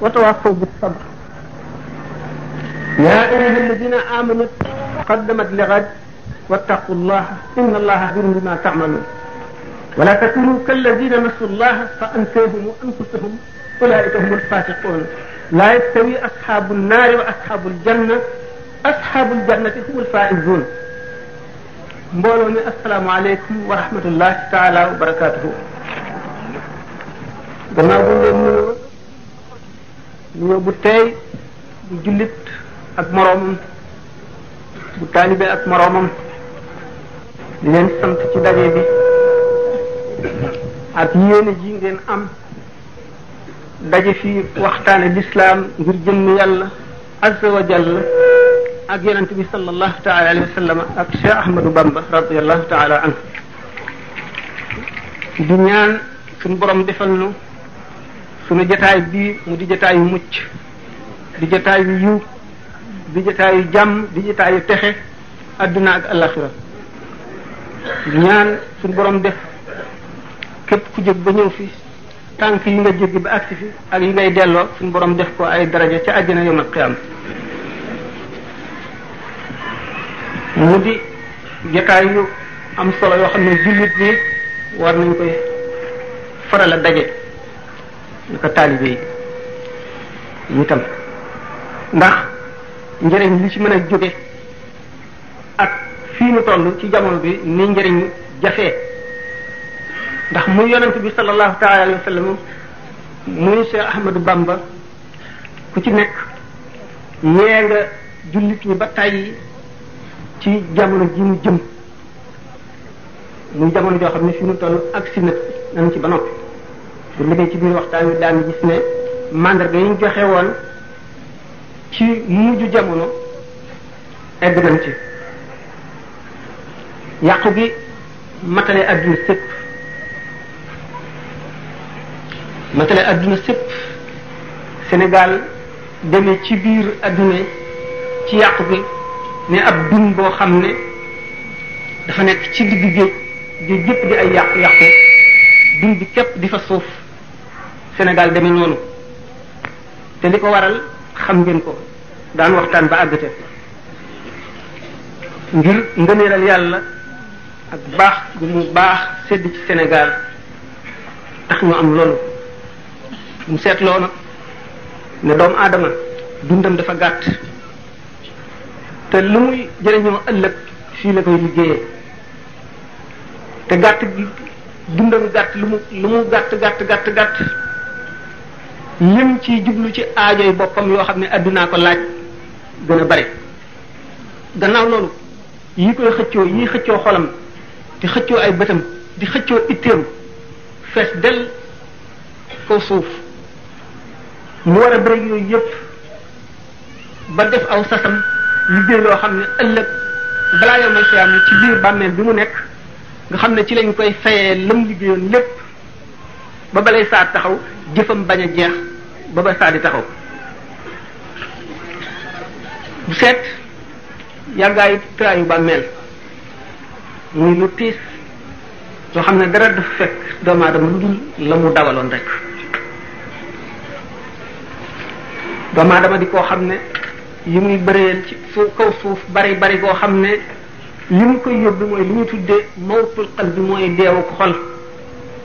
وتواصوا بالصبر يا أيها الذين آمنوا قدمت لغد واتقوا الله إن الله خبير بما تعملون ولا تكونوا كالذين نسوا الله فأنسوهم أنفسهم أولئك هم الفاسقون لا يستوي أصحاب النار وأصحاب الجنة أصحاب الجنة هم الفائزون mbooloo السلام عليكم ورحمة الله تعالى وبركاته nuyoo bu teey bu jullit ak moroomam bu taalibe ak moroomam di leen sant ci daje bi ak yéene ji ngeen am daje fi waxtaane lislaam ngir jëmm yàlla azza wa jalla ak yonente bi sallallahu taala alayhi wa sallam ak Cheikh Ahmadou Bamba radiallahu taala anhu di ñaan suñu defal nu sunu jataay bii mu di yu mucc di jataayu yiw di jataayu jàmm di jataayu texe adduna ak alaxira ñaan suñu borom def képp ku jóg ba ñëw fi tànk yi nga jógi ba agsi fi ak yi ngay delloo suñu borom def ko ay daraja ca àjjana yawmal qiyaam mu di jataay yu am solo yoo xam ne jullit bi war nañ koy faral a daje li ko taalibe yi ñu tam ndax njëriñ li ci mën a jóge ak fii nu toll ci jamono bi ni njëriñ jafee ndax muy yonent bi sallallahu taala alayhi wa muy Cheikh Ahmadou Bamba ku ci nekk ñee nga jullit ñi ba tàyyi ci jamono ji mu jëm mu jamono joo xam ne fii nu toll ak si na nañ ci ba noppi bu ci biir waxtaan wi daan gis ne mandarga yi ñu joxe woon ci mujj jamono egg nañ ci yàqu gi matale adduna sëpp matale adduna sëpp senegal demee ci biir adduna ci yàqu bi ne ab dun boo xam ne dafa nekk ci digg géej géej yëpp di ay yàqu-yàqu dun bi képp di fa suuf Sénégal demee noonu te li ko waral xam ngeen ko daan waxtaan ba àggte ngir ngëneelal yàlla ak baax bu mu baax sedd ci Sénégal tax ñu am loolu mu seetloo nag ne doomu aadama dundam dafa gàtt te lu muy jëriñoo ëllëg fii la koy liggéeyee te gàtt gi dundam gàtt lu mu lu mu gàtt gàtt gàtt gàtt lim ci jublu ci aajoy boppam yoo xam ne addunaa ko laaj gën a bari gannaaw loolu yi koy xëccoo yi xëccoo xolam di xëccoo ay bëtam di xëccoo itteem fees del kaw suuf mu war a bëri yooyu yëpp ba def aw sasam liggéey loo xam ne ëllëg balaa yow may xiyaam ci biir bàmmeel bi mu nekk nga xam ne ci lañ koy fayee lam liggéeyoon lépp ba balay saa taxaw jëfam bañ a jeex ba saa di taxaw bu seet yàggaayu traayu bàmmeel muy lu tiis loo xam ne dara du fekk doomu aadama dul la mu dawaloon rek doomu aadama di koo xam ne yi muy bëreel ci suuf kaw suuf bari bari koo xam ne li mu koy yóbbu mooy li ñu tuddee mawtul qalbi mooy deewu xol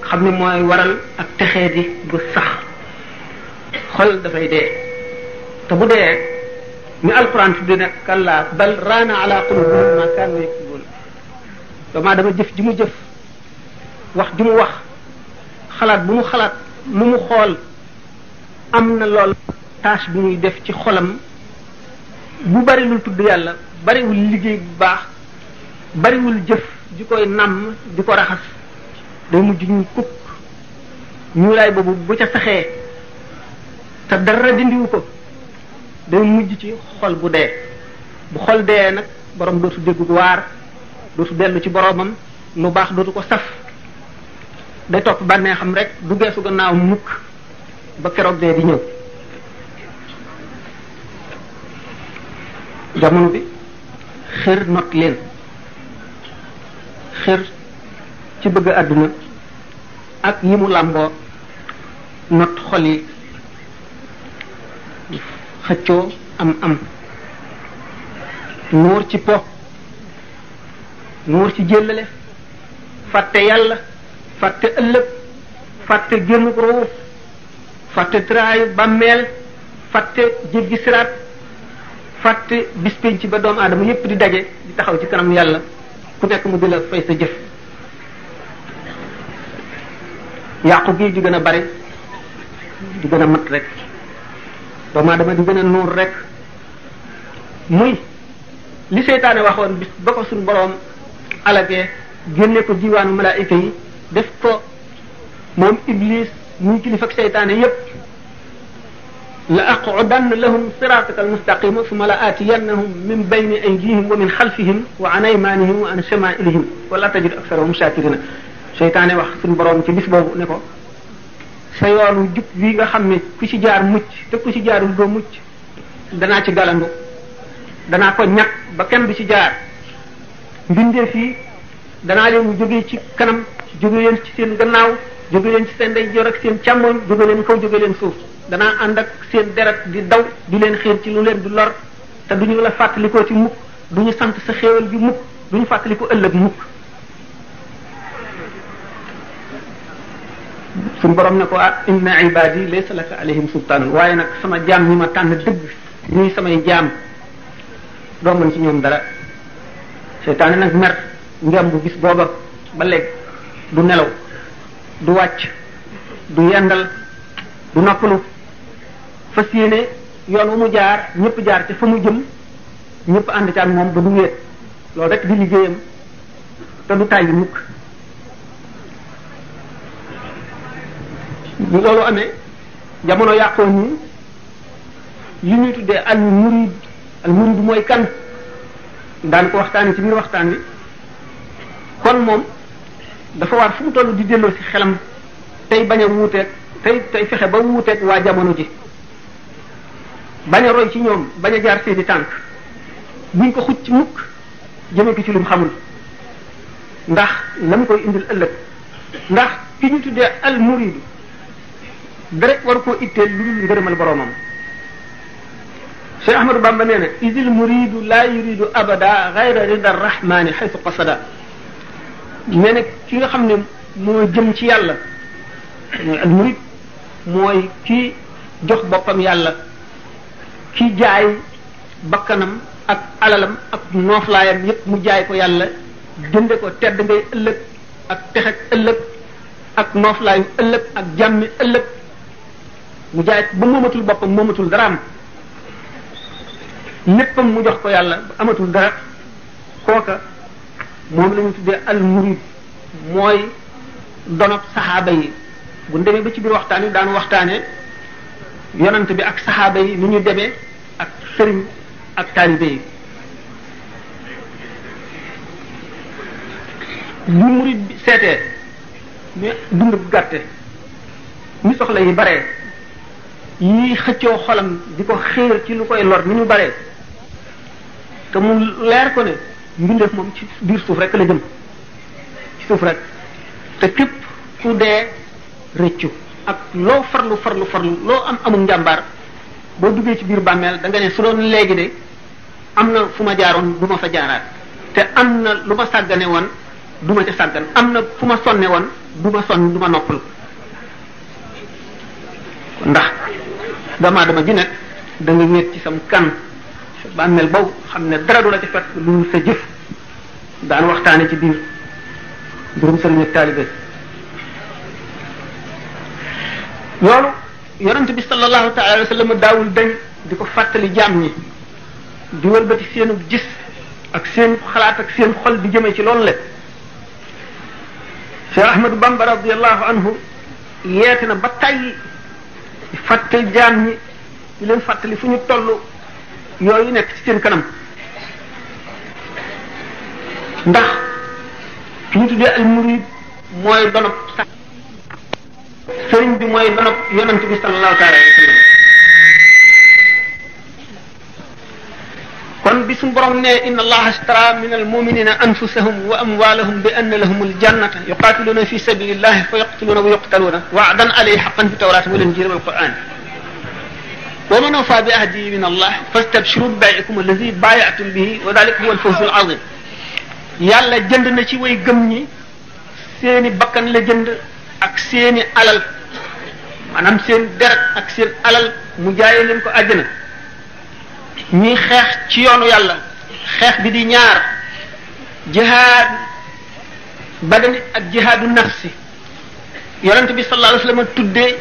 xam ne mooy waral ak texee di bu sax xol dafay dee te bu dee ñu alquran tudde nag kalla bal raana ala qulubihim ma kaanu jëf ji mu jëf wax ji mu wax xalaat bu mu xalaat lu mu xool am na lool tâche bi muy def ci xolam bu bariwul lu tudd yàlla bariwul liggéey bu baax bariwul jëf di koy nàmm di ko raxas day mujj ñu kukk boobu bu ca saxee te dara dindiwu ko day mujj ci xol bu dee bu xol dee nag borom dootu déggu waar dootu dellu ci boromam lu baax dootu ko saf day topp bànnee xam rek du geesu gannaaw mukk ba keroog dee di ñëw jamono bi xër not leen xër ci bëgg àdduna ak yi mu làmboo not xol yi xëccoo am am nuur ci po nuur ci jéllale fàtte yàlla fàtte ëllëg fàtte génnuk roowu fàtte traayu bàmmeel fàtte jéggi siraat fàtte bis penc ba doomu aadama yépp di daje di taxaw ci kanam yàlla ku nekk mu di la fay sa jëf yàqu gi di gën a bari di gën a mat rek doomu aadama di gën a nuur rek muy li seytaane waxoon bis ba ko suñ boroom alagee génne ko diwaanu malaayika yi def ko moom iblis muy kilifa ak seytaane yépp la aqudann lahum siraataka almustaqima suma la aatiyannahum min bayni aydihim wa min xalfihim wa an aymanihim wa an shamailihim wala tajid aksarahum shakirina seytaane wax suñ boroom ci bis boobu ne ko sa yoonu jub wi nga xam ne ku ci jaar mucc te ku ci jaarul doo mucc danaa ci galandu danaa ko ñaq ba kenn bi ci jaar mbindeef yi danaa leen jógee ci kanam jóge leen ci seen gannaaw jóge leen ci seen ndeyjoor ak seen càmmoñ jóge leen kaw jóge leen suuf danaa ànd ak seen deret di daw du leen xiir ci lu leen di lor te du ñu la fàttalikoo ci mukk du ñu sant sa xéewal bi mukk du ñu fàttalikoo ëllëg mukk suñu borom ne ko ah inna ibadi laysa laka alayhim sultaanun waaye nag sama jaam ñi ma tànn dëgg ñuy samay jaam doo mën ci ñoom dara seytaane nag mer ngem bu gis booba ba léegi du nelaw du wàcc du yendal du noppalu fas yéene yoon wu mu jaar ñëpp jaar ci fa mu jëm ñëpp ànd ci moom ba du wéet loolu rek di liggéeyam te du tàyyi mukk bu loolu amee jamono yàqoo nii li ñuy tuddee al murid al murid mooy kan daan ko waxtaanee ci biir waxtaan bi kon moom dafa war fu mu toll di delloo ci xelam tey bañ a wuuteeg tey tey fexe ba wuuteeg waa jamono ji bañ roy ci ñoom bañ a jaar seeni tànk buñ ko xucc mukk jëme ko ci lu mu xamul ndax la mu koy indil ëllëg ndax ki ñu tuddee al murid dara war koo itteel lu dul ngërëmal boromam Cheikh Ahmadou Bamba nee na idil muridu laa yuridu abada gayra rida rahmani xaytu qasada nee ki nga xam ne moo jëm ci yàlla mooy al murid mooy ki jox boppam yàlla ki jaay bakkanam ak alalam ak nooflaayam yépp mu jaay ko yàlla jënde ko tedd ngay ëllëg ak texeg ëllëg ak nooflaayu ëllëg ak jàmmi ëllëg mu jaay ba moomatul boppam moomatul daraam néppam mu jox ko yàlla amatul dara kooka moom la ñu tuddee al mooy donop saxaaba yi bu demee ba ci biir waxtaan yi daan waxtaane yonant bi ak saxaaba yi ni ñu demee ak sëriñ ak taalibe yi lu murid bi seetee ñu dund bu gàtte ñu soxla yi bare yii xëccoo xolam di ko xéer ci lu koy lor ni ñu baree te mu leer ko ne mbindeef moom ci biir suuf rek la jëm ci suuf rek te képp ku dee rëccu ak loo farlu farlu farlu loo am amul njàmbaar boo duggee ci biir bàmmeel da nga ne su doon léegi de am na fu ma jaaroon du ma fa jaaraat te am na lu ma sàggane woon du ma ca sàggan am na fu ma sonne woon du ma sonn du ma noppal ndax doomu aadama ju nekk da nga ci sam kan sa bàmmeel boobu xam ne dara du la ci fekk lu sa jëf daan waxtaane ci biir mbirum sëriñ ak taalibe loolu yonent bi sallallahu taala alayhi wa sallam daawul dañ di ko fàttali jaam ñi di wëlbati seenu gis ak seen xalaat ak seen xol di jëmee ci loolu la Cheikh Ahmadou Bamba radiallahu anhu yeete na ba fàttali jaam ñi di leen fàttali fu ñu toll yooyu nekk ci seen kanam ndax li ñu tuddee al murid mooy donob sax sëriñ bi mooy donob yonent bi sallallahu taala alayhi wa am bi suñ borom ne inna allaha ashtara min almuminina anfusahum wa amwalahum bi anna lahum aljannata yuqatiluna fi sabilillahi fa yaqtuluna wa yuqtaluna wa'dan alayhi haqqan fi tawrati wal injil wal qur'an ومن وفى بعهده من الله فاستبشروا ببيعكم الذي بايعتم به وذلك هو الفوز العظيم يالا جند na ci way gëm ñi seeni bakkan la jënd ak seeni alal manam seen deret ak seen alal mu jaay leen ko aljana ñuy xeex ci yoonu yàlla xeex bi di ñaar jihaad badani ak jihaadu nafsi yonent bi sallallahu alayhi wasallam tuddee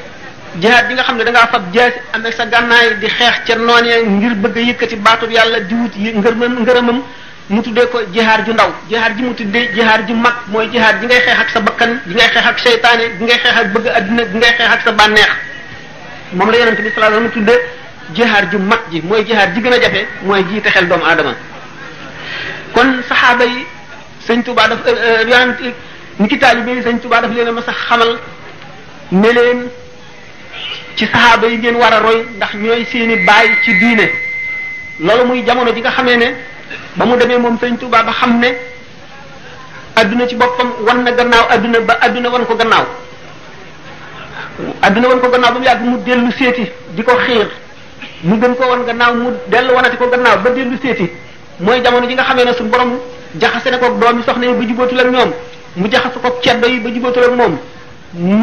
jihaad bi nga xam ne da ngaa fab jaasi amee sa gànnaay di xeex ca noon ya ngir bëgg a yëkkati baatub yàlla di wut ngërëm ngërëmam mu tuddee ko jihaad ju ndaw jihaad ji mu tuddee jihaad ju mag mooy jihaad ji ngay xeex ak sa bakkan ji ngay xeex ak seytaane ji ngay xeex ak bëgg addina ji ngay xeex ak sa bànneex moom la yonent bi sallallahu alayhi wasallam tuddee jihaar ju mag ji mooy jihaar ji gën a jafe mooy jiite xel doomu aadama kon saxaaba yi sëñ Tuba daf euh, euh, yonent ni ki taalibe yi sëñ Tuba daf leen a mas xamal ne leen ci saxaaba yi ngeen war a roy ndax ñooy seeni baay ci diine loolu muy jamono ji nga xamee ne ba mu demee moom sëñ Tuba ba xam ne adduna ci boppam wan na gannaaw adduna ba adduna wan ko gannaaw adduna wan ko gannaaw ba mu yàgg mu dellu seeti di ko xiir mu gën ko won gannaaw mu delu wonati ko gannaaw ba dellu seeti moy jamono ji nga xamé na suñu borom jaxase na ko doomi soxna yi ba jubootul ak ñoom mu jaxase ko ceddo yi ba jibotul ak moom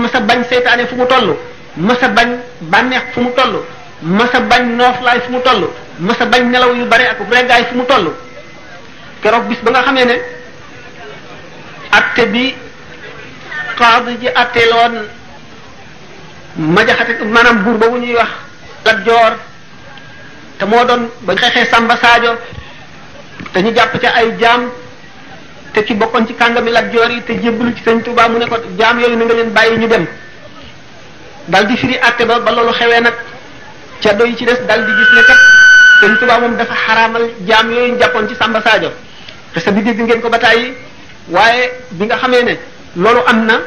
masa bañ seytaane fu mu ma masa bañ banex fu mu ma masa bañ lay fu mu ma masa bañ nelaw yu bari ak reggaay fu mu tollu kérok bis ba nga xamé né atté bi qadi ji lon ma jaxate maanaam buur boobu ñuy wax la jor te moo doon ba xeexee Samba Sadio te ñu jàpp ca ay jaam te ci bokkoon ci kàngami Lat Joor yi te jébbalu ci Sëñ Tuubaa mu ne ko jaam yooyu na nga leen bàyyi ñu dem dal di firi àtte ba ba loolu xewee nag ceddo yi ci des dal di gis ne kat Sëñ Tuubaa moom dafa xaramal jaam yooyu ñu jàppoon ci sàmba saajo te sa bi dégg ngeen ko ba tàyyi waaye bi nga xamee ne loolu am na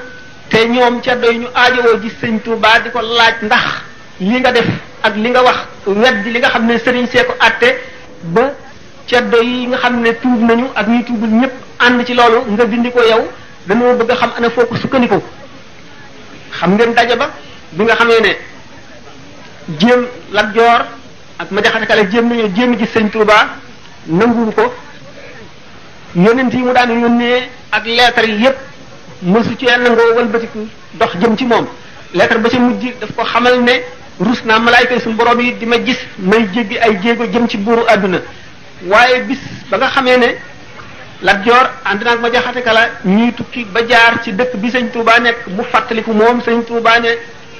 te ñoom ceddo yi ñu aajowoo gis Sëñ Tuubaa di ko laaj ndax li nga def ak li nga wax weddi li nga xam ne sëriñ see ko àtte ba ceddo yi nga xam ne tuub nañu ak ñuy tuubul ñépp ànd ci loolu nga dindi ko yow dañoo bëgg a xam ana foo sukkandiku xam ngeen daje ba bi nga xamee ne jéem Lat Joor ak ma jaxase kale jéem nañu jéem ji sëñ Touba ko yonent yi mu daan yónnee ak leetar yi yépp mësu ci yàlla nangoo walbatiku dox jëm ci moom leetar ba ca mujj daf ko xamal ne rus naa malaayka suñu borom yi di ma gis may jéggi ay jéego jëm ci buuru àdduna waaye bis ba nga xamee ne Lat Joor and naag ma jaxate kala ñuy tukki ba jaar ci dëkk bi sëñ Touba nekk mu fàttaliku moom sëñ Touba ne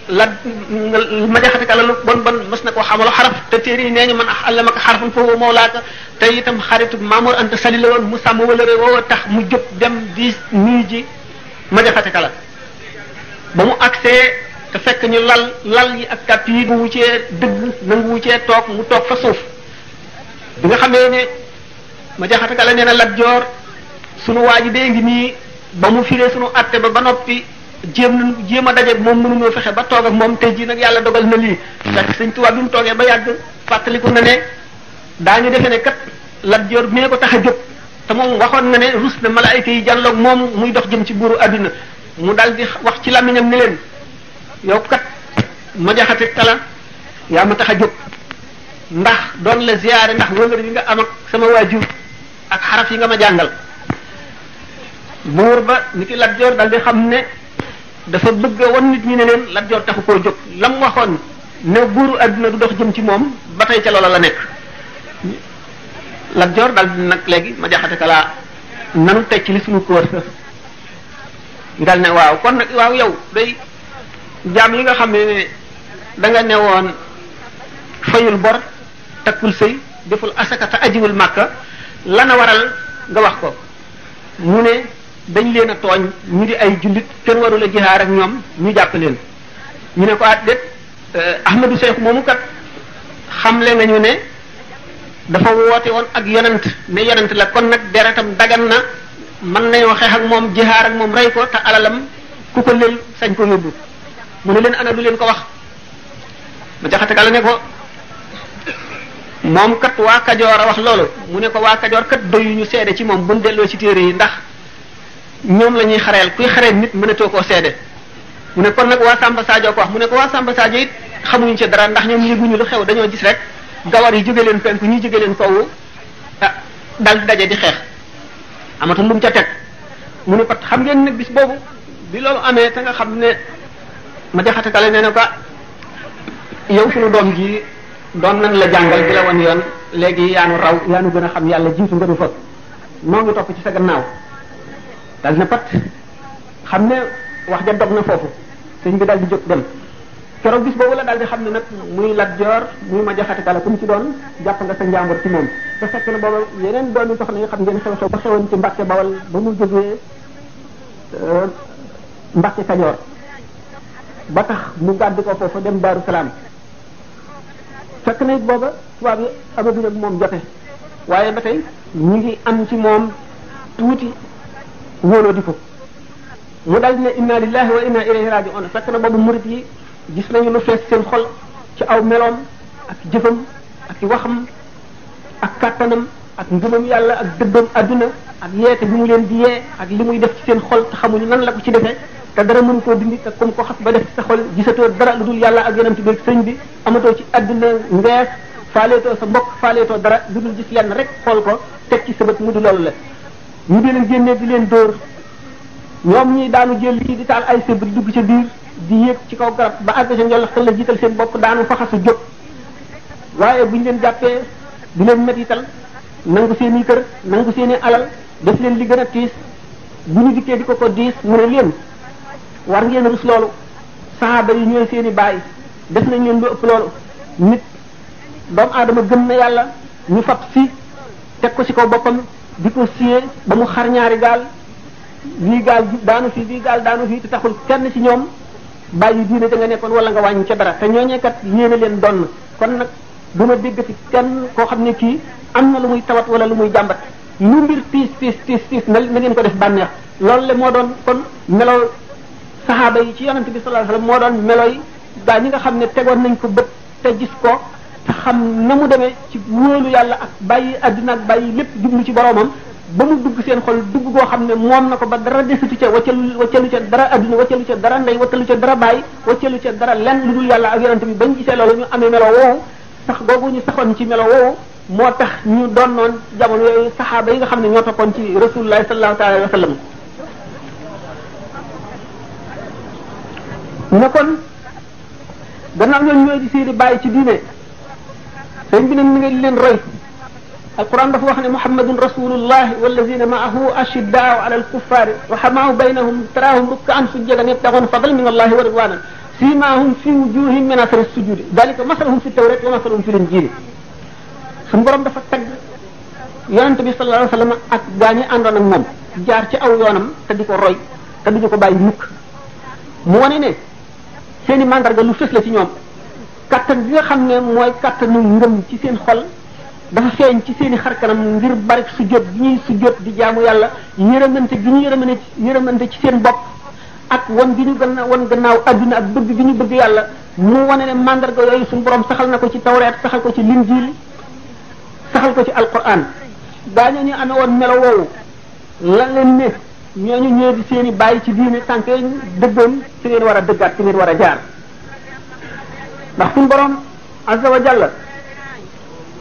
lat ma jaxate kala lu bon bon mas na ko xamalu xaraf te téere yi nee ñu man allamaka xarafan foofu moo laaka te itam xaritu Mamour Anta Sali la woon mu sàmm wala ré tax mu jóg dem di nuyu ji ma jaxate ba mu agsee te fekk ñu lal lal yi ak kàpp yi nangu cee dëgg nangu cee toog mu toog fa suuf bi nga xamee ne ma jaxata ka nee na Lat Joor sunu waa ji dee ngi nii ba mu fiiree sunu atte ba ba noppi jéem jéem a daje moom mënuñoo fexe ba toog ak moom tey jii nag yàlla dogal na lii. fekk sëñ Tuubaa bi mu toogee ba yàgg fàttaliku na ne daañu defe ne kat Lat Joor mee ko tax a jóg te moom waxoon na ne rus na malaayka yi jàlloog moom muy dox jëm ci buuru àdduna mu dal di wax ci làmmiñam ni leen. yow kat ma jaxati yaa ma tax a jóg ndax doon la ziyaare ndax wëngër bi nga am ak sama waajur ak xaraf yi nga ma jàngal buur ba ni ki Lat Joor dal di xam ne dafa bëgg a wan nit ñi ne leen Lat Joor taxu koo jóg lam waxoon ne buuru àdduna du dox jëm ci moom ba tey ca loola la nekk Lat Joor dal nag léegi ma jaxate kalaa nanu teg ci li suñu kóor ñu ne waaw kon nag waaw yow day jaam yi nga xam ne danga nga ne woon fayul bor takkul sëy deful asaka te ajiwul màkka lan waral nga wax ko mu ne dañ leen a tooñ ñu di ay jullit kenn warul a jihaar ak ñoom ñu jàpp leen ñu ne ko at ah, déet eh, ahmadu seex moomu kat leen nañu ne dafa woote woon ak yonent ne yonent la kon nag deretam dagan na mën nañoo xeex ak moom jihaar ak moom rey ko te alalam ku ko lël sañ ko yóbbu mu ne leen ana du leen ko wax ma jaxate kala ne ko moom kat waa kajoor a wax loolu mu ne ko waa kajoor kat ñu seede ci moom bu delloo ci téere yi ndax ñoom lañuy ñuy xareel kuy xareel nit mënatoo koo seede mu ne kon nag waa Samba Sadio ko wax mu ne ko waa sàmba Sadio it xamuñu ci dara ndax ñoom yëguñu lu xew dañoo gis rek gawar yi jóge leen penku ñuy jóge leen kawu ah, dal daje di xeex amatul lu ca teg mu ne pat xam ngeen ne bi loolu amee te xam ne ma jaxate kale nee na ko yow sunu doom ji doon nan la jàngal di la wan yoon léegi yaanu raw yaanu gën a xam yàlla jiitu nga nu fa noo ngi topp ci sa gannaaw dal na pat xam ne wax ja na foofu sëñ bi dal di jóg dem keroog boobu la daal di xam ne nag muy Lat Joor muy ma jaxate kala kum ci doon jàpp nga sa njàmbur ci moom te fekk na booba yeneen doomi soxna yi xam ngeen xew-xew ba xewoon ci Mbàkke Bawal ba mu jógee euh, Mbàkke Kajoor ba tax mu gàddu ko foofa dem Daaru Salaam fekk na it booba tubaab yi amatuñ ak moom jote waaye ba tey ñu ngi am ci moom tuuti wóoloo di ko mu dal ne inna lillahi wa inna ilayhi raji'un fekk na boobu murit yi gis nañu lu fees seen xol ci aw meloom ak jëfam ak waxam ak kàttanam ak ngëmam yàlla ak dëddam adduna ak yeete bi leen ak li muy def ci seen xol te xamuñu nan la ko ci defee te dara mën koo dindi te comme ko xas ba def sa xol gisatoo dara lu dul yàlla ak yonent bi sëñ bi amatoo ci àdduna ngees faaleetoo sa mbokk faaleetoo dara lu dul gis yenn rek xool ko teg ci sabat mu di loolu la ñu di leen génnee di leen dóor ñoom ñi daanu jël yi di taal ay sëb di dugg ca biir di yéeg ci kaw garab ba àgg sa njol xel la jiital seen bopp daanu fa xasu jóg waaye buñu leen jàppee di leen métital nangu seen i kër nangu seen i alal def leen li gën a tiis bu ñu dikkee di mu ne leen war ngeen rus loolu saaba yi ñooy seen i bàyyi def nañ leen lu ëpp loolu nit doomu aadama gëm na yàlla ñu fab si teg ko ci kaw boppam di ko siyee ba mu xar ñaari gaal lii gaal daanu fi lii gaal daanu fii te taxul kenn ci ñoom bàyyi diine da nga nekkoon wala nga wàññi ca dara te ñooñee kat yéene leen donn kon nag du ma dégg fi kenn koo xam ne kii am na lu muy tawat wala lu muy jàmbat lu mbir tiis tiis tiis na ngeen ko def bànneex loolu le moo saxaaba yi ci yonante bi sallallahu moo doon meloy gaa ñi nga xam ne tegoon nañ ko bët te gis ko xam na mu demee ci wóolu yàlla ak bàyyi àddina ak bàyyi lépp jublu ci boromam ba mu dugg seen xol dugg goo xam ne moom na ko ba dara desitu ca waccalu waccalu ca dara àddina waccalu ca dara ndey waccalu ca dara bàyyi waccalu ca dara lenn lu dul yàlla ak yonante bi bañ gisee loolu ñu amee melo woowu sax googu ñu saxoon ci melo woowu moo tax ñu doon noon jamono yooyu saxaaba yi nga xam ne ñoo toppoon ci rasulullah sallallahu alayhi wasallam ñu ne kon gannaaw ñoom ñooy di seeni bàyyi ci diine sëñ bi nag mi nga di leen roy alquran dafa wax ne muhammadun rasulullah wallazina maahu ashiddaau ala alkuffari rahamaau baynahum taraahum rukkaan sujjadan yabtaxoon fadlan min allahi wa ridwanan siimaahum fi wujuhim min asari sujudi dalika masalahum fi tawrat wa masalahum fi linjili suñu borom dafa tagg yonente bi sallallahu alayhi wa sallam ak gaa ñi àndoon ak moom jaar ci aw yoonam te di ko roy te duñu ko bàyyi mukk mu wane ne seen i mandarga lu fës la ci ñoom kattan bi nga xam ne mooy kattanu ngëm ci seen xol dafa feeñ ci seen i xarkanam ngir bari sujjóot gi ñuy sujjóot di jaamu yàlla yërëmante gi ñu yërëmante yërëmante ci seen bopp ak wan bi ñu gën a wan gannaaw adduna ak bëgg bi ñu bëgg yàlla mu wane ne mandarga yooyu suñu borom saxal na ko ci tawreet saxal ko ci linjiil saxal ko ci alquran daañu ñu amee woon melo woowu lan leen ne ñu ñoo di seen i bàyyi ci diine tànk dëggoon ci ngeen war a dëggaat ci ngeen war a jaar ndax suñu borom azza wa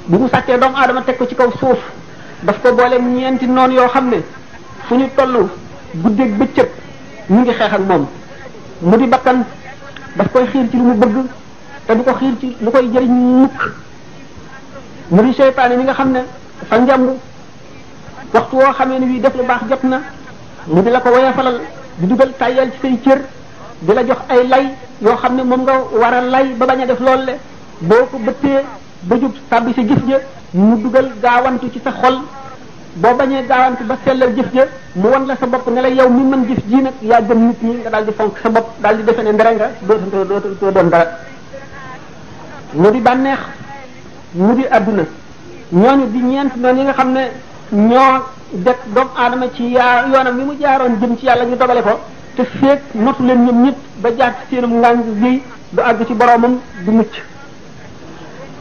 bu mu sàkkee doomu aadama teg ko ci kaw suuf daf ko boole ñeenti noon yoo xam ne fu ñu toll guddeeg bëccëg ñu ngi xeexal ak moom mu di bakkan daf koy xiir ci lu mu bëgg te du ko xiir ci lu koy jëriñ mukk mu di seytaane mi nga xam ne fa njàmb waxtu woo xamee ne wii def lu baax jot na mu di la ko woyofalal di dugal tayal ci say cër di la jox ay lay yoo xam ne moom nga war a lay ba bañ a def loolu le boo ko bëttee ba jub tàbbi sa jëf ja mu dugal gaawantu ci sa xol boo bañee gaawantu ba sellal jëf ja mu wan la sa bopp ne la yow mi mën jëf jii nag yaa gëm nit ñi nga daal di fonk sa bopp daal di defe ne ndere nga mu di bànneex mu di adduna ñooñu di ñeent noonu yi nga xam ne ñoo det doomu aadama ci yaa yoonam mi mu jaaroon jëm ci yàlla ñu dogale ko te feeg notu leen ñoom ñëpp ba jaar ci seenum ngàng gi du àgg ci boroomam du mucc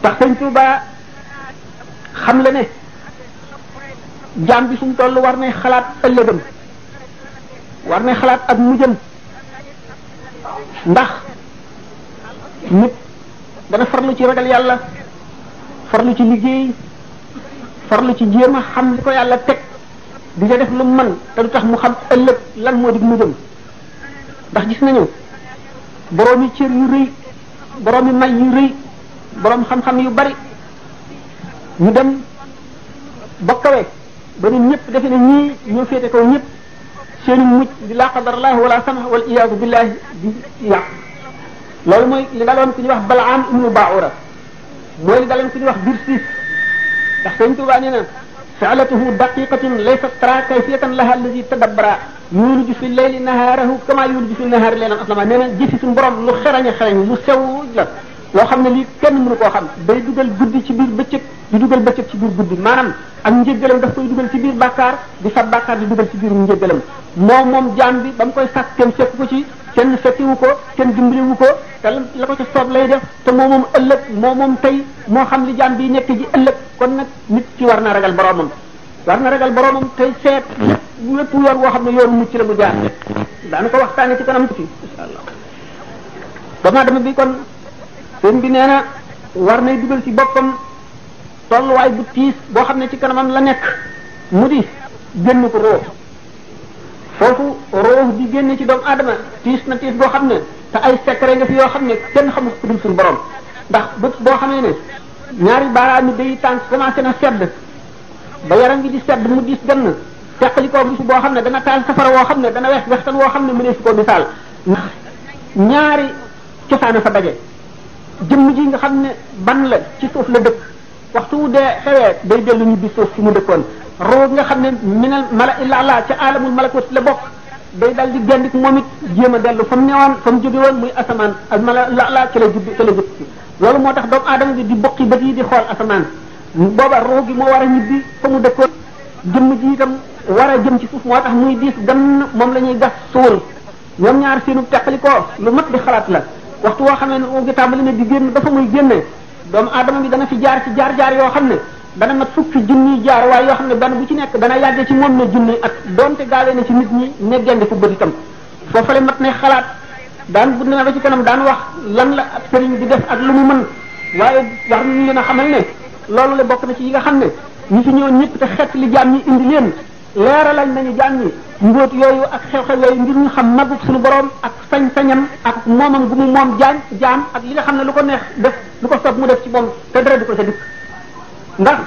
tax sëñ Tuuba xam la ne jaam bi suñ toll war nay xalaat ëllëgam war nay xalaat ak mujjam ndax nit dana farlu ci ragal yàlla farlu ci liggéey farlu ci jéem a xam li ko yàlla teg di ca def lu man te du tax mu xam ëllëg lan moo dig mu jëm ndax gis nañu borom yi cër yu rëy borom yi may yu rëy borom xam-xam yu bari ñu dem ba kawe ba ñun ñëpp defe ne ñii ñoo féete ko ñëpp seeni mujj di laa qadarallah wala sama wal iyaadu billahi di yàq loolu mooy li daloon ku ñuy wax balaam ibnu baura mooy li daloon ku ñuy wax biir siis ndax sëñ Tuubaa na فعلته دقيقة ليست ترى كيفية لها الذي تدبر يولج في الليل نهاره كما يولج في النهار ليلا أصلا نينا جيسي سن بروم لو خراني loo xam ne lii kenn mënu koo xam day dugal guddi ci biir bëccëg di dugal bëccëg ci biir guddi maanaam ak njëggalam daf koy dugal ci biir bàkkaar di fab bàkkaar di dugal ci biir njëggalam moom moom jaam bi ba mu koy sàkk kenn fekk ko ci kenn fekkiwu ko kenn dimbaliwu ko te la ko ca soob lay def te moo moom ëllëg moo moom tey moo xam li jaam bi nekk ji ëllëg kon nag nit ci war na ragal boromam war na ragal boromam tey seet lépp yoon woo xam ne yoon mucc la mu jaar daana ko waxtaane ci kanam tuuti incha allah doomu aadama bi kon sëñ bi nee na war nay dugal ci boppam tolluwaay bu tiis boo xam ne ci kanamam la nekk mu di génn ko roof foofu roof di génn ci doomu aadama tiis na tiis boo xam ne te ay secret nga fi yoo xam ne kenn xamu ko dul suñu borom ndax bët boo xamee ne ñaari baaraami day tànk commencé na sedd ba yaram ngi di sedd mu diis gann teqali koo gis boo xam ne dana taal safara woo xam ne dana wex wextan woo xam ne mu ne si koo misaal ndax ñaari cosaana fa daje jëmm ji nga xam ne ban la ci suuf la dëkk waxtu wu dee xewee day dellu ñibbi suuf si mu dëkkoon roo nga xam ne minal mala ilala ca alamul malakut la bokk day dal di gendik moom it jéem a dellu fa mu newoon fa mu jóge woon muy asamaan ak mala ilala ca la jubbi ca la jubbi loolu moo tax doomu aadama bi di bokki bët yi di xool asamaan booba roo gi moo war a ñibbi fa mu dëkkoon jëmm ji itam war a jëm ci suuf moo tax muy diis gann moom la ñuy gas suul ñoom ñaar seenu teqali ko lu mat di xalaat la waxtu woo xam ne oo gi tàmbali na di génn dafa muy génne doomu aadama bi dana fi jaar ci jaar-jaar yoo xam ne dana mat fukki junniy jaar waaye yoo xam ne benn bu ci nekk dana yàgg ci moom ne junni at doonte gaawee na ci nit ñi ne gendi fu bët itam foofale mat ne xalaat daan bu ne ba ci kanam daan wax lan la ab sëriñ di def ak lu mu mën waaye war nañu leen a xamal ne loolu la bokk na ci yi nga xam ne ñi fi ñëw ñëpp te xet li jaam ñi indi leen leeralal nañu jàmm ñi mbóot yooyu ak xew-xew yooyu ngir ñu xam màggug suñu borom ak sañ-sañam ak moomam gu mu moom jaam jaam ak li nga xam ne lu ko neex def lu ko sob mu def ci moom te dara du ko sa dikk ndax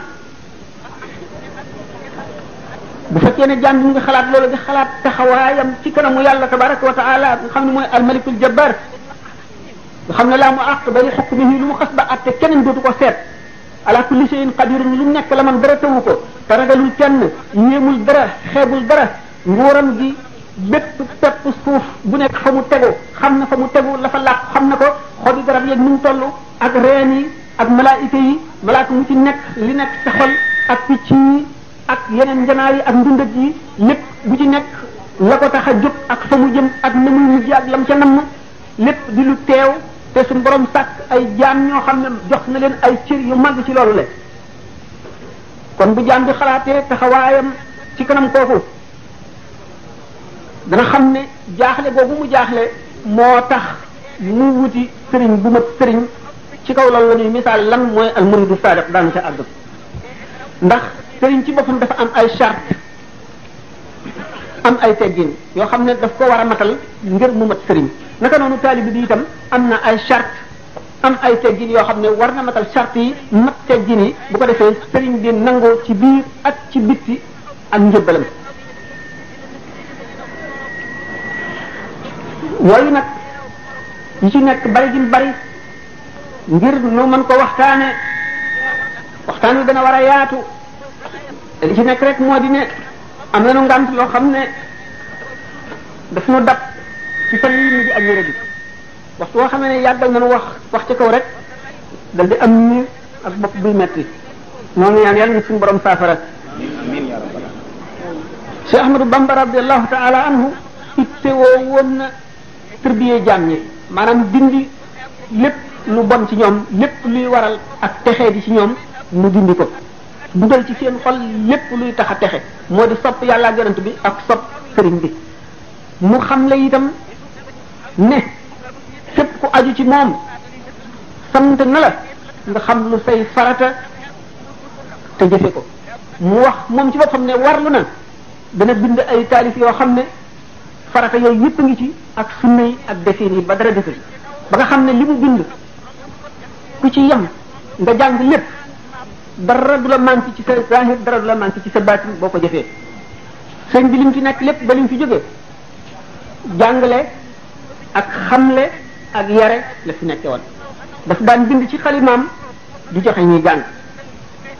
bu fekkee ne jaam ñi nga xalaat loolu nga xalaat taxawaayam ci kanamu yàlla tabaraka wa taala nga xam ne mooy almalikul jabbar nga xam ne laa mu àq bari xukk mi lu mu xas ba atte keneen dootu ko seet ala kulli shay'in qadirun lu nekk la man dara tawu ko te ragalul kenn yéemul dara xeebul dara nguuram gi bépp pepp suuf bu nekk fa mu xam na fa mu tegu la fa làq xam na ko xobi garab yeeg ni mu toll ak reen yi ak malaayika yi malaaka ci nekk li nekk sa xol ak picc yi ak yeneen njanaar yi ak ndundëg yi lépp bu ci nekk la ko tax a jóg ak fa mu jëm ak na ak lam ca namm lépp di lu teew te suñu borom ay jaan ñoo xam ne jox na leen ay cër yu màgg ci loolu la kon bu jaam bi xalaat xalaatee taxawaayam ci kanam kooku dana xam ne jaaxle googu mu jaaxle moo tax mu wuti sëriñ bu mat sëriñ ci kaw loolu la ñuy misaal lan mooy al muridu sadiq daanu ca àgg ndax sëriñ ci boppam dafa am ay charte am ay teggin yoo xam ne daf ko war a matal ngir mu mat sëriñ naka noonu taalibe bi itam am na ay charte am ay teggin yoo xam ne war na matal charte yi mat teggin yi bu ko defee sëriñ bi nangoo ci biir ak ci bitti ak njëbbalam yooyu nag yi ci nekk bari gin bari ngir nu mën ko waxtaane waxtaan wi dana war a yaatu li ci nekk rek moo di ne am na nu ngant loo xam ne daf nu dab ci fan yii mujj ak wéradi waxtu boo xamee ne yàggal nañu wax wax ci kaw rek dal di am nii ak bopp buy metti ñoo ngi ñaan yàlla na suñu borom saafara Cheikh Ahmadou Bamba radiallahu taala anhu itte woo woon na tërbiyee jaam ñi maanaam dindi lépp lu bon ci ñoom lépp luy waral ak texe di ci ñoom mu dindi ko dugal ci seen xol lépp luy tax a texe moo di sopp yàlla ak bi ak sopp sëriñ bi mu xam la itam ne képp ku aju ci moom sant na la nga xam lu say farata te jëfe ko mu wax moom ci xam ne warlu na dana bind ay taalif yoo xam ne farata yooyu yëpp ngi ci ak sunna ak defin yi ba dara desul ba nga xam ne li mu bind ku ci yem nga jàng lépp dara du la manqué ci sa zahir dara du la manqué ci sa baatin boo ko jëfee sëñ bi lim fi nekk lépp ba lim fi jógee jàngle ak xamle ak yare la fi nekke woon daf daan bind ci xalimaam di joxe ñuy jàng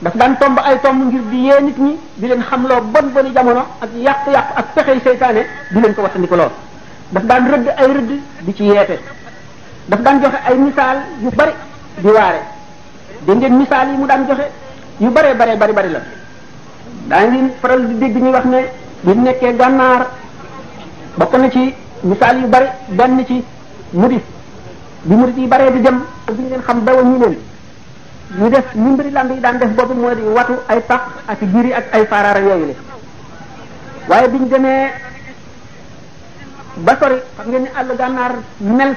daf daan tomb ay tomb ngir di yee nit ñi di leen xamloo bon boni jamono ak yàq-yàq ak pexey seytaane di leen ko wattandiko lool daf daan rëdd ay rëdd di ci yeete daf daan joxe ay misaal yu bari di waare dégg ngeen misaal yi mu daan joxe yu baree baree bari bari la daa ngi faral di dégg ñuy wax ne bi nekkee gànnaar bokk na ci misaal yu bari benn ci mu di bi murid yi baree di dem bi ñu leen xam dawa ñu leen ñu def ñu mbiri làmb yi daan def boobu moo di watu ay pax ak giri ak ay faaraara yooyu li waaye biñ demee ba sori xam ngeen ni àll gànnaar mel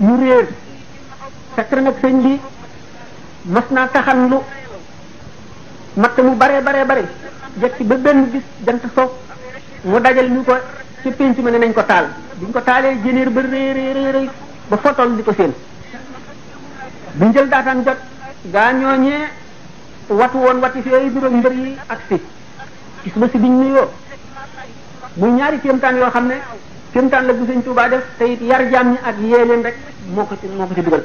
ñu réer fekk nag sëñ bi mas naa taxan lu matt mu baree baree bare jekk ba benn bis jant soog mu dajal ñu ko ci penc mané nañ ko taal buñ ko taalee jëneer ba rëy rëy rëy rëy ba fotol diko seen buñ jël daatan jot gaa ñooñee watu woon wati ay duro mbër yi ak ci gis ma ci biñ nuyoo bu ñaari kéemtaan yo xamné ne kéemtaan la bu señ Touba def tayit yar jam ñi ak yee rek moko ci moko ci dugal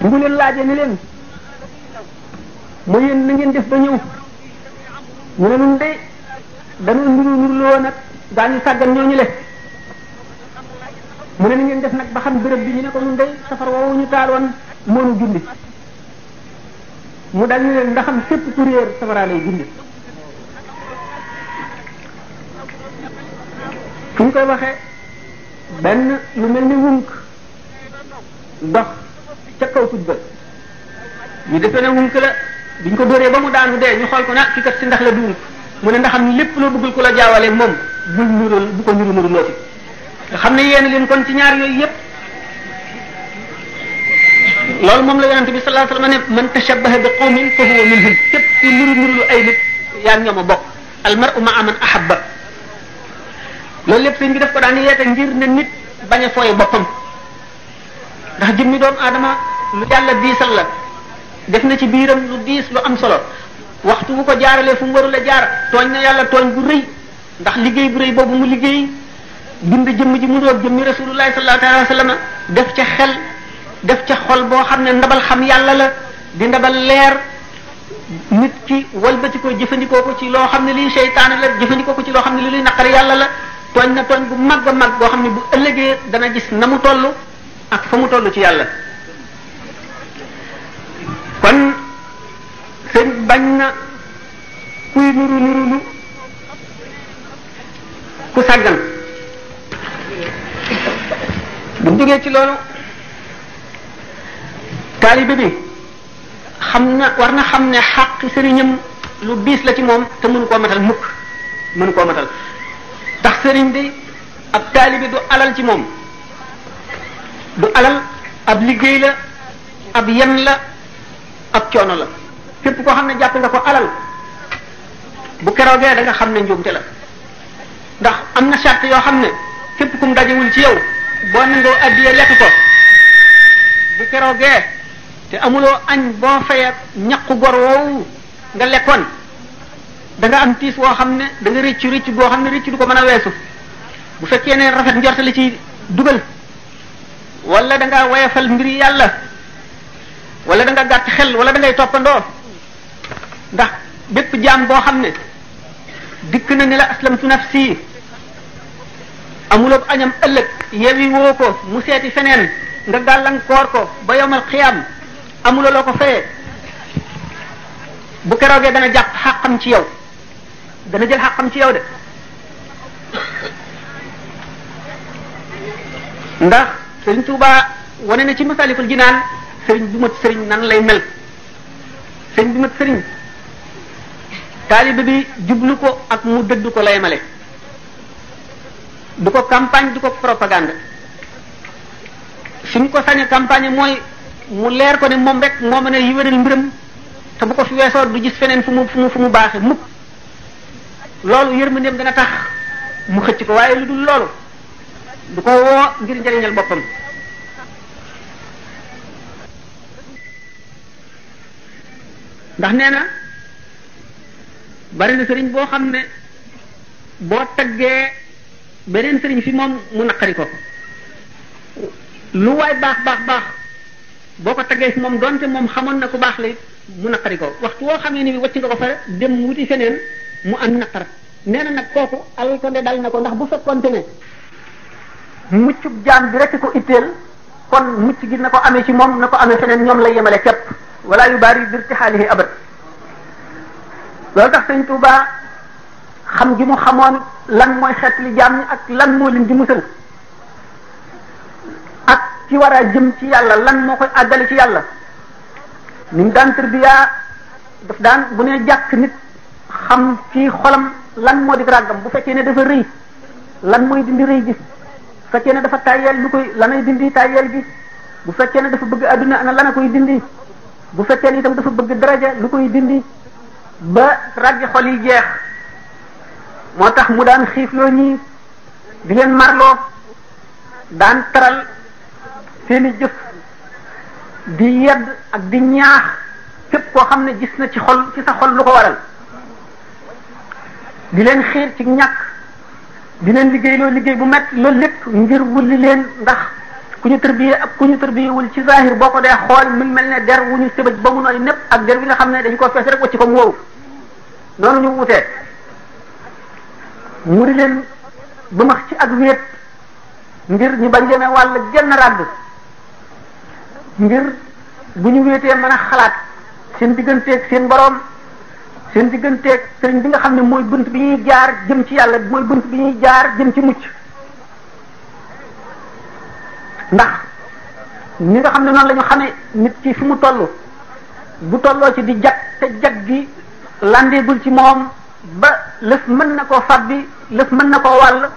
bu leen laaje ni leen mu yeen na ngeen def ba ñew ñu leen nun de dañu nuru nuru loo nag daañu sàggan ñooñu le mu ne ni ngeen def nag ba xam béréb bi ñu ne ko ñun day safar woowu ñu taal woon moonu julli mu dal ñu leen ndaxam fépp ku réer safara lay julli fu ñu koy waxee benn lu mel ni wunk dox ca kaw fut ba ñu defee ne wunk la biñ ko bëree ba mu daanu dee ñu xool ko na ah, ki kat si ndax la du wunk mu ne ndaxam lépp loo bëggul ko la jaawale moom bul nural bu ko nuru looti xam ne yéen leen kon ci ñaar yooyu yépp loolu moom la yonente bi sallallahu alayhi wasallam ne man tashabbaha bi qawmin fa huwa minhum képp ci nuru nuru lu ay nit yaa ñoom a bokk al mar'u ma'a man ahabba loolu lépp sëñ bi def ko daan yeete ngir ne nit bañ a fooye boppam ndax jëmmi doomu aadama lu yàlla diisal def na ci biiram lu diis lu am solo waxtu bu ko jaara fu mu warul a jaar tooñ na yàlla tooñ bu ndax liggéey bu rëy boobu mu liggéey bind jëmm ji mu roog jëmmi rasulullahi sallallahu alayhi wa def ca xel def ca xol boo xam ne ndabal xam yàlla la di ndabal leer nit ki walbati ko jëfandikoo ko ci loo xam ne lii seytaane la jëfandikoo ko ci loo xam ne li luy naqari yàlla la tooñ na tooñ bu mag a mag boo xam ne bu ëllëgee dana gis na mu toll ak fa mu toll ci yàlla kon sëñ bañ na kuy nuru nuru ku sàggan bu jógee ci loolu taalibe bi xam na war na xam ne xàq sëriñam lu biis la ci moom te mënu koo matal mukk mënu koo matal tax sëriñ bi ab taalibe du alal ci moom du alal ab liggéey la ab yen la ab coono la képp koo xam ne jàpp nga ko alal bu keroogee da nga xam ne njuumte la ndax am na charte yoo xam ne képp kum dajewul ci yow boo nangoo addiya lekk ko bu keroogee te amuloo añ boo fayee ñaqu woowu nga lekkoon danga nga am tiis woo xam ne da nga rëccu rëccu boo xam ne rëccu du ko mën a weesu bu fekkee ne rafet njort li ci dugal wala danga nga wayafal mbiri yàlla wala danga gàtt xel wala da ngay toppandoo ndax bépp jaam boo xam ne dikk na ni la aslamtu nafsi amuloo añam ëllëg yewi woo ko mu seeti feneen nga gàllankoor ko ba yowmal xiyaam amuloo loo ko fayee bu keroogee dana jàpp xaqam ci yow dana jël xaqam ci yow de ndax Serigne Touba wane na ci Masalikul Jinaan Serigne bu mat Serigne nan lay mel Serigne bu mat taalibe bi jublu ko ak mu dëdd ko lay male du ko campagne du ko propagande suñ ko sañ campagne mooy mu leer ko ne moom rek moo mën a yiwéral mbiram te bu ko fi weesoor du gis feneen fu mu fu mu baax mukk loolu yërmandeem dana tax mu xëcc ko waaye lu dul loolu du ko woo ngir njëriñal boppam ndax nee na bari na sëriñ boo xam ne boo taggee beneen sëriñ fi moom mu naqari ko lu waay baax baax baax boo ko taggee fi moom donte moom xamoon na ku baax la mu naqari ko waxtu woo ne ni wacc nga ko fa dem wuti feneen mu am naqar nee na nag kooku alal ko ne dal na ko ndax bu fekkonte ne muccub jaan bi rek ko itteel kon mucc gi na ko amee ci moom na ko amee feneen ñoom la yemale képp wala yu baari bir ci xaalihi abad loolu tax sëñ Touba xam gi mu xamoon lan mooy xeetli jaam ñi ak lan moo leen di musal ak ci war a jëm ci yàlla lan moo koy àggale ci yàlla ni mu daan tërbiyaa daf daan bu ne jàkk nit xam ci xolam lan moo di ràggam bu fekkee ne dafa rëy lan mooy dindi rëy gi bu ne dafa tàyyeel lu koy lanay dindi tàyyeel gi bu fekkee ne dafa bëgg àdduna ana lana koy dindi bu fekkee ne itam dafa bëgg daraja lu koy dindi ba raggi xol yi jeex moo tax mu daan xiifloo ñii di leen marloo daan tral seeni jëf di yedd ak di ñaax képp koo xam ne gis na ci xol ci sa xol lu ko waral di leen xiir ci ñàkk di leen liggéey loo liggéey bu metti loolu lépp ngir wulli leen ndax ku ñu tërbiyee ak ku ñu tërbiyewul ci zahir boo ko dee xool mi mel ne der wu ñu sëbëj ba mu nooy népp ak der ne dañu ko fees rek wacci ko mu wow noonu ñu wutee mu di leen ba max ci ak wéet ngir ñu bañ demee wàll genn ràdd ngir bu ñu wéetee mën a xalaat seen digganteeg seen boroom seen digganteeg sëriñ bi nga xam ne mooy bunt bi ñuy jaar jëm ci yàlla mooy bunt bi ñuy jaar jëm ci mucc ndax ñi nga xam ne noonu la ñu xamee nit ci fi mu toll bu tolloo ci di jag te jag gi landeegul ci moom ba lëf mën na koo fab bi lëf mën na koo wàll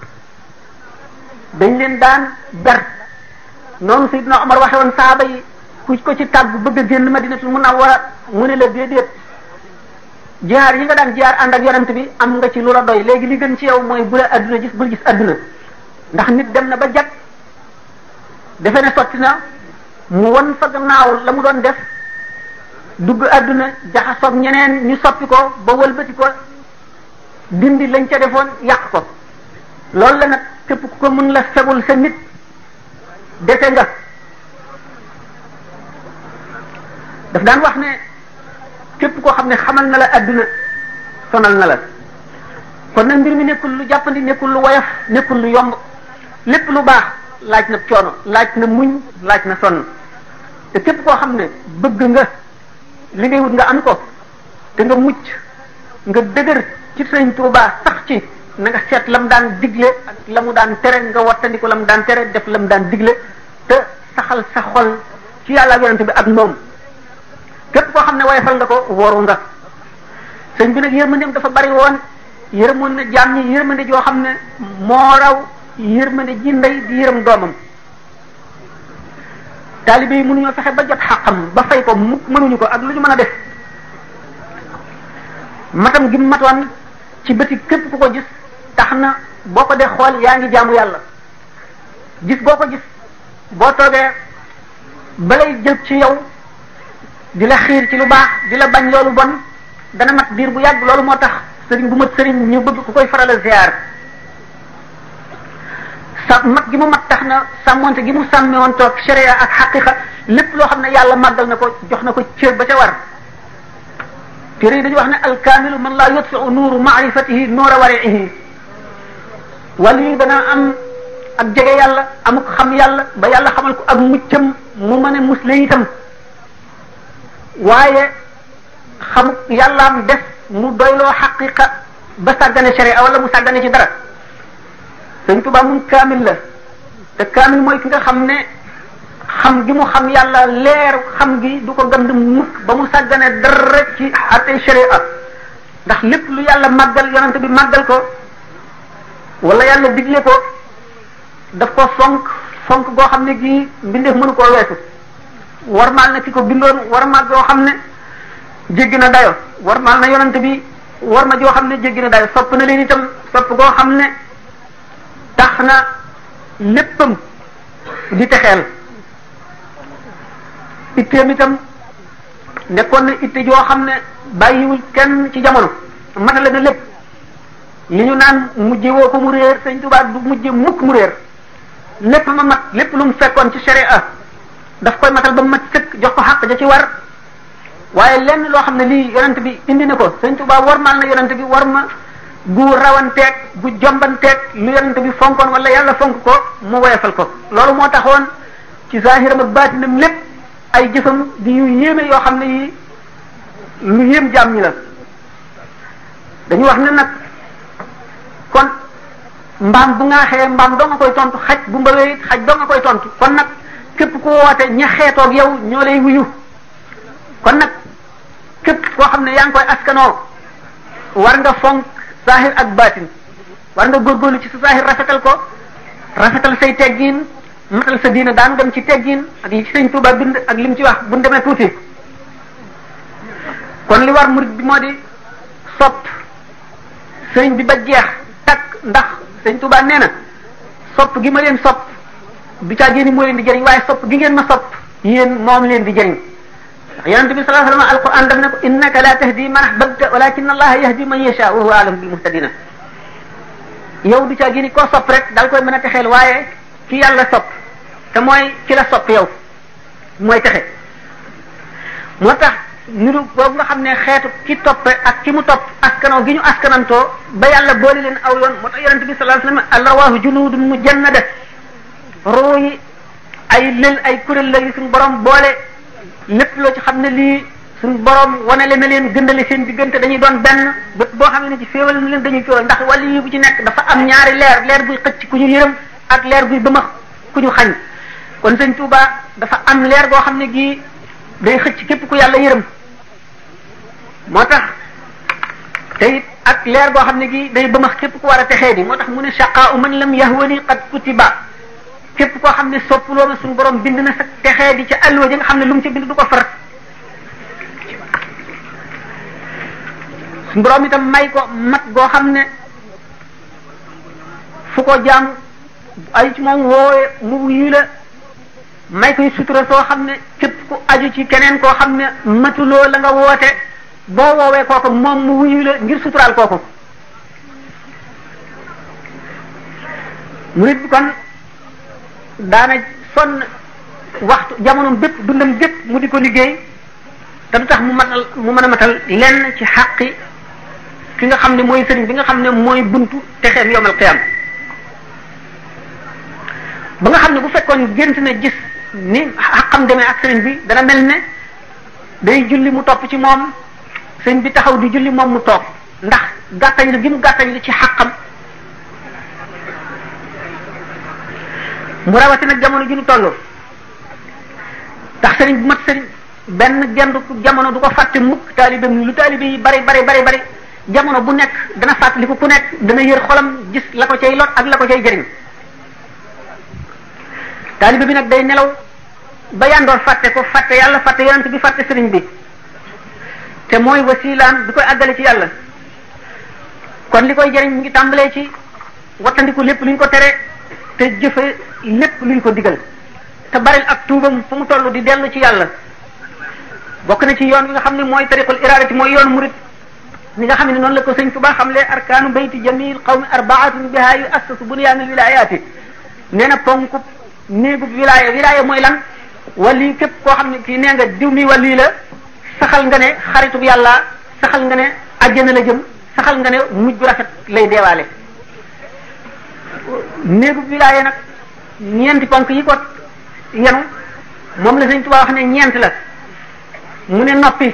dañ leen daan ber noon Seydina Omar waxe woon saaba yi ku ko ci tàggu bëgg a génn Madinatul Munawwara mu ne la déedéet jihaar yi nga daan jihaar ànd ak yonent bi am nga ci lu la doy léegi li gën ci yow mooy bu la adduna gis bul gis adduna ndax nit dem na ba jag defe ne sotti na mu won fa gannaaw la mu doon def dugg àdduna jaxasoog ñeneen ñu soppi ko ba wëlbati ko dindi lañ ca defoon yàq ko loolu la nag képp ko mën la fegul sa nit defe nga daf daan wax ne képp koo xam ne xamal na la àdduna sonal na la kon nag mbir mi nekkul lu jàppandi nekkul lu woyof nekkul lu yomb lépp lu baax laaj na coono laaj na muñ laaj na sonn te képp koo xam ne bëgg nga li ngay wut nga am ko te nga mucc nga dëgër ci sëñ Tuubaa sax ci na nga seet la mu daan digle ak la mu daan tere nga wattandiku la mu daan tere def la mu daan digle te saxal sa xol ci yàlla ak bi ak moom képp koo xam ne wayfal nga ko wooru nga sëñ bi nag yërmandeem dafa bari woon yërëmoon na jaam ñi yërmande joo xam ne moo raw yërmande ji ndey di yërëm doomam taalibe yi fexe ba jot xàqam ba fay ko mu mënuñu ko ak lu ñu mën a def matam gi matoon ci bëti képp ku ko gis tax na boo ko dee xool yaa ngi jaamu yàlla gis boo ko gis boo toogee balay jël ci yow di la xiir ci lu baax di la bañ loolu bon dana mat diir bu yàgg loolu moo tax sëriñ bu mat sëriñ ñu bëgg ku koy faral a sa mag gi mu mag tax na sàmmonte gi mu sàmme woon toog sharia ak xaqiqa lépp loo xam ne yàlla màggal na ko jox na ko cër ba ca war téere yi dañu wax ne alkaamilu man laa yutfiu nuuru maarifatihi nuura wariihi wàllu yi dana am ak jege yàlla amuk xam yàlla ba yàlla xamal ko ak muccam mu mën a musle itam waaye xamuk yàllaam def mu doyloo xaqiqa ba sàggane sharia wala mu sàggane ci dara sëñ Tuba moom kaamil la te kaamil mooy ki nga xam ne xam gi mu xam yàlla leer xam gi du ko gënd mukk ba mu sàggane dara ci àtte sharia ndax lépp lu yàlla màggal yonent bi màggal ko wala yàlla digle ko daf ko fonk fonk goo xam ne gii mbindeef mënu koo war warmaal na ki ko bindoon warmaal goo xam ne jéggi na dayo warmaal na yonent bi war ma joo xam ne jéggi na dayo sopp na leen itam sopp goo xam ne tax na léppam di texeel itteem itam nekkoon na itte joo xam ne bàyyiwul kenn ci jamono matale na lépp li ñu naan mujje woo ko mu réer sëñ Tuubaa du mujje mukk mu réer lépp ma mat lépp lu mu fekkoon ci sharia daf koy matal ba mu mat sëkk jox ko ci war waaye lenn loo xam ne lii yonent bi indi na ko sëñ Tuubaa war mal na yonent bi war ma bu rawanteeg bu jombanteeg lu yonent bi fonkoon wala yàlla fonk ko mu woyofal ko loolu moo taxoon ci zaahiram ak baatinam lépp ay jëfam di yu yéeme yoo xam ne yi lu yéem jaam ñi la dañu wax ne nag kon mbaam bu ngaaxee mbaam doo nga koy tontu xaj bu mbalee it xaj doo nga koy tontu kon nag képp ku woote ña xeetoog yow ñoo lay wuyu kon nag képp koo xam ne yaa ngi koy askanoo war nga fonk zahir ak batin war nga góorgóorlu ci sa zahir rafetal ko rafetal say teggin matal sa diina daan dem ci teggin ak li ci sëñ Tuuba bind ak li mu ci wax bu ñu demee tuuti kon li war murid bi moo di sopp sëñ bi ba jeex takk ndax sëñ Tuuba nee na sopp gi ma leen sopp du caa génn moo leen di jëriñ waaye sopp gi ngeen ma sopp yéen moom leen di jëriñ yonent bi sallallahu alayhi wa sallam alquran daf ne ko innaka la tahdi man ahbabta walakin allaha yahdi man yasha wa huwa alam bil muhtadina yow du caa gini koo sopp rek daal koy mën a texeel waaye ki yàlla sopp te mooy ki la sopp yow mooy texe moo tax niru boobu nga xam ne xeetu ki toppe ak ki mu topp askanoo gi ñu askanantoo ba yàlla boole leen aw yoon moo tax yonent bi sallallahu alayhi wa sallam alrawaahu junudun mujannada ruu yi ay lël ay kuréel la yu suñu borom boole lépp loo ci xam ne lii suñ borom wanale na leen gëndale seen diggante dañuy doon benn bët boo xam ne ci feewal na leen dañuy coow ndax wàllu yi bu ci nekk dafa am ñaari leer leer buy xëcc ku ñu yërëm ak leer buy bëmax ku ñu xañ kon sëñ Touba dafa am leer goo xam ne gii day xëcc képp ku yàlla yërëm moo tax te ak leer goo xam ne gii day bëmax képp ku war a texee di moo tax mu ne shaqaa u man lam yahwani qad kutiba képp koo xam ne sopp loolu suñu borom bind na sa texee di ca alluwa nga xam ne lu mu ca bind du ko far suñu borom itam may ko mat goo xam ne fu ko jaamu aju ci moom woowee mu wuyu la may koy sutura soo xam ne képp ku aju ci keneen koo xam ne matuloo la nga woote boo woowee kooku moom mu wuyu la ngir suturaal kooku murid kon daana sonn waxtu jamono bépp dundam bépp mu di ko liggéey te du tax mu matal mu mën a matal lenn ci xàqi ki nga xam ne mooy sëriñ bi nga xam ne mooy buntu texeem yomal xiyam ba nga xam ne bu fekkoon gént na gis ni xaqam demee ak sëriñ bi dana mel ne day julli mu topp ci moom sëriñ bi taxaw di julli moom mu toog ndax gàttañ lu gi mu gàttañ lu ci xaqam mu rawati nag jamono ji ñu toll tax sëriñ bu mat sëriñ benn genn jamono du ko fàtte mukk taalibeem lu taalibe yi bari bari bari bari jamono bu nekk dana fàttali ko ku nekk dana yër xolam gis la ko cay lot ak la ko cay jëriñ taalibe bi nag day nelaw ba yandoor fàtte ko fàtte yàlla fàtte yonent bi fàtte sëriñ bi te mooy wasilaam bi koy àggale ci yàlla kon li koy jëriñ mu ngi tàmbalee ci wattandiku lépp lu ñu ko tere te jëfe lépp luñ ko digal te bari ak tuubam fu mu toll di dell ci yàlla bokk na ci yoon bi nga xam ne mooy tariqul iradati mooy yoon murit ni nga xam ne noonu la ko sëñ Tuba xamle arkaanu bayti jamil qawmi arbaatin biha yu assasu bunyaanul wilayaati nee na ponku néegub wilaya wilaya mooy lan wali képp koo xam ne kii nee nga diw mi wali la saxal nga ne xaritub yàlla saxal nga ne àjjana la jëm saxal nga ne mujj rafet lay deewaale néegu wilaaya nag ñeenti ponk yi ko yenu moom la Sëñ Tuubaa wax ne ñeent la mu ne noppi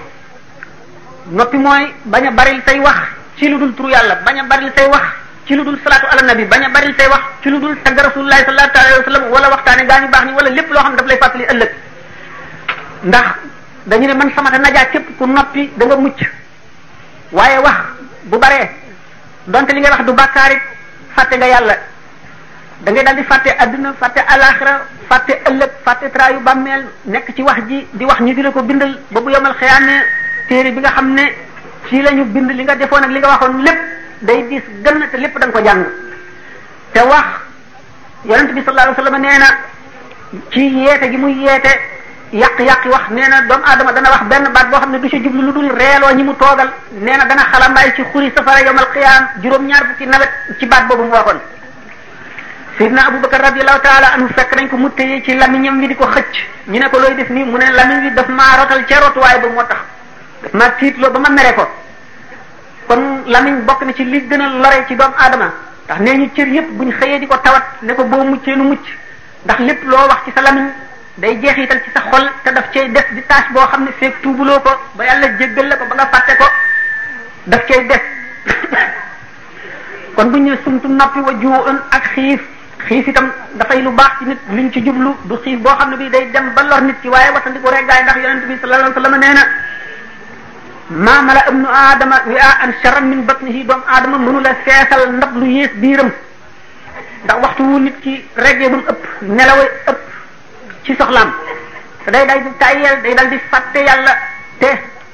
noppi mooy bañ a baril say wax ci lu dul turu yàlla bañ a baril say wax ci lu dul salaatu ala nabi bañ a baril say wax ci lu dul tagg rasulullahi sallallahu alayhi wa sallam wala waxtaane gaa ñu baax ni wala lépp loo xam ne daf lay fàttali ëllëg ndax dañu ne man samata najaa képp ku noppi da nga mucc waaye wax bu baree donte li ngay wax du bàkkaarit fàtte nga yàlla da ngay daal di fàtte àdduna fàtte alaxira fàtte ëllëg fàtte traayu bàmmeel nekk ci wax ji di wax ñu di la ko bindal ba bu yomal xëyaane téere bi nga xam ne ci la ñu bind li nga defoon ak li nga waxoon lépp day diis gën te lépp da ko jàng te wax yonent bi sallallahu alayhi wasallam nee na ci yeete gi muy yeete yàq-yàq wax nee na doomu aadama dana wax benn baat boo xam ne du ci jublu lu dul reeloo ñi mu toogal nee na dana xalambaay ci xuri safara yomal xiyaam juróom-ñaar fukki nawet ci baat boobu mu waxoon سيدنا ابو بكر رضي الله تعالى عنه فك نكو متي سي لامينم بي ديكو خج ني نكو لوي ديف ني مو نين لامين بي داف ما روتال سي روت واي بو موتاخ ما تيت لو بما ميري كو كون لامين بوك ني سي لي گنا لاري سي دوم ادم تاخ ني ني تير ييب بوني خيي ديكو تاوات نكو بو موتي نو موتي داخ ليپ لو واخ سي سلامين داي جيخ يتال سي سا خول تا داف سي ديف دي تاش بو خامني فيك توبلو كو با يالا جيگل لا كو باغا فاتي كو داف سي ديف كون بو ني سنتو نابي وجوهن ak xif xiif itam dafay lu baax ci nit luñ ci jublu du xiif boo xam ne bii day dem ba nit ci waaye watandiku reggaay ndax yonent bi sallallahu alayhi wa sallam nee na maa mala ibnu aadama wi a an charan min batnihi doomu aadama mënu la feesal ndab lu yées biiram ndax waxtu nit ki reggee ëpp nelawee ëpp ci soxlaam te day day di tàyyeel day dal di fàtte yàlla te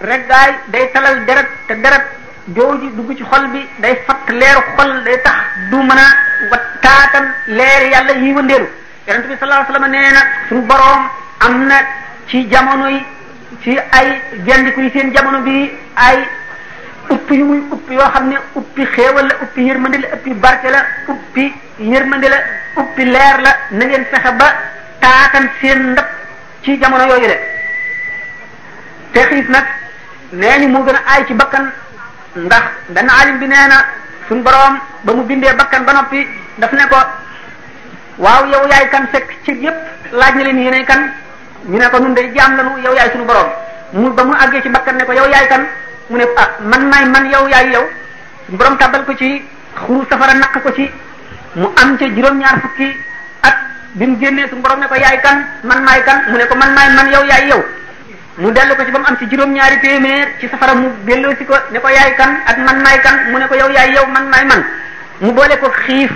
reggaay day talal deret te deret joow ji ci xol bi day fatt leeru xol day tax du mën a wattaatam leer yàlla yi wëndeelu yonente bi sallallahu alayhi wasallam nee na suñu am na ci jamono yi ci ay gendiku yi seen jamono bi ay uppi yu uppi yoo xam ne uppi xéewal la uppi yërmande la uppi barke la uppi yërmande la uppi leer la nangeen ngeen fexe ba taatan seen ndab ci jamono yooyu de te xiif nag nee ni moo gën a aay ci bakkan ndax benn alim bi nee na suñ boroom ba mu bindee bakkan ba noppi daf ne ko waaw yow yaay kan fekk ci yépp laaj na leen yéenay kan ñu ne ko nun day jaam lanu yow yaay suñu boroom mu ba mu àggee ci bakkan ne ko yow yaay kan mu ne ah man maay man yow yaay yow suñu boroom tàbbal ko ci xuru safara ko ci mu am ca juróom-ñaar fukki at bi mu génnee suñu boroom ne ko yaay kan man maay kan mu ne ko man maay man yow yaay yow mu dellu ko ci ba am ci juróom-ñaari téeméer ci safara mu delloo si ko ne ko yaay kan ak man maay kan mu ne ko yow yaay yow man maay man mu boole ko xiif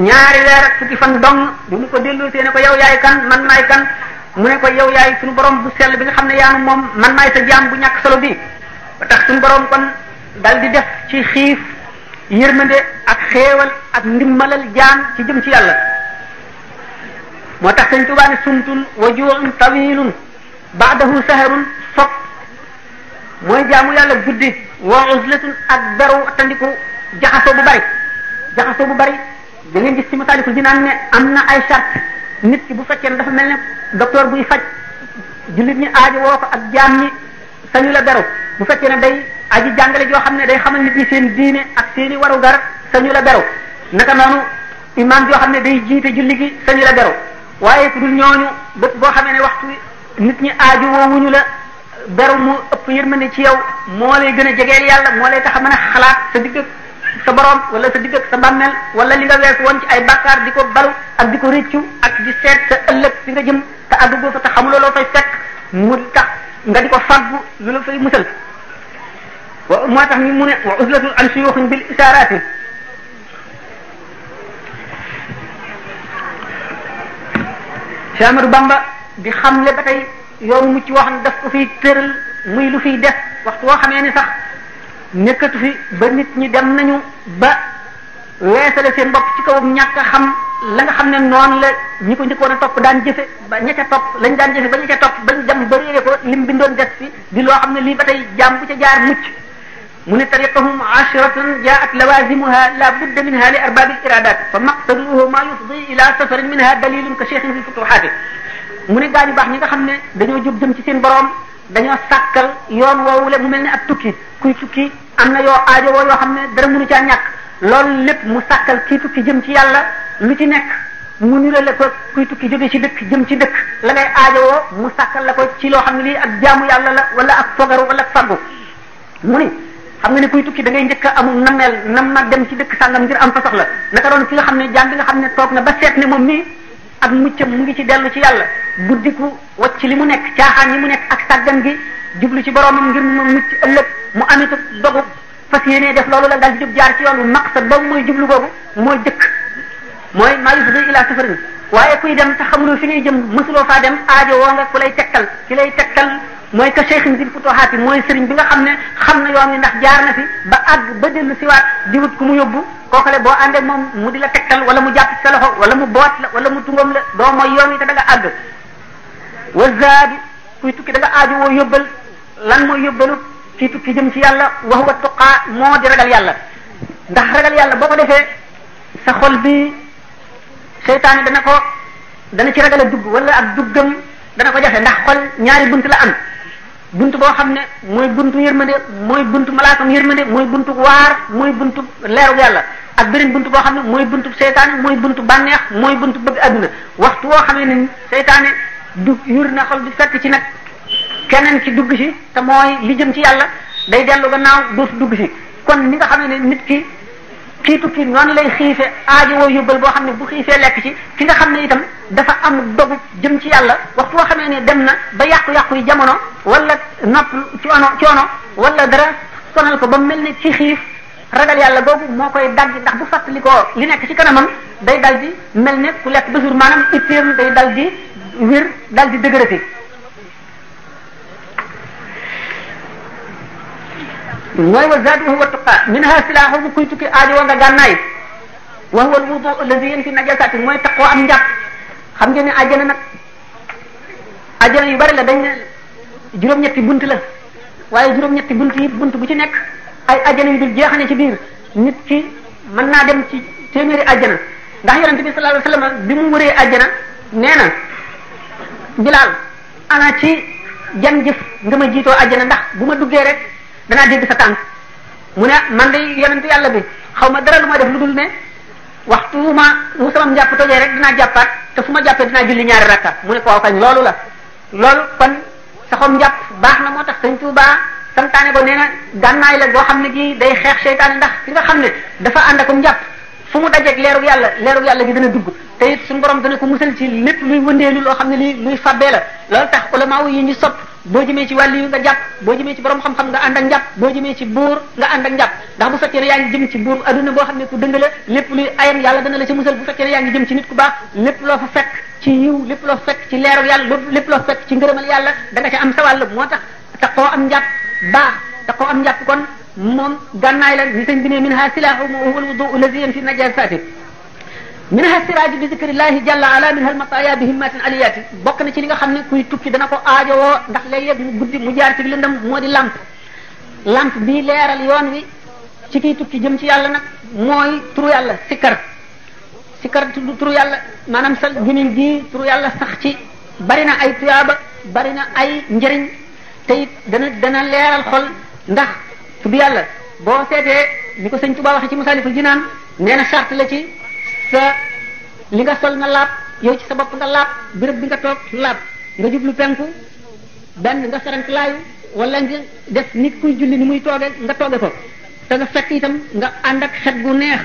ñaari weer ak fukki fan dong bu mu ko delloo see ne ko yow yaay kan man maay kan mu ne ko yow yaay suñu borom bu sell bi nga xam ne yaanu moom man maay sa jaam bu ñàkk solo bi ba tax suñu borom kon dal di def ci xiif yërmande ak xéewal ak ndimmalal jaam ci jëm ci yàlla moo tax sëñ Tuubaa ne sumtun baadahu saharun sob mooy jaamu yàlla guddi wa uzlatun ak beru tandiku jaxasoo bu bari jaxasoo bu bari da ngeen gis ci masaalikul jinaan ne am na ay charte nit ki bu fekkee ne dafa mel ne docteur buy faj jullit ñi aajo woo ko ak jaam ñi sañu la beru bu fekkee ne day aji jàngale joo xam ne day xamal nit ñi seen diine ak seeni waru gar sañu la beru na noonu imaam joo xam ne day jiite julli gi sañu la beru waaye dul ñooñu bët boo xamee ne waxtu nit ñi aaju woowuñu la beru mu ëpp yërmande ci yow moo lay gën a jegeel yàlla moo lay tax a mën a xalaat sa digg ak sa borom wala sa digg ak sa bàmmeel wala li nga wees woon ci ay bàkkaar di ko balu ak di ko rëccu ak di seet sa ëllëg fi nga jëm te àgg boo fa te xamuloo loo fay fekk mu tax nga di ko faggu lu musal wa moo tax ñu mu ne wa uslatun an suyuxin bil di xamle batay tey mu ci woo daf ko fi tëral muy lu fi def waxtu wo xamee ni sax nekkatu fi ba nit ñi dem nañu ba weesale seen bopp ci kawam ñàkk a xam la nga xam ne noonu la ñi ko njëkkoon a topp daan jëfe ba ña ca topp lañ daan jëfe ba ña ca topp bañ dem ba réere ko lim bindoon des fi di loo xam ne lii ba tey jaam bu ca jaar mucc mu ne tariqahum ashiratun jaat lawazimuha la budd minha li arbaabi iradat fa maqsaduhu ma yufdi ila safarin minha dalilun ka cheikhin fi futuhati mu ni gaa ñu baax ñi nga xam ne dañoo jóg jëm ci seen borom dañoo sàkkal yoon woowule mu mel ni ab tukki kuy tukki am na yoo aajo woo yoo xam ne dara mënu caa ñàkk loolu lépp mu sàkkal kii tukki jëm ci yàlla mu ci nekk mu nure la ko kuy tukki jóge ci dëkk jëm ci dëkk la ngay mu sàkkal la ko ci loo xam ne lii ak jaamu yàlla la wala ak fogaru wala ak faggu mu ni xam nga ne kuy tukki da ngay njëkk a amul nameel nam ma dem ci dëkk sàngam ngir am fa soxla naka doon ki nga xam ne jàng bi nga xam ne toog na ba seet ne moom nii ak muccam mu ngi ci dellu ci yàlla buddiku wacc li mu nekk caaxaan yi mu nekk ak sàggan gi jublu ci boromam ngir mu mucc ëllëg mu amit dogu fas yéenee def loolu la daal di jóg jaar ci yoon wi maqsad boobu mooy jublu boobu mooy dëkk mooy maa yusdu ila safarin waaye kuy dem te xamuloo fi ngay jëm mësuloo faa dem aajo woo ku lay tegtal ki lay tegtal mooy que cheikhin bil futuhaati mooy sëriñ bi nga xam ne xam na yoon yi ndax jaar na fi ba àgg ba dellu siwaat di wut ku mu ko kookale boo àndee moom mu di la tegtal wala mu jàpp sa loxo wala mu boot la wala mu tungam la doo mooy yoon yi te da nga àgg wa zaadi kuy tukki da nga aajo woo yóbbal lan mooy yóbbalu kii tukki jëm ci yàlla wa huwa tuqaa moo di ragal yàlla ndax seytaane dana ko dana ci ragal a dugg wala ak duggam dana ko jafe ndax xol ñaari bunt la am bunt boo xam ne mooy buntu yërmande mooy buntu malaakam yërmande mooy buntu waar mooy buntu leeru yàlla ak beneen bunt boo xam ne mooy bunt buntu seytaane mooy buntu bànneex mooy buntu bëgg àdduna waxtu woo xamee ne seytaane du yur na xol bi fekk ci nag keneen ci dugg si te mooy li jëm ci yàlla day dellu gannaaw dootu dugg si kon ni nga xamee ne nit ki kii tukki noonu lay xiife aajo woo yóbbal boo xam ne bu xiifee lekk ci ki nga xam ne itam dafa am dogu jëm ci yàlla waxtu boo xamee ne dem na ba yàqu-yàqu yi jamono wala nopp coono coono wala dara sonal ko ba mel ne ci xiif ragal yàlla boobu moo koy dagg ndax bu fàttalikoo li nekk ci kanamam day dal di mel ne ku lekk ba jour maanaam ittéem day dal di wér dal di dëgërati mooy wa zaaduhu wa tuqaa minha silaahu kuy tukki aajo nga gànnaay wa huwa alwudu alladi yanfi najasaati mooy taqoo am njàpp xam ngeen ne àjjana nag àjjana yu bari la dañ juróom-ñetti bunt la waaye juróom-ñetti bunt bunt bu ci nekk ay àjjana yu dul ci biir nit ki mën naa dem ci téeméeri àjjana ndax yonent bi sallallahu alayhi wa sallam bi mu wëree àjjana nee na Bilaal ana ci jan jëf nga ma jiitoo àjjana ndax bu ma duggee rek danaa dégg sa tànk mu ne man de yonentu yàlla bi xaw ma dara lu ma def lu dul ne waxtu wu ma wu sama jàpp tojee rek dinaa jàppaat te fu ma jàppee dinaa julli ñaari rakka mu ne koo kañ loolu la lool kon sa xom njàpp baax na moo tax sëñ Tuuba santaane ko nee na gànnaay la boo xam ne gii day xeex seytaane ndax ki nga xam ne dafa ànd akum njàpp fu mu dajeeg leerug yàlla leerug yàlla gi dana dugg te it suñu borom dana ko musal ci lépp luy wëndeelu loo xam ne lii luy fabbee la loolu tax ulama yi ñu sopp boo jëmee ci wàlli yu nga jàpp boo jëmee ci borom xam-xam nga ànd ak boo jëmee ndax bu fekkee ne yaa ngi ci buur adduna boo xam ne ku dëng la lépp luy ayam yàlla dana la ci musal bu fekkee ne yaa ngi jëm ci nit ku baax lépp loo fa fekk ci yiw lépp loo fekk ci leeru yàlla lépp loo fekk ci ngërëmal yàlla da nga am sa koo am njàpp taqoo am njàpp kon moom gànnaay la li sëñ bi ne min ha silaahu wa huwa alwudu allazi yanfi najasaati min ha siraaju bi zikrillahi jalla ala min ha almataya bi himmatin aliyaati bokk na ci li nga xam ne kuy tukki dana ko aajowoo ndax léeg-léeg mu guddi mu jaar ci lëndam moo di lamp lamp bii leeral yoon wi ci kiy tukki jëm ci yàlla nag mooy turu yàlla sikkar sikkar turu yàlla maanaam sa gémmiñ gi turu yàlla sax ci bari na ay tuyaaba bari na ay njëriñ te it dana dana leeral xol ndax tudd yàlla boo seetee ni ko sëñ Tuubaa waxee ci Masaalikul Jinaan nee na charte la ci sa li nga sol nga laab yow ci sa bopp nga laab bërëb bi nga toog laab nga jublu penku benn nga sarant laayu wala nga def nit kuy julli ni muy tooge nga tooge ko te nga fekk tam nga ànd ak xet gu neex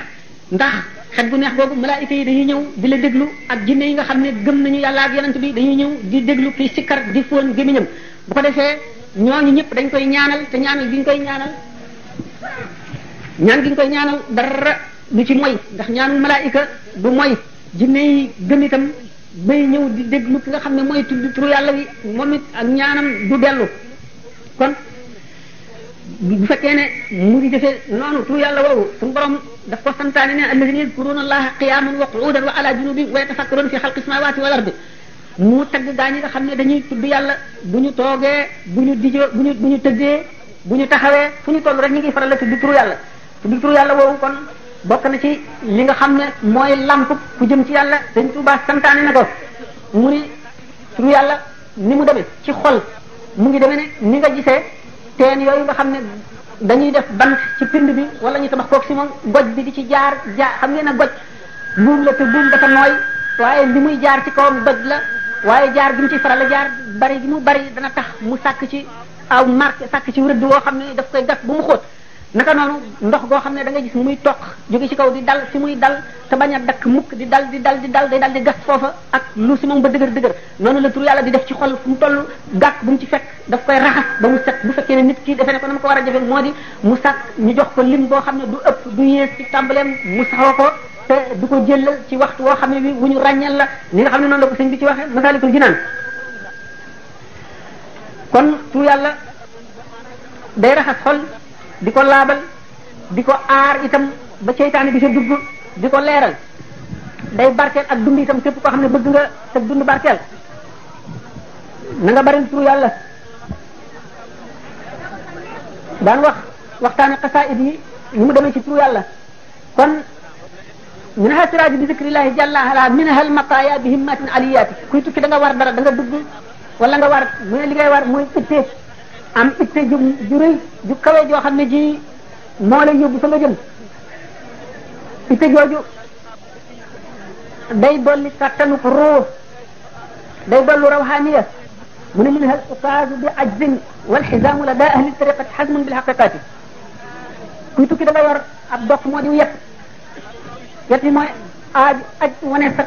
ndax xet gu neex boobu malaayika yi dañuy ñëw di la déglu ak jinne yi nga xam ne gëm nañu yàlla ak yonent bi dañuy ñëw di déglu kii sikkar di fóon gémmiñam bu ko defee ñooñu ñëpp dañ koy ñaanal te ñaanal gi koy ñaanal ñaan gi ñu koy ñaanal dara lu ci moy ndax ñaanu malaayika bu moy jinne yi gëm itam bay ñëw di déglu ki nga xam ne mooy tudd turu yàlla wi moom it ak ñaanam du dellu kon bu fekkee ne mu ngi jëfee noonu turu yàlla woowu suñu borom daf ko santaane ne alladina yadkuruna allaha qiyaman wa qu'udan wa ala junubihim wa yatafakkaruna fi xalqi samawati wal ardi mu tagg gaa ñi nga xam ne dañuy tudd yàlla bu ñu toogee bu ñu dijoo bu ñu bu ñu tëggee bu ñu taxawee fu ñu toll rek ñu ngi faral a tudd turu yàlla tudd turu yàlla woowu kon bokk na ci li nga xam ne mooy lamp ku jëm ci yàlla dañ Tuubaa santaane na ko mu ni yàlla ni mu deme ci xol mu ngi deme ne ni nga gisee teen yooyu nga xam ne dañuy def bant ci pind bi walla ñu tabax koog si moom goj bi di ci jaar jaar xam ngeen na goj buum la te buum dafa nooy waaye li muy jaar ci kawam doj la waaye jaar gi mu ci faral jaar bari gi mu bari dana tax mu sàkk ci aw marque sàkk ci rëdd woo xam ne daf koy gas bu mu xóot naka noonu ndox goo xam ne da nga gis muy toq jóge ci kaw di dal fi muy dal te bañ a dakk mukk di dal di dal di dal day dal di gas foofa ak lu si moom ba dëgër dëgër noonu la tur yàlla di def ci xol fu mu toll gàkk bu mu ci fekk daf koy raxas ba set bu fekkee ne nit kii defe ne ko na ma ko war a jafe moo di mu sàkk ñu jox ko lim boo xam ne du ëpp du yées ci tàmbaleem mu saxoo ko te du ko jëlal ci waxtu wo xam ne bi bu la ni nga xam non la ko señ bi ci waxe masalikul jinan kon tu yalla day raxas xol di ko diko di ko aar itam ba ceytaane bi sa dugg di leral day barkel ak dund itam kep ko xam bëgg nga sa dund barkel na nga bari tu yalla dan wax waxtaane xasaayid yi ni mu demé ci tu yalla kon منها سراج بذكر الله جل وعلا منها المطايا بهمات عليات كنت كده نغا وار دار داغا دغ ولا نغا وار موي ليغي وار موي ايتي ام ايتي جو جوري جو كاوي جو خامني جي مولا يوب سما جيم ايتي جوجو داي بولي كاتانو كرو داي بولو روحانيه من منها الاستاذ بعجز والحزام لدى اهل الطريقه حزم بالحقيقه كنت كده نغا وار اب دوك مودي ويب jot li mooy aaj aj wane sa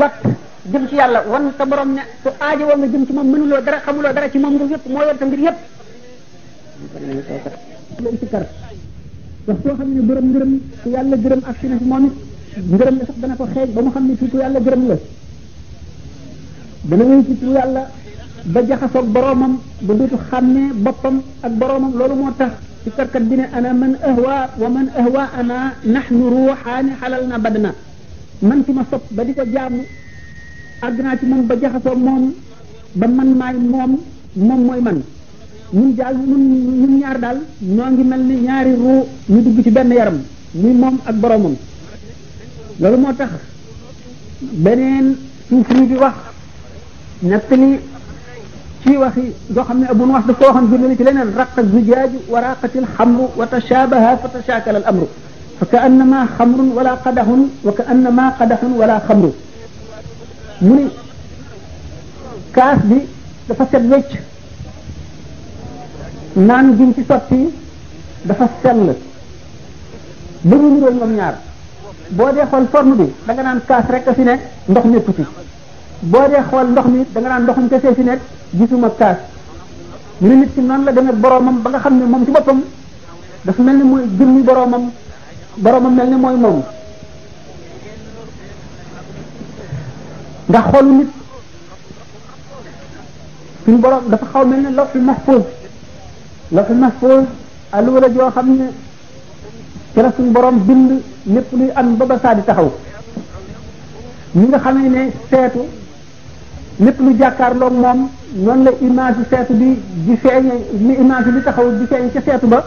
lot ci yàlla wan sa borom ne su aajo woon nga jëm ci moom mënuloo dara xamuloo dara ci moom ngir yëpp moo yor sa mbir yëpp leen ci kar wax soo xam ne borom ngërëm ku yàlla gërëm ak si na si moom it ngërëm la sax ko xeeñ ba mu xam ne fii ku yàlla gërëm la dana wéy ci tu yàlla ba jaxasoog boromam ba dootu xàmmee boppam ak boromam loolu moo tax sikkarkat bi ne ana man ahwa wa man ahwa ana nahnu ruuxaani xalal na badna man ki ma sopp ba di ko jaamu àgg naa moom ba jaxasoo moom ba man maay moom moom mooy man ñun jaal ñun ñun ñaar daal ñoo ngi mel ni ñaari ruu ñu dugg ci benn yaram muy moom ak boromam loolu moo tax beneen suuf bi wax ñett ci waxi do xamne abu nuwas daf ko waxon gënal ci leneen raqqa zujaaj wa raqatil khamru wa tashabaha fa tashakala al amru fa ka'annama khamrun wala qadahun wa ka'annama qadahun wala khamru muni kaas bi dafa set wecc naan giñ ci sotti dafa sell bëggu ñu ñoom ñaar boo dee xool forme bi da nga naan kaas rek fi ne ndox nekku ci boo dee xool ndox mi da nga naan ndoxum kese fi nekk gisuma kaas mu ne nit ki noonu la demee boromam ba nga xam ne moom ci boppam dafa mel ne mooy jëmmi boromam boromam mel ne mooy moom ndax xoolu nit suñu borom dafa xaw mel ne lawxul mahfuz lawxul mahfuz alluwa la joo xam ne ci la suñu borom bind lépp luy am ba ba saa di taxaw ñi nga xamee ne seetu lépp lu jàkkaarloo moom noonu la image seetu bi di feeñe li image li taxaw di feeñ ca seetu ba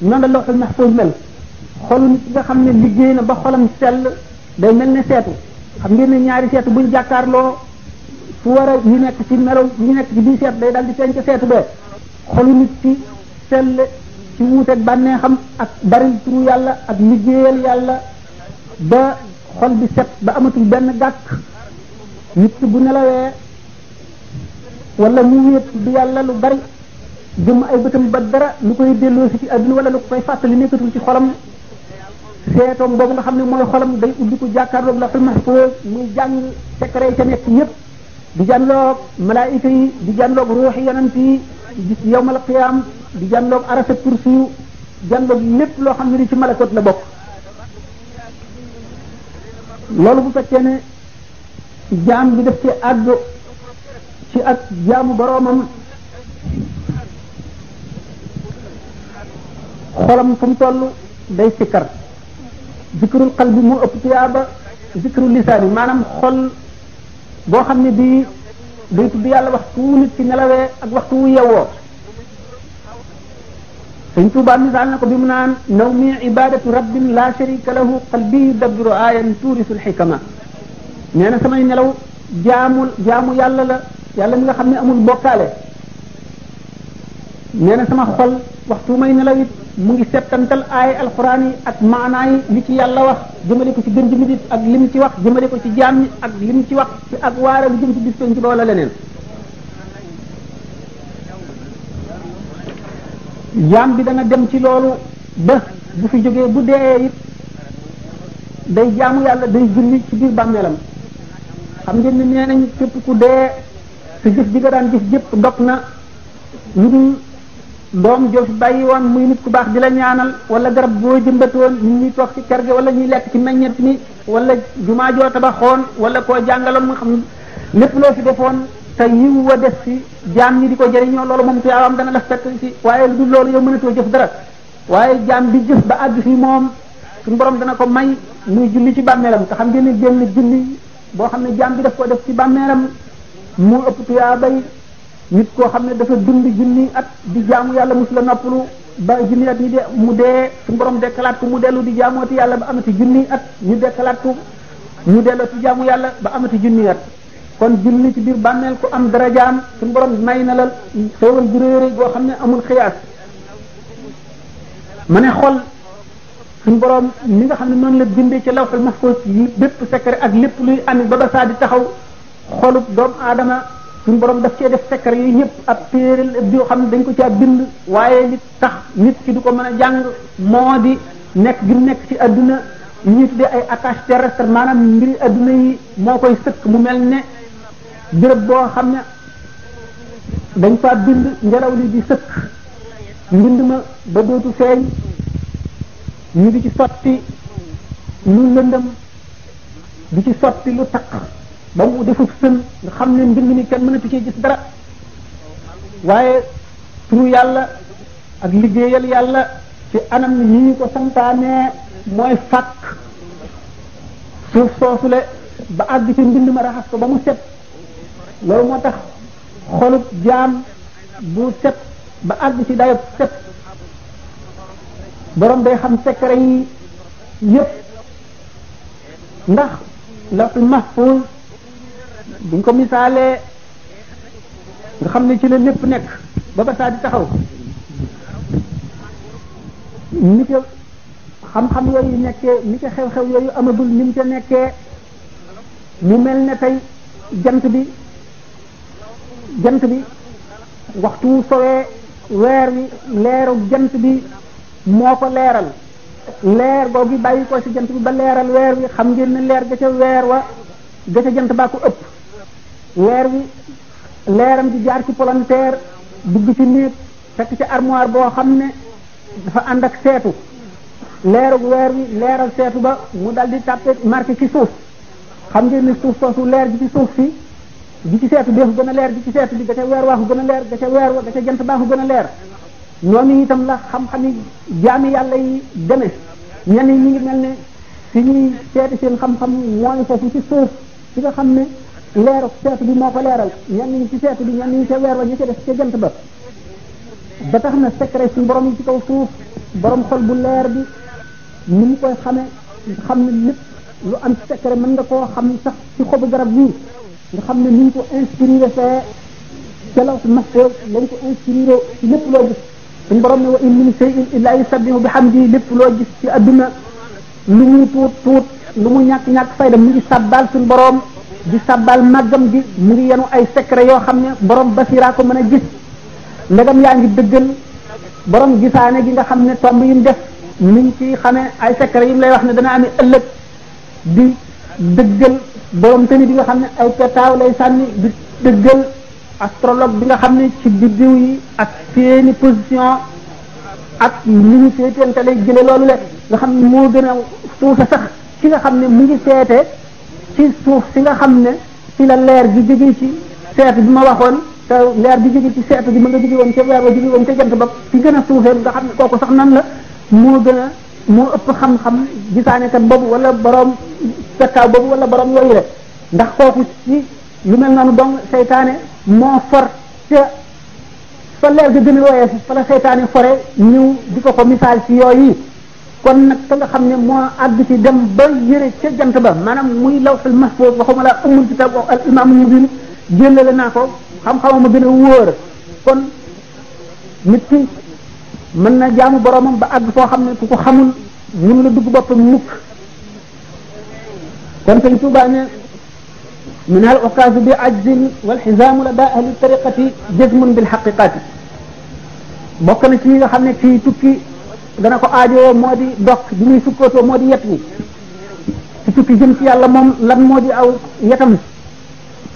noonu la lawhul mahfuz mel xolu nit nga xam ne liggéey na ba xolam sell day mel ne seetu xam ngeen ne ñaari seetu buñ jàkkaarloo fu war a ñu nekk ci melaw ñu nekk ci biir seetu day dal di feeñ ca seetu ba xolu nit ci sell ci wuuteeg bànneexam ak bari turu yàlla ak liggéeyal yàlla ba xol bi set ba amatul benn gàkk nit bu nelawee wala mu wéet du yàlla lu bari jëm ay bëtam ba dara lu koy delloo si ci àdduna wala lu koy fàttali nekkatul ci xolam seetoom boobu nga xam ne mooy xolam day ubbi ko jàkkaarloog la mahfuz muy jàng secret ca nekk yépp di jànloog malaayika yi di jànloog ruuxi yonent yi di yawmal qiyaam di jànloog arasa kursiyu jànloog lépp loo xam ne di ci malakoot la bokk loolu bu fekkee ne jaam bi def ci àddu ci ak jaamu boroomam xolam fu mu toll day sikkar zikrul qalbi moo ëpp tuyaaba zikrul lisaani maanaam xol boo xam ne bii day tudd yàlla waxtu wu nit ci nelawee ak waxtu wu yewwoo sëñ Tuubaa misaal na ko bi mu naan naw mi ibadatu rabbin la sharika lahu qalbi dabbiru ayan tuurisul xikama nee na samay nelaw jaamul jaamu yàlla la yàlla mi nga xam ne amul bokkaale nee na sama xol waxtu may nelaw it mu ngi settantal aay alxuraan yi ak maanaa yi li ci yàlla wax jëmale ko ci gën ji nit ak lim ci wax jëmale ko ci jaam ñi ak lim ci wax ak waare lu jëm ci bis ci wala leneen jaam bi dana dem ci loolu ba bu fi jógee bu dee it day jaamu yàlla day julli ci biir bàmmeelam xam ngeen ne nee nañ képp ku dee te jëf ji nga daan jëf jëpp dog na lu dul doom joo fi bàyyi woon muy nit ku baax di la ñaanal wala garab boo jëmbatoon ñu ñuy toog ci ker gi wala ñuy lekk ci meññet mi wala jumaa joo tabaxoon wala koo jàngaloon mu xam lépp loo fi defoon ta yiw wa def ci jaam ñi di ko jëriñoo loolu moom tuyaawaam dana la fekk ci waaye lu dul loolu yow mënatoo jëf dara waaye jaam bi jëf ba àgg fi moom suñu borom dana ko may muy julli ci bàmmeelam te xam ngeen ne génn julli boo xam ne jaam daf ko def ci bàmmeelam moo ëpp tuyaa nit koo xam ne dafa dund junni at di jaamu yàlla mos la noppalu ba junni at ñu de mu dee suñu borom dekkalaat ko mu dellu di jaamooti yàlla ba amati junni at ñu dekkalaat ko mu dellooti jaamu yàlla ba amati junni at kon junni ci biir bàmmeel ku am dara darajaam suñu borom may na la gu ju réere goo xam ne amul xiyaas ma ne xol suñu borom li nga xam ne noonu la bindee ci lawxul mahfuz yi bépp secret ak lépp luy ami ba ba saa di taxaw xolub doomu aadama suñu borom daf cee def secret yooyu yëpp a téere yoo xam ne dañ ko caa bind waaye nit tax nit ki du ko mën a jàng moo di nekk gi nekk ci adduna li ñuy tuddee ay attache terrestre maanaam mbiri adduna yi moo koy sëkk mu mel ne béréb boo xam ne dañ fa bind ngelaw li di sëkk ma ba dootu feeñ ñu di ci sotti lu lëndëm di ci sotti lu takk ba mu defub sën nga xam ne mbind mi kenn mënatu cee gis dara waaye turu yàlla ak liggéeyal yàlla ci anam yi ñu ko santaane mooy fàkk suuf soosule ba àgg ci mbind ma raxas ko ba mu set loolu moo tax xolub jaam bu set ba àgg ci dayob set borom day xam secret yi yépp ndax laful mahfuz buñ ko misaalee nga xam ne ci la lépp nekk ba ba saa di taxaw ni ca xam-xam yooyu nekkee ni ca xew-xew yooyu amagul ni mu ca nekkee mu mel na tey jant bi jant bi waxtu sowee weer wi leeru jant bi moo ko leeral leer googu bàyyi ko ci jant bi ba leeral weer wi xam ngeen leer ga ca weer wa ga ca jant baa ko ëpp weer wi leeram di jaar ci palanteer dugg ci néeg fekk ci armoire boo xam ne dafa ànd ak seetu leerug weer wi leeral seetu ba mu dal di tàppe marqué ci suuf xam ngeen ni suuf soosu leer bi ci suuf si bi ci seetu deefu gën a leer bi ci seetu bi da ca weer waaxu gën a leer da ca weer wa da ca jant baaxu gën a leer noonu tam la xam-xam yi jaami yàlla yi demee ñenn ñi ngi mel ne si ñuy seeti seen xam-xam mooy foofu ci suuf si nga xam ne leeruk seetu bi moo ko leeral ñenn ñi ci seetu bi ñenn ñi ca weer wa ñu ca def ca jant ba ba tax na secret suñu borom yi ci kaw suuf borom xol bu leer bi ni mu koy xame xam ne lépp lu am secret mën nga koo xam sax ci xobu garab bii nga xam ne ni ñu ko inspiré fee ca law mahfuz lañ ko inspiré ci lépp loo gis suñu borom ne wa in min shay'in illa yusabbihu bihamdi lépp loo gis ci adduna lu muy tuut tuut lu mu ñàkk ñàkk fayda mu ngi sàbbaal suñu borom di sabbal màggam gi mu ngi yenu ay secret yoo xam ne borom basiraa ko mën a gis ndegam yaa ngi dëggal borom gisaane gi nga xam ne tomb yi mu def ni ñu ci xamee ay secret yi mu lay wax ne dana amee ëllëg di dëggal borom tëni bi nga xam ne ay petaaw lay sànni di dëggal astrologue bi nga xam ne ci diw yi ak seeni position ak ni ñu seeteente lay jële loolu le nga xam ne moo gën a suufe sax nga xam ne mu ngi seete ci suuf si nga xam ne ci la leer gi jógee ci seetu bi ma waxoon te leer gi jógee ci seetu bi ma nga jógee woon ca weer wa jógee woon ca jant ba ci gën a suufee nga xam ne kooku sax nan la moo gën a moo ëpp xam-xam gisaane kat boobu wala borom pekkaaw boobu wala borom yooyu rek ndax kooku ci lu mel noonu dong seytaane moo for fa leer gi gën a woyee fa la seytaane fore ñëw di ko ko misaal ci yooyu kon nak ka nga xamne mo moo ci dem ba yëre ci jant ba manam muy lawful mahfuz waxuma la umul kitab wa al imam mubin jëlale na ko xam-xamama gën a wóor kon nit ki mën na jaamu boromam ba àgg fo xamne ku ko xamul mun la dugg boppam mukk kon sëñ Touba ne من العكاز بعجز والحزام لدى أهل الطريقة جزم بالحقيقات بوكنا شيء خمنا في تكي dana ko aajowoo moo di dox bi muy sukkootoo moo di yet wi ci tukki jëm ci yàlla moom lan moo di aw yetam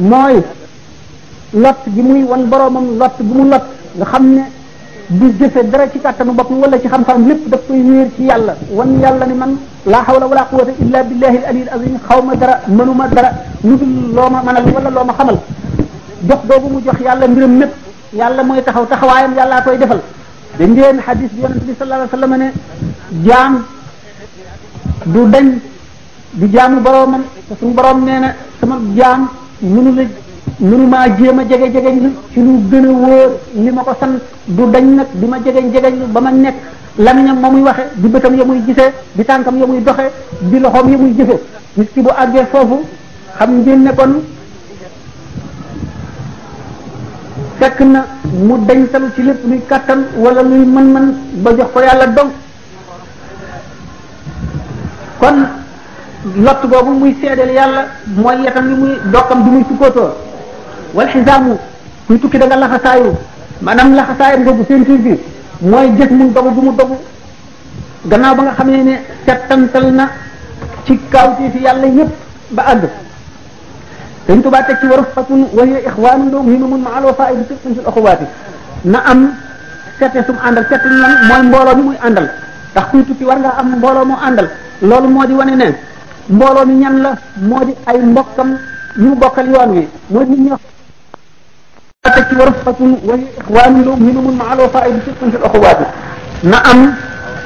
mooy lot gi muy wan boroomam lot bu mu lot nga xam ne du jëfe dara ci kàttanu boppam wala ci xam-xam lépp daf koy wéer ci yàlla wan yàlla ni man laa hawla wala quwata illa billahi al ali al azim xaw ma dara mënuma dara lu dul loo ma mënal wala loo ma xamal jox boobu mu jox yàlla mbiram mépp yàlla mooy taxaw taxawaayam yàllaa koy defal dañ leen xadis bi yonente bi sallallahu alayhi wasallam ne jaam du dañ du jaamu boroomam te nee na sama jaam mënu la mënu maa jéem a jege jegeñ ci lu gën a wóor li ma ko sant du dañ nag di ma jegeñ jegeñ ba ma nekk lamiñam ma muy waxe di bëtam ya muy gisee di tànkam ya muy doxe di loxoom ya muy jëfe nit bu àggee foofu xam ngeen ne kon fekk na mu dañ tam ci lépp luy kàttan wala luy mën man ba jox ko yàlla dong kon lott boobu muy seedeel yàlla mooy yetam mu muy dokkam mu muy sukkootoo wal xisaamu kuy tukki da nga laxasaayu maanaam laxasaayam googu ceinture bi mooy gës mun dogu bu mu dogu gannaaw ba nga xamee ne settantal na ci kawti fi yàlla yépp ba àgg sëñ Tuba teg ci waru fatun wa hiya ixwaanun doom himu mun ma al wafa'i bi sirrin fil uxuwaati na am sette sum àndal sette lan mooy mbooloo mi muy àndal ndax kuy tukki war ngaa am mbooloo mu àndal loolu moo di wane ne mbooloo mi ñan la moo di ay mbokkam ñu mu bokkal yoon wi moo di ñoo teg ci waru fatun wa hiya ixwaanun doom himu mun ma al wafa'i bi sirrin fil uxuwaati na am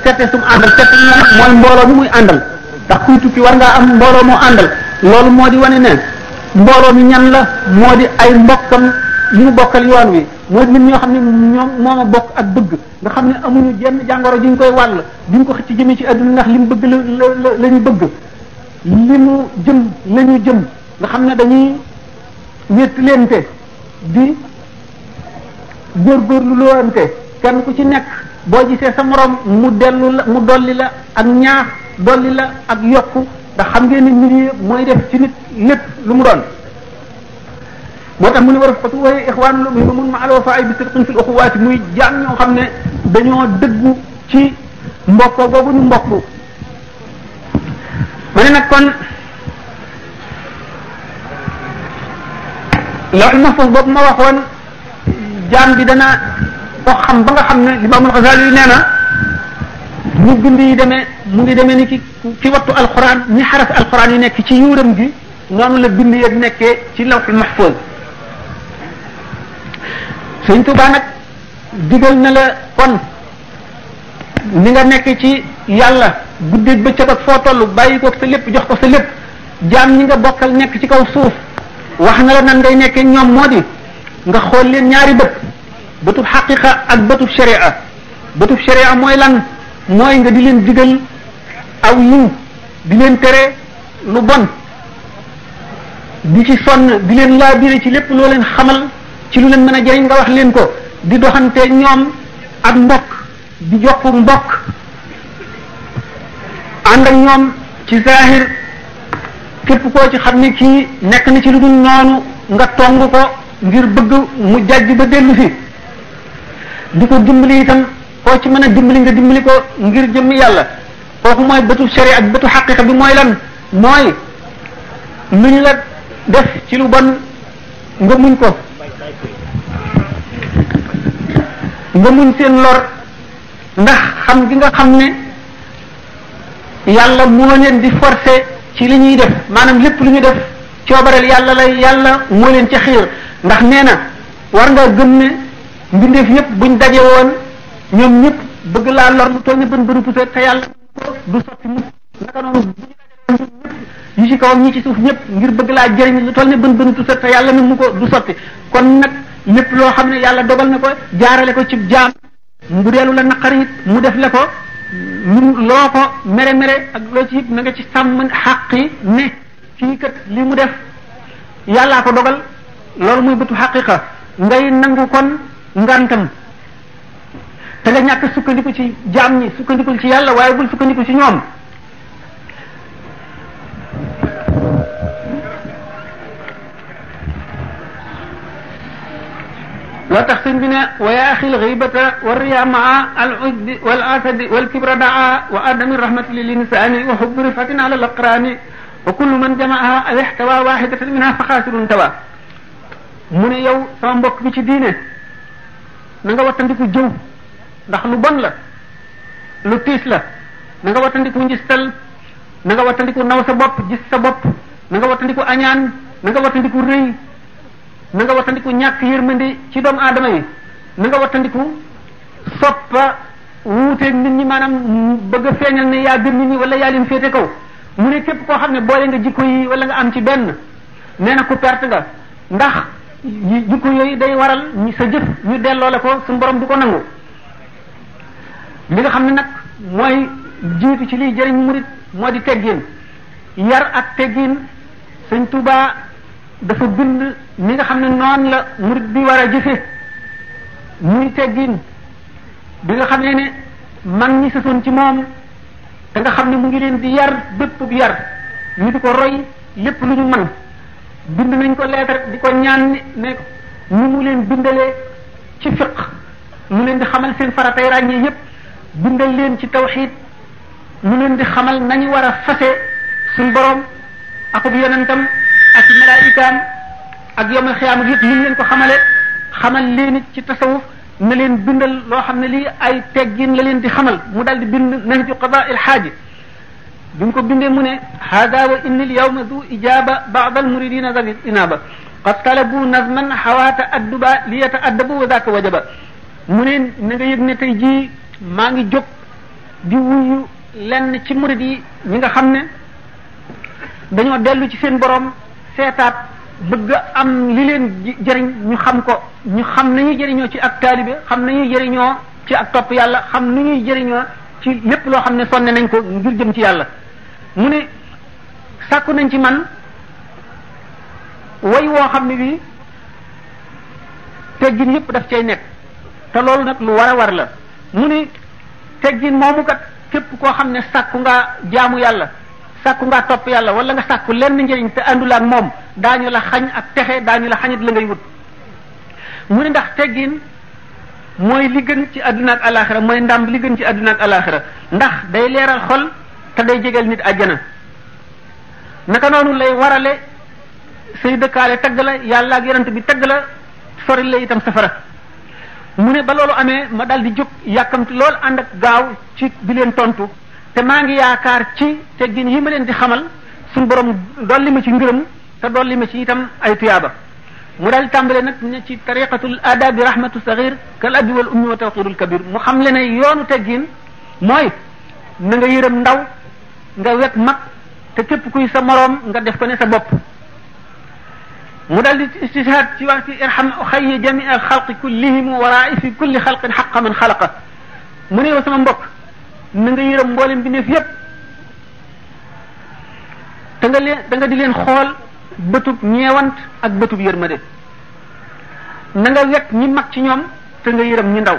sette sum àndal sette lan mooy mbooloo mi muy àndal ndax kuy tukki war ngaa am mbooloo mu àndal loolu moo di wane ne mbooloo mi ñan la moo di ay mbokkam yi mu bokkal yoon wi mooy nit ñoo xam ne ñoom moo ma bokk ak bëgg nga xam ne amuñu jenn jàngoro ji ñu koy wàll duñ ko xëcc jëmee ci àdduna ndax li mu bëgg la la la ñu bëgg li mu jëm la jëm nga xam ne dañuy wéttalante di góorgóorlu loolante kenn ku ci nekk boo gisee sa moroom mu dellu mu dolli la ak ñaax dolli la ak yokk ndax xam ngeen ni nit yi mooy def ci nit lépp lu mu doon moo tax mu ne war a fatu waye ixwaanu lu mu mun ma aloo faay bi sidqin fil uxuwaati muy jaam ñoo xam dañoo dëggu ci mbokk boobu ñu mbokk ma nak kon la ma fa boobu ma wax won jam bi dana ko xam ba nga xamne imam al-ghazali neena na ñu bind yi demee mu ngi demee ni ki ci wattu al-quran ni xaraf al-quran yi nekk ci yuuram gi noonu la bind yëpp nekkee ci lawxul mahfuz sëñ Tuba nag digal na la kon ni nga nekk ci yàlla ba ca ak foo toll bàyyi ko sa lépp jox ko sa lépp jaam ñi nga bokkal nekk ci kaw suuf wax na la nan ngay nekkee ñoom moo di nga xool leen ñaari bët bëtub xaqiqa ak bëtub sharia bëtub sharia mooy lan mooy nga di leen digal aw yiw tere lu bon di ci sonn di leen laabire ci lépp loo leen xamal ci lu leen mën a jëriñ nga wax leen ko di doxante ñoom ak mbokk di jokku mbokk ànd ñoom ci zahir képp koo ci xam ni kii nekk na ci lu dul noonu nga tong ko ngir bëgg mu jàjj ba dellu di ko dimbali itam koo ci mën a dimbali nga dimbali ko ngir jëmm yàlla kooku mooy bëtu sharia ak bëtu xaqiqa mooy lan mooy lu def ci lu bon nga muñ ko nga muñ seen lor ndax xam gi nga xam ne yàlla moo leen di forcer ci li ñuy def maanaam lépp lu ñu def coobareel yàlla lay yàlla moo leen ci xiir ndax nee na war ngaa gën ne mbindeef ñëpp buñ dajee woon ñoom ñëpp bëgg laa lor lu toll ne bën bënu puse te yàlla du sotti mukk naka noonu yi ci kawam ñi ci suuf ñëpp ngir bëgg laa jëriñ lu toll ne bën bën du sotti yàlla nag mu ko du sotti kon nag lépp loo xam ne yàlla dogal na ko jaarale ko ci jaam mu deelu mu def la ko ñun loo ak ci na ci sàmm xàq yi li mu def yàllaa ko dogal loolu muy bëtu xaqiqa ngay nangu kon ngantam te nga ñàkk sukkandiku ci jaam ñi sukkandikul ci yàlla waaye bul sukkandiku ci ñoom loo tax sëñ bi ne wa yaaxil xibata wa riya maa al ujbi wal asadi wal kibra daa wa adami rahmati lil insani wa hubbi rifatin ala al aqrani wa kullu man jamaaha aw ihtawa wahidatan minha fa xaasirun tawa mu ne yow sama mbokk bi ci diine na nga wattandiku jëw ndax lu bon la lu tiis la na nga wattandiku njistal na nga wattandiku naw sa bopp gis sa bopp na nga wattandiku añaan na nga wattandiku rëy na nga wattandiku ñàkk yërmande ci doomu aadama yi na nga wattandiku soppa wuuteeg nit ñi maanaam bëgg a feeñal ne yaa gën nit ñi wala yaa leen féete kaw mu ne képp koo xam ne boole nga jikko yi wala nga am ci benn nee na ku perte nga ndax jikko yooyu day waral sa jëf ñu delloo la ko suñu borom du ko nangu li nga xam ne nag mooy jiitu ci liy jëriñ murit moo di teggin yar ak teggin sëñ Tuubaa dafa bind ni nga xam ne noonu la murid bi war a jëfe muy bi nga xam ne ne mag ñi sësoon ci moom te nga xam ne mu ngi leen di yar bépp yar ñu di ko roy lépp lu ñu mën bind nañ ko leetar di ko ñaan ni ne ni mu leen bindalee ci fiq lu leen di xamal seen faratay ràññee yépp bindal leen ci tawxiid lu leen di xamal nañu war a fase suñ borom akub yonentam ak ci malaayikaam ak yawmal xiyaama yëpp ñu leen ko xamale xamal leen ci tasawuf na leen bindal loo xam ne lii ay teggin la leen di xamal mu daal di bind nahju qadaa il xaaji bi mu ko bindee mu ne hada wa inni lyawma du ijaba baad almuridina dabi inaba qad talabu nazman xawaata adduba li yata addabu wa daka wajaba mu ne na nga yëg ne tey jii maa ngi jóg di wuyu lenn ci murid yi ñi nga xam ne dañoo dellu ci seen borom seetaat bëgg am li leen jëriñ ñu xam ko ñu xam nañuy jëriñoo ci ak taalibe xam nañuy jariñoo ci ak topp yàlla xam nu ñuy jëriñoo ci lépp loo xam ne sonne nañ ko ngir jëm ci yàlla mu ne sàkku nañ ci man way woo xam ne bii teggin yépp daf cay nekk te loolu nag lu war a war la mu ni teggin moomu képp koo xam ne sàkku nga jaamu yàlla sàkku ngaa topp yàlla wala nga sàkku lenn njëriñ te àndul ak moom daañu la xañ ak texe daañu la xañit la ngay wut mu ne ndax teggin mooy li gën ci àdduna ak mooy ndam li gën ci àdduna ak ndax day leeral xol te day jegeel nit àjjana naka noonu lay warale say dëkkaale tagg la yàlla ak yonent bi tagg la sori la itam safara mu ne ba loolu amee ma dal di jóg yàkkamti lool ànd ak gaaw ci bi leen tontu te maa ngi yaakaar ci teggin yi ma leen di xamal suñu borom dolli ma ci ngërëm te dolli ma ci itam ay tuyaaba mu daal di tàmbale nag ne ci tariqatul adabi rahmatu saghir kal abi wal ummi wa tawqirul kabir mu xam le ne yoonu teggin mooy na nga yërëm ndaw nga wet mag te képp kuy sa moroom nga def ko ne sa bopp mu daal di istishhad ci wax ci irham xayyi jami al xalqi kullihim wa ra'i fi kulli xalqin xaqa man xalaqa mu ne yow sama mbokk na nga yërëm mboolem bindeef yépp te nga leen te nga di leen xool bëtub ñeewant ak bëtub yërmande na nga wekk ñi mag ci ñoom te nga yërëm ñi ndaw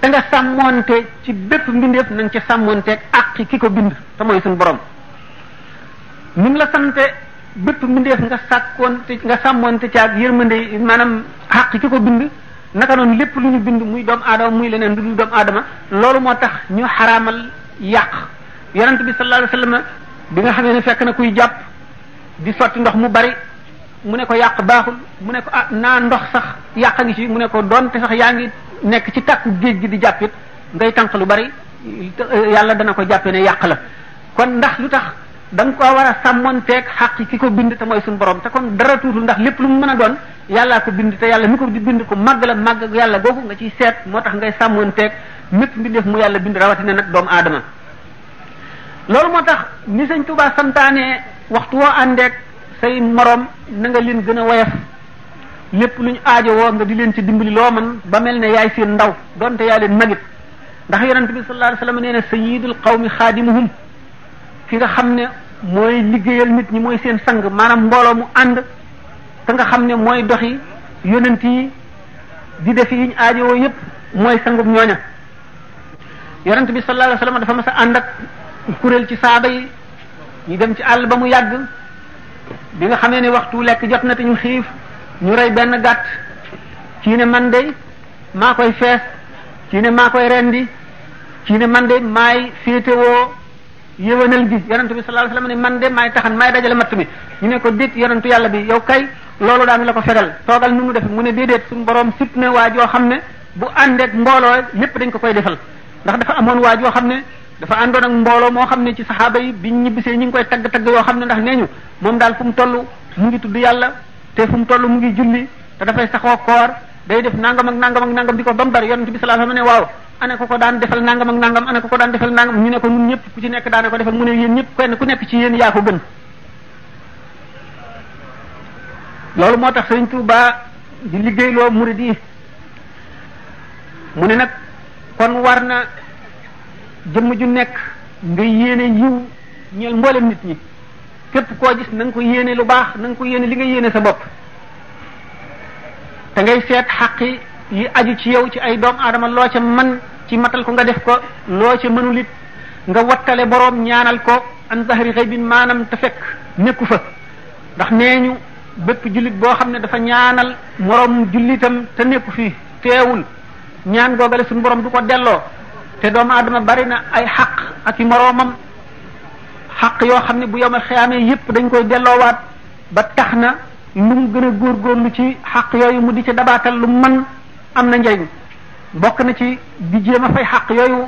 te nga sàmmoonte ci bépp mbindeef na nga ca sàmmoonteeg àq ki ko bind te mooy suñu borom ni mu la sante bépp mbindeef nga sàkkoonte nga sàmmoonte ci ak yërmande maanaam àq ki ko bind naka noonu lépp lu ñu bind muy doomu aadama muy leneen lu dul doomu aadama loolu moo tax ñu xaraamal yàq yonent bi sallallahu alayhi wasallam bi nga xamee ne fekk na kuy jàpp di sotti ndox mu bari mu ne ko yàq baaxul mu ne ko ah naa ndox sax yàq ngi ci mu ne ko doonte sax yaa ngi nekk ci takku géej gi di jàppit ngay tànq lu bari eh, yàlla dana ko jàppe ne yàq la kon ndax lu tax da nga koo war a sàmmonteeg xaq ki ko bind te mooy suñu boroom te kon dara tuutul ndax lépp lu mu mën a doon yàllaa ko bind te yàlla mi ko bind ko màgg la màgg yàlla googu nga ciy seet moo tax ngay sàmmonteeg mépp def mu yàlla bind rawatina nag doomu aadama loolu moo tax ni sëñ Tuubaa santaane waxtu woo àndeeg say morom na leen gën a woyof lépp lu ñu woo nga di leen ci dimbali loo man ba mel ne yaay seen ndaw donte yaa leen magit ndax yonent bi sallallahu alayhi wa sallam nee na sayyidul qawmi xaadimuhum ki nga xam ne mooy liggéeyal nit ñi mooy seen sang maanaam mbooloo mu ànd te nga xam ne mooy doxi yonent yi di def yi ñu aajowoo yépp mooy sangub ñooña yonent bi sallallahu alayhi wasallam dafa mas a ànd ak kuréel ci saaba yi ñu dem ci àll ba mu yàgg bi nga xamee ne waxtu lekk jot na te ñu xiif ñu rey benn gàtt ci ne man de maa koy fees ci ne maa koy rendi ci ne man de maay féetewoo yéwénal gi yonentu bi sallallahu alayhi wasallam ne man de maay taxan maay dajale matt mi ñu ne ko dit yonentu yàlla bi yow kay loolu daanu la ko fegal toogal nu mu def mu ne déedéet suñu borom sip na waa joo xam ne bu àndeek mbooloo lépp dañ ko koy defal ndax dafa amoon waa yoo xam ne dafa àndoon ak mbooloo moo xam ne ci saxaaba yi biñ ñibbisee ñu ngi koy tagg tagg yoo xam ne ndax nee ñu moom daal fu mu toll mu ngi tudd yàlla te fu mu toll mu ngi julli te dafay saxoo koor day def nangam ak nangam ak nangam di ko ba mu bari yonent bi sallallahu alayhi wasallam ne ana ko ko daan defal nangam ak nangam ana ko ko daan defal nangam ñu ne ko ñun ñëpp ku ci nekk daana ko defal mu ne yéen ñëpp kenn ku nekk ci yéen yaa ko gën loolu moo tax Sëriñ Tuubaa di liggéeyloo murid yi mu ne nag kon war na jëmm ju nekk nga yéene yiw ñeel mboolem nit ñi képp koo gis na ko yéene lu baax na ko yéene li nga yéene sa bopp te ngay seet xaqi yi aju ci yow ci ay doom aadama loo ca man ci matal ko nga def ko loo ca mënul it nga wattale boroom ñaanal ko an zahri xaybin maanaam te fekk nekku fa ndax nee ñu bépp jullit boo xam ne dafa ñaanal moroom jullitam te nekku fi teewul ñaan googale suñu borom du ko delloo te doomu aadama bari na ay xaq ak i moroomam xaq yoo xam ne bu yomal xiyaamee yépp dañ koy delloowaat ba tax na lu mu gën a góor góorgóorlu ci xaq yooyu mu di ca dabaatal lu man am na njëriñ bokk na ci di jéem a fay xaq yooyu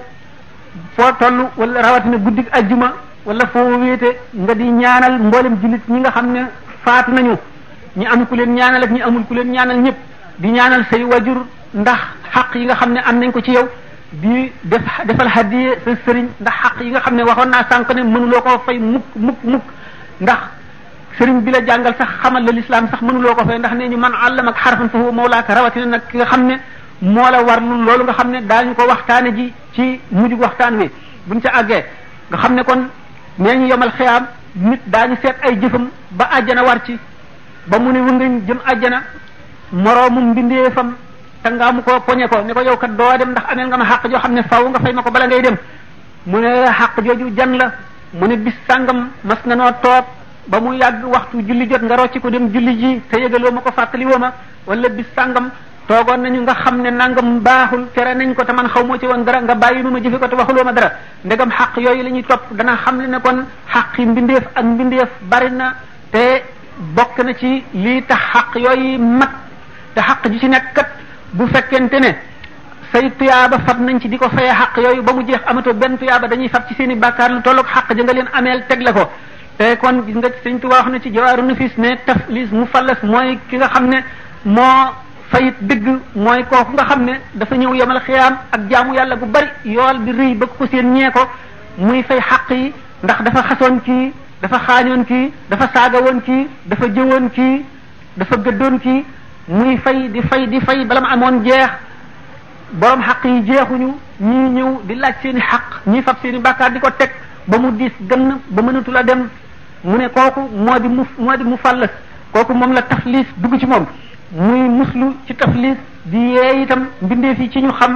foo toll wala rawatina guddig aljuma wala foo wéete nga di ñaanal mboolem jullit ñi nga xam ne faatu nañu ñi am ku leen ñaanal ak ñi amul ku leen ñaanal ñëpp di ñaanal say wajur ndax xaq yi nga xam ne am nañ ko ci yow di def defal hadiye sa sëriñ ndax xaq yi nga xam ne waxoon naa sànq ne mënuloo koo fay mukk mukk mukk ndax sëriñ bi la jàngal sax xamal la lislaam sax mënuloo ko fay ndax nee ñu man àllam ak xarfan fa huwa mawlaaka rawatina nag ki nga xam ne moo la war loolu nga xam ne daañu ko waxtaane ji ci mujjug waxtaan wi buñ ca àggee nga xam ne kon nee ñu yomal xiyaam nit daañu seet ay jëfam ba àjjana war ci ba mu ne wëngañ jëm àjjana moroomum mbindee te nga mu ko poñe ko ne ko yow kat doo dem ndax ameel nga ma xàq joo ne faw nga fay ma ko bala ngay dem mu xàq jooju jan la mu ne bis sàngam mas nga noo toog ba mu yàgg waxtu julli jot nga rocci ko dem julli ji te yëgaloo ma ko fàttali woo ma wala bis sàngam toogoon nañu nga xam ne nangam baaxul tere nañ ko te man xaw moo ci woon dara nga bàyyi nu ma jëfe ko te waxuloo ma dara ndegam xaq yooyu la ñuy topp dana xam le ne kon xaq yi mbindeef ak mbindeef bari na te bokk na ci li tax xaq yooyu mat te xaq ji ci nekk kat bu fekkente ne say tuyaaba fab nañ ci di ko fayee xaq yooyu ba mu jeex amato benn tuyaaba dañuy ci seen i bàkkaar lu tolloog nga leen ameel teg la ko te kon gis nga sëñ Tuubaa na ci jawaaru nafis ne taflis mu fallas mooy ki nga xam ne moo fayit dëgg mooy kooku nga xam ne dafa ñëw yemal xiyaam ak jaamu yàlla bu bari yool bi rëy ba ko seen ñee ko muy fay xaq yi ndax dafa xasoon kii dafa xaañoon kii dafa saaga woon kii dafa jëwoon kii dafa gëddoon kii muy fay di fay di fay bala ma amoon jeex borom xaq yi jeexuñu ñii ñëw di laaj seen i xaq ñii fab seen i bàkkaar di ko teg ba mu diis gën ba mënatul a dem mu ne kooku moo di mu moo di mu fàll kooku moom la taflis dugg ci moom muy muslu ci taflis di yee itam mbindeef ci ñu xam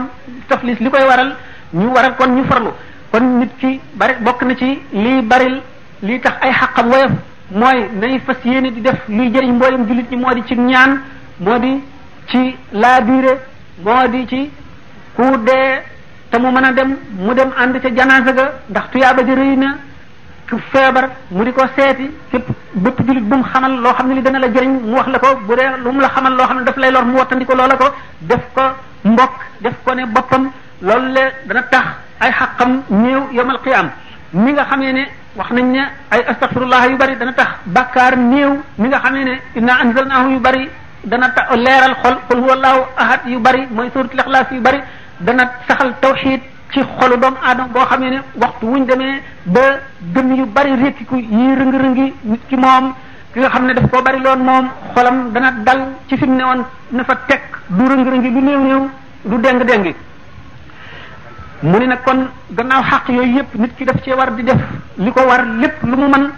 taflis li koy waral ñu waral kon ñu farlu kon nit ki bari bokk na ci li baril liy tax ay xaqam woyof mooy nay fas yéene di def luy jëriñ mboolem jullit ñi moo di ci ñaan moo di ci laabiire moo di ci ku dee te mu mën a dem mu dem ànd ca janaasa ga ndax tuyaaba ja rëy na ku feebar mu di ko seeti képp bépp julit bu mu xamal loo xam ne li dana la jëriñ mu wax la ko bu dee lu mu la xamal loo xam ne daf lay lor mu wattandi loola ko def ko mbokk def ko ne boppam loolu le dana tax ay xaqam néew yomal qiyam mi nga xamee ne wax nañ ne ay astaghfirullah yu bari dana tax bakkaar néew mi nga xamee ne inna anzalnahu yu bari dana ta leeral xol qul huwallahu ahad yu bari mooy suratul ikhlas yu bari dana saxal tawhid ci xolu doomu aadama boo xamee ne waxtu wuñ demee ba gëm yu bari rékkiku yi rëng-rëngi nit ki moom ki nga xam ne daf koo bari loon moom xolam dana dal ci fi mu ne woon na fa teg du rëng-rëngi lu néew néew du déng-déng mu ne nag kon gannaaw xaq yooyu yëpp nit ki daf cee war di def li ko war lépp lu mu man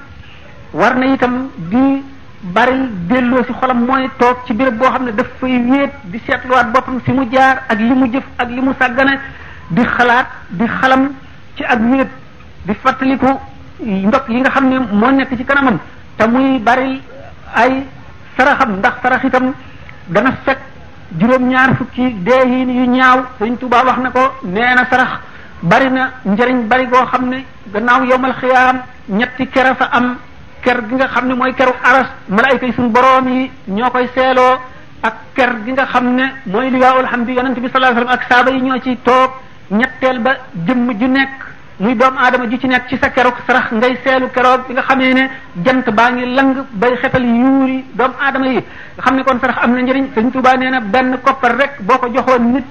war na itam di bari delloo ci xolam mooy toog ci béréb boo xam ne daf fay wéet di seetluwaat boppam si mu jaar ak li mu jëf ak li mu sàggane di xalaat di xalam ci ak minute di fàttaliku ndok yi nga xam ne moo nekk ci kanamam te muy bari ay saraxam ndax sarax itam dana fekk juróom-ñaar fukki deehin yu ñaaw Sëriñ Tuubaa wax na ko nee na sarax bari na njëriñ bari goo xam ne gannaaw yowmal xiyaam ñetti kera fa am ker gi nga xam ne mooy keru aras malaayka yi suñu boroom yi ñoo koy seeloo ak ker gi nga xam ne mooy liwaawul hamdi yonent bi sallallahu alayhi wasallam ak saaba yi ñoo ci toog ñetteel ba jëmm ju nekk muy doomu aadama ji ci nekk ci sa keroog sarax ngay seelu keroog bi nga xamee ne jant baa ngi lang bay xetal yuuri doomu aadama yi nga xam ne kon sarax am na njëriñ Sëriñ Tuubaa nee na benn koppar rek boo ko joxoon nit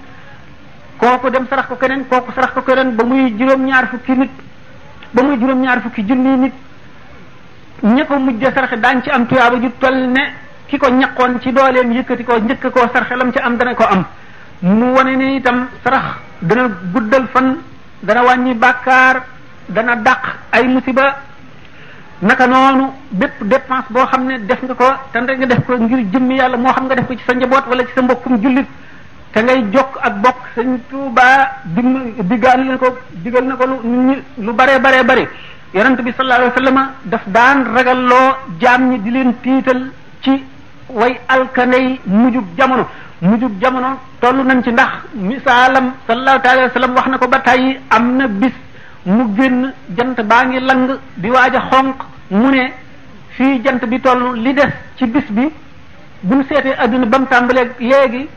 kooku dem sarax ko keneen kooku sarax ko keneen ba muy juróom-ñaar fukki nit ba muy juróom-ñaar fukki junni nit ña ko mujj saraxe daañ ci am tuyaaba ju toll ne ki ko ñaqoon ci dooleem yëkkati ko njëkk koo saraxe ci am dana ko am nu wane ni itam sarax dana guddal fan dana wàññi bàkkaar dana dàq ay musiba naka noonu bépp dépense boo xam ne def nga ko te rek nga def ko ngir jëmmi yàlla moo xam nga def ko ci sa njaboot wala ci sa mbokkum jullit te ngay jokk ak bokk sa Tuubaa dim diggaan na ko digal na ko lu nit lu baree baree bëri yonent bi sallallahu alayhi wa sallam daf daan ragalloo jaam ñi di leen tiital ci way alkanay mujjub jamono mu jub jamono toll nañ ci ndax misaalam sallallahu alayhi wa sallam wax na ko ba tàyyi am na bis mu génn jant baa ngi lang di waaja a xonq mu ne fii jant bi toll li des ci bis bi buñ seetee adduna ba mu tàmbalee léegi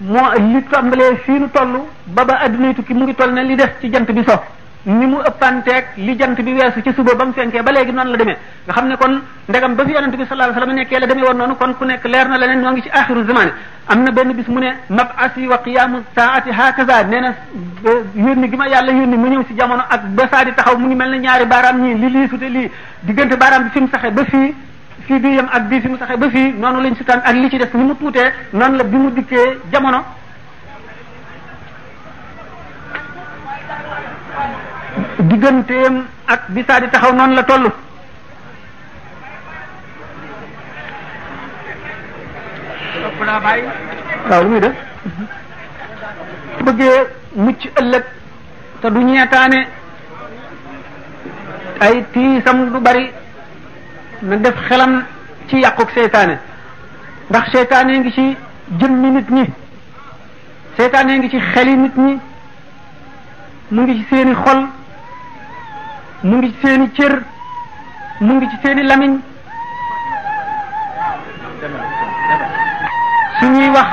moo li tàmbalee fii nu toll ba ba addunay tukki mu ngi toll ne li des ci jant bi so ni mu ëppanteeg li jant bi weesu ci suba ba mu fenkee ba léegi noonu la demee nga xam ne kon ndegam ba fi yonente bi sallallahu alayhi wasallam nekkee la demee woon noonu kon ku nekk leer na leneen noo ngi ci axiru zaman am na benn bis mu ne mab'asi wa qiyamu saati hakaza nee na eh, yónni gi ma yàlla yónni mu ñëw si jamono ak ba saa di taxaw mu ngi mel ne ñaari baaraam ñii li lii sute lii diggante baaraam bi fi mu saxee ba fii fii bi yem ak bii fi mu saxee ba fii noonu lañ si tànn ak li ci des ni mu tuutee noonu la bi mu dikkee jamono digganteem ak bi saa di taxaw noonu la toll waaw lu muy def bëggee mucc ëllëg te du ñeetaane ay tiisam du bari na def xelam ci yàquk seytaane ndax seytaane ngi ci jëmmi nit ñi seytaane ngi ci xeli nit ñi mu ngi ci seeni xol mu ngi ci seeni cër mu ngi ci seeni lamiñ suñuy wax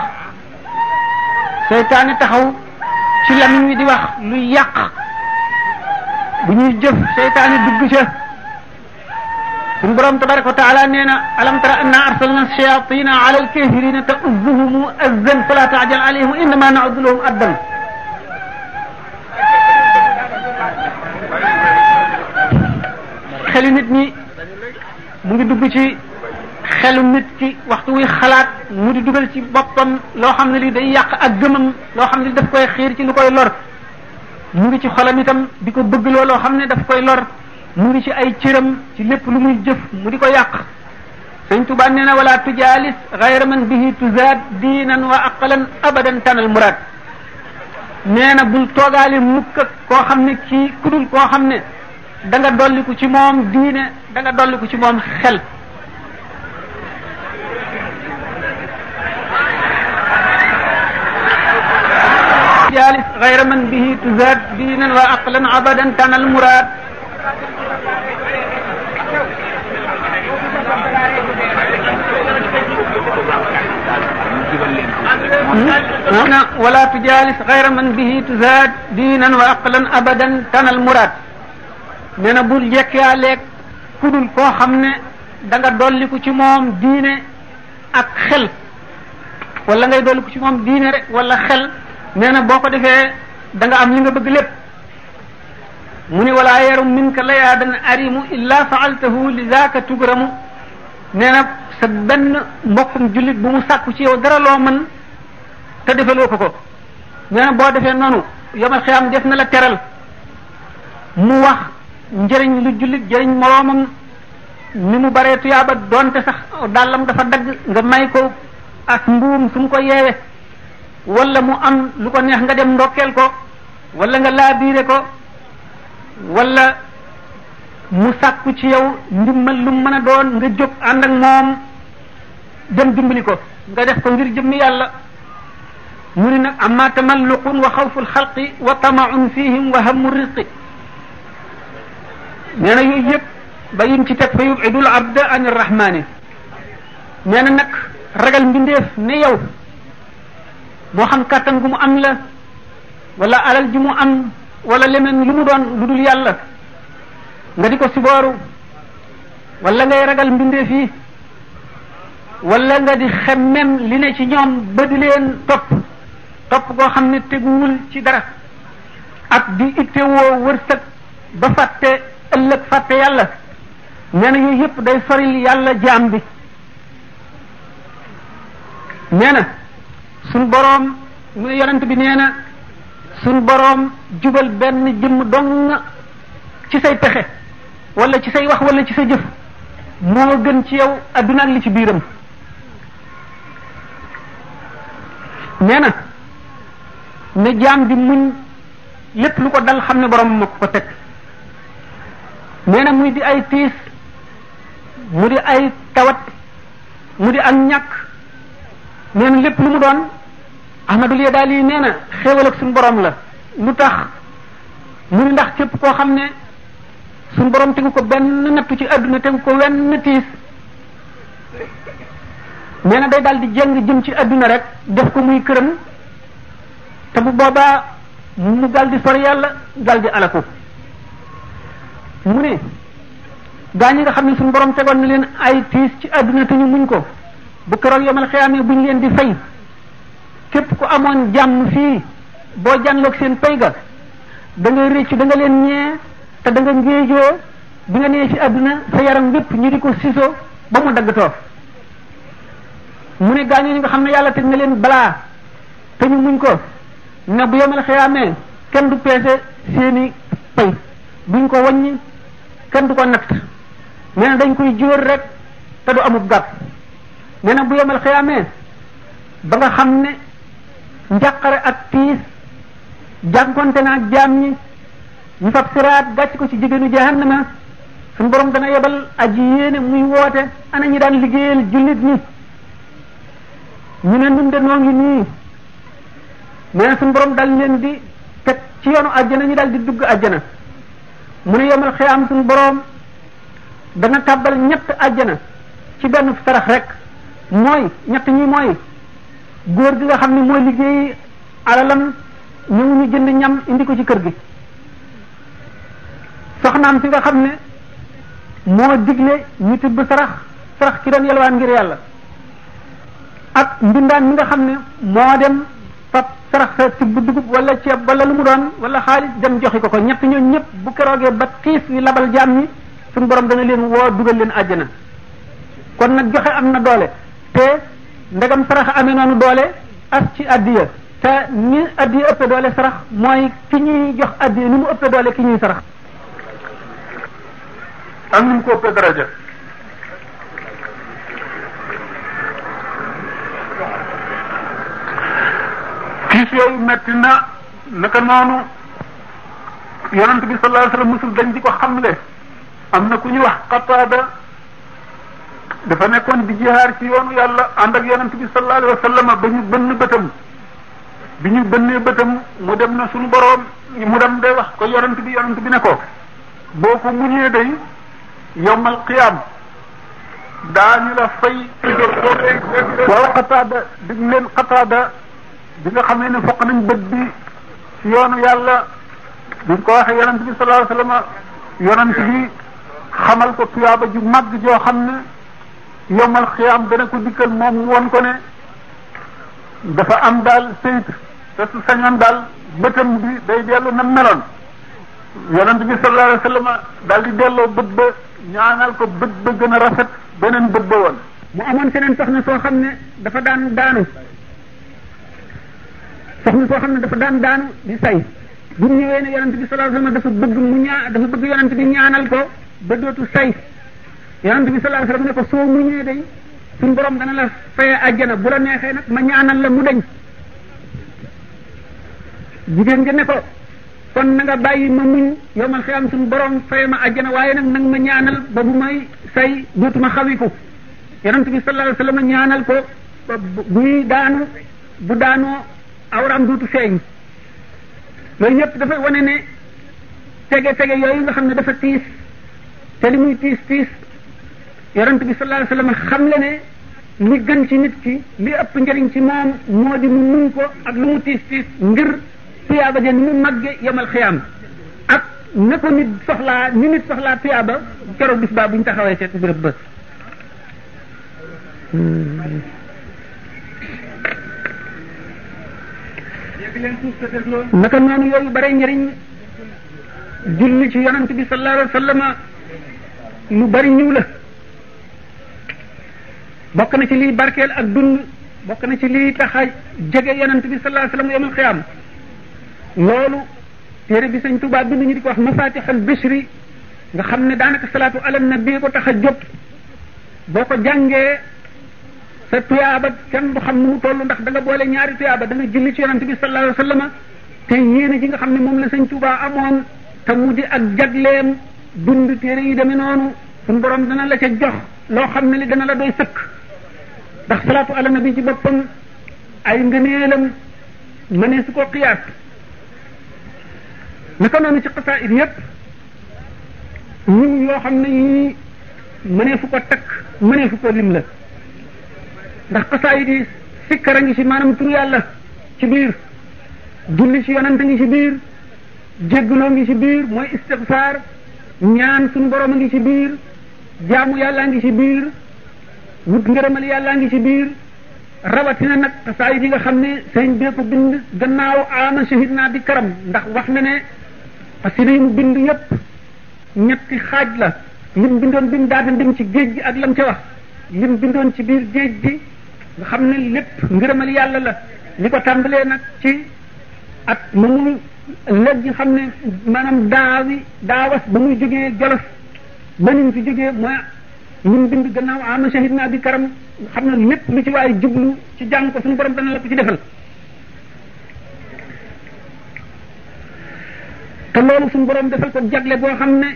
seytaane taxaw ci lamiñ wi di wax lu yàq bu ñuy jëf seytaane dugg ca sun borom tabaraka wa taala nee na alam tara anna arsalna shayatina ala alkafirina ta'uzzuhum azzan fala ta'jal alayhim innama na'uddu lahum addan xelu nit ñi mu ngi dugg ci xelu nit ki waxtu wuy xalaat mu di dugal ci boppam loo xam ne lii day yàq ak gëmam loo xam ne daf koy xiir ci lu koy lor mu ngi ci xolam itam di ko bëgg loo loo xam ne daf koy lor mu ngi ci ay cëram ci lépp lu muy jëf mu di ko yàq sëñ tuba nee na wala tujaalis gayra man bihi tuzaad diinan wa aqalan abadan tanal muraad nee na bul toogaale mukk ak koo xam ne kii kudul koo xam ne da nga dolliku ci moom diine da nga dolliku ci moom xel جالس غير من به تزاد دينا وعقلا عبدا كان المراد ولا تجالس غير من به تزاد دينا وعقلا ابدا كان المراد nee na bul jekkaaleeg ku dul koo xam ne danga nga dolliku ci moom diine ak xel wala ngay dolliku ci moom diine rek wala xel nee na boo ko defee danga am li nga bëgg lépp mu ni walaa yarum min ka layaadan arimu illa faaltahu li zaaka tugramu nee na sa benn mbokkum jullit bu mu sàkku ci yow dara loo mën te defaloo ko ko nee boo defee noonu yomal xiyaam def na la teral mu wax njëriñ lu jullit jëriñ moroomam ni mu baree tuyaaba donte sax dàllam dafa dagg nga may ko ak mbuum su ko yeewe walla mu am lu ko neex nga dem ndokkeel ko walla nga laabiire ko walla mu sàkku ci yow ndimmal lu mën a doon nga jóg ànd ak moom dem dimbali ko nga def ko ngir jëmmi yàlla mu ni nag amma tamalluqun wa xawful xalqi wa tamaun fihim wa hammu risqi nee na yooyu yëpp ba yim ci teg fa yubidul abda an irrahmani nee na nag ragal mbindeef ne yow moo xam kàttan gu mu am la wala alal ji mu am wala leneen lu mu doon lu dul yàlla nga di ko sibooru wala ngay ragal mbindeef yi wala nga di xemmem li ne ci ñoom ba leen topp topp goo xam ne teguwul ci dara ak di ittewoo wërsëg ba fàtte ëllëg fàtte yàlla nee na yooyu yëpp day soril yàlla jaam bi nee na suñ boroom mu yonent bi nee na suñ boroom jubal benn jëmm dong ci say pexe wala ci say wax wala ci sa jëf moo gën ci yow adduna ak li ci biiram nee na ne jaam bi muñ lépp lu ko dal xam ne boroom moo ko teg nee muy di ay tiis mu di ay tawat mu di ak ñàkk nee lépp lu mu doon ahmadul yadaali yi nee na xéewal ak suñu borom la lu tax mu ni ndax képp koo xam ne suñu borom tegu ko benn nattu ci àdduna tegu ko wenn tiis nee na day daal di jëng jëm ci àdduna rek def ko muy këram te bu boobaa mu dal di sori gal dal di ko mu ne gaa ñi nga xam ne suñu borom tegoon na leen ay tiis ci àdduna te ñu muñ ko bu keroog yomal xiyaamee buñ leen di fay képp ku amoon jàmm fii boo jànloog seen pay ga da nga réccu leen ñee te danga ngéejoo bi nga nee ci àdduna sa yaram bépp ñu di ko siso ba mu dagg too mu ne gaa ñi nga xam ne yàlla teg na leen balaa te ñu muñ ko ne bu yomal xiyaamee kenn du peese seeni pay buñ ko waññ kenn du ko natt nee dañ koy jóor rek te du amub gàpp nee bu yemal xiyaamee ba nga xam ne njàqare ak tiis jànkonte na ak jaam ñi ñu fab siraat gàcc ko ci jigéenu jahannama suñu borom dana yebal aji yéene muy woote ana ñi daal liggéeyal jullit ñi ñu ne nun de noo ngi nii mais suñu borom dal leen di teg ci yoonu àjjana ñi dal di dugg àjjana mu ne yomal xiyaam suñu boroom dana tàbbal ñett àjjana ci benn sarax rek mooy ñett ñi mooy góor gi nga xam ni mooy liggéey alalam ñëw ñu jënd ñam indi ko ci kër gi sax soxnaam si nga xam ni moo digle ñu tibb sarax sarax ki doon yalwaan ngir yàlla ak mbindaan mi nga xam ni moo dem fab sarax bu dugub wala ceeb wala lu mu doon wala xaalis dem joxe ko ko ñett ñooñu ñëpp bu keroogee ba xiis wi labal jaam ñi suñu borom dana leen woo dugal leen àjjana kon nag joxe am na doole te ndegam sarax amee noonu doole ak ci addiya te ni addiya ëppee doole sarax mooy ki ñuy jox addiya ni mu ëppee doole ki ñuy sarax am ni mu ko ëppee daraja tiis yooyu metti na naka noonu yonent bi sallallahu alayhi musul dañ di ko xamle am na ku ñu wax Qataada dafa nekkoon di jihaar ci yoonu yàlla ànd ak yonent bi sallallahu alayhi wasallam ba ñu bënn bëtam bi ñu bënnee bëtam mu dem na sunu boroom mu dem day wax ko yonent bi yonent bi ne ko boo ko muñee day yowmal qiyaam daañu la fay. waaw Qataada dig leen Qataada. bi nga xamee ne foq nañ bët bi ci yoonu yàlla bi ko waxee yonent bi sallallahu alayhi wasallam yonent bi xamal ko tuyaaba ju màgg joo xam ne yomal xiyaam dana ko dikkal moom mu won ko ne dafa am daal sayt te su sañoon daal bëtam bi day dellu na meloon yonent bi sallallahu alayhi wasallam daal di delloo bët ba ñaanal ko bët ba gën a rafet beneen bët ba woon mu amoon feneen soxna soo xam ne dafa daan daanu saxul koo xam ne dafa daan daanu di say bu mu ne yonent bi sallallahu alayhi wasallam dafa bëgg mu ñaa dafa bëgg yonent bi ñaanal ko ba dootu say yonent bi sallallahu alayhi wasallam ne ko soo muñee day suñu borom dana la fayee àjjana bu la neexee nag ma ñaanal la mu deñ jigéen nga ne ko kon na nga ma muñ yow man xiyam suñu borom fayee ma àjjana waaye nag nag ma ñaanal ba bu may say dootuma xawiku yonent bi sallallahu alayhi wasallam ñaanal ko ba buy daanu bu daanoo awraam duutu feeñ loolu yëpp dafay wane ne tege tege yooyu nga xam ne dafa tiis te li muy tiis tiis yonent bi sallallahu alayhi wasallam xam le ne li gën ci nit ki li ëpp ci moom moo di mu muñ ko ak lu mu tiis tiis ngir tuyaaba ja ni mu màgge yemal xiyaam ak na ko nit soxlaa ni nit soxlaa tuyaaba keroog bis baa bu ñu di leen tuus te des noonu. naka noonu yooyu bare njëriñ julli ci yonent bi sallallahu alayhi wa sallam lu bari ñëw la bokk na ci liy barkeel ak dund na ci li taxa a jege yonent bi sallallahu alayhi wa sallam yawmal qiyaam loolu téere bi sëñ Tuubaa bind ñu di ko wax mafatihul bishri nga xam ne daanaka salaatu ala nabi ko tax a jóg boo ko sa tuyaaba kenn du xam nu mu toll ndax da nga boole ñaari tuyaaba da nga julli ci yonante bi sallallahu alayhi wa sallam te yéene nga xam ne la sëñ Tuubaa amoon te mu di ak jagleem dund téere yi demee noonu suñu borom dana la ca jox loo ne li dana la doy sëkk ndax salaatu ala ci boppam ay ngëneelam mënee su ko xiyaas naka noonu ci xasaayid yépp ñun yoo xam ne yii mënee fu ko takk mënee fu ko lim la ndax xasaayid yi sikkar a ngi si maanaam tur yàlla ci biir julli ci yonent a ngi si biir jéggaloo ngi si biir mooy istigfaar ñaan suñu borom a ngi si biir jaamu yàllaa ngi si biir wut ngërëmal yàllaa ngi ci biir rawatina nag xasaayid yi nga xam ne sëñ bi ko bind gannaaw ama shahid naa bi karam ndax wax na ne xasida yi mu bind yépp xaaj la lim bindoon bi mu daatan ci géej gi ak lam ca wax lim bindoon ci biir géej gi nga xam ne lépp ngërëmal yàlla la li ko tàmbalee nag ci at ma muy léegi xam ne maanaam daawi daawas ba muy jógee jolof ba ni mu fi jógee mooy lim bind gannaaw ama shahid naa bi karam xam ne lépp lu ci waaye jublu ci jàng ko suñu borom dana la ko ci defal te loolu suñu borom defal ko jagle boo xam ne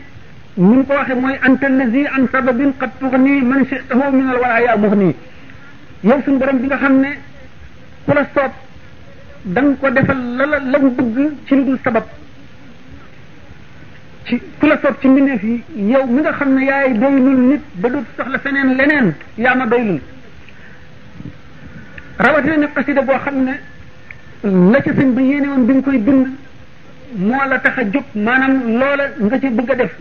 ni mu ko waxee mooy anta lazi an sababin qad tuxni man shitahu min al walaya muxni yow suñu borom bi nga xam ne ku la soob da ko defal la la la mu bëgg ci lu sabab ci ku la soob ci mbindeef fi yow mi nga xam ne yaay doylul nit ba dootu soxla feneen leneen yaa ma doylul rawatina ne xasida boo xam ne la ca sëñ ba yéene woon bi koy bind moo la tax a jóg maanaam loola nga ci bëgg a def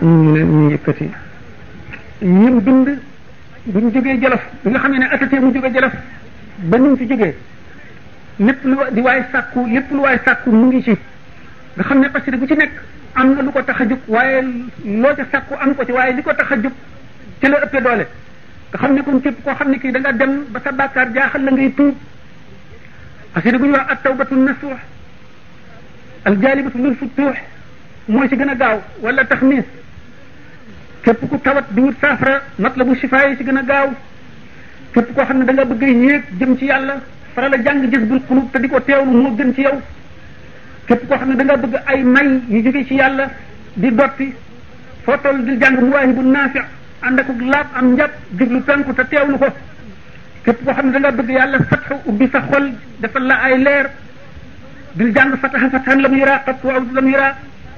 mu ne ñu yëkkati ñim bind buñ jógee jolof bi nga xam ne ne atatee mu jógee jolof ba ni mu fi jógee lépp lu di waay sàkku lépp lu waay sàkku mu ngi ci nga xam ne xasida bu ci nekk am na lu ko tax a jóg waaye loo ca am ko ci waaye li ko tax a jóg ci boole ëppee nga xam ne kon képp koo xam ne kii da nga dem ba sa bàkkaar jaaxal la ngay tuub xasida bu ñuy wax at tawbatu nasuux al jaalibatu lil futuux moo ci gën a gaaw wala taxmiis képp ku tawat di wut saafara matlabu shifaa yi ci gën a gaaw képp koo xam ne da nga bëgg a yéeg ci yàlla faral a jàng Jazbul Quluub te di ko teewlu moo gën ci yow képp koo xam ne da nga ay may yu jóge ci yàlla di dotti foo toll di jàng Muwaahibu Naafi ànd ak laab am njàpp jublu penku te teewlu ko képp koo xam ne da nga bëgg yàlla fatxu ubbi sa xol defal la ay leer di jàng fataha fatahan lam yura qattu aw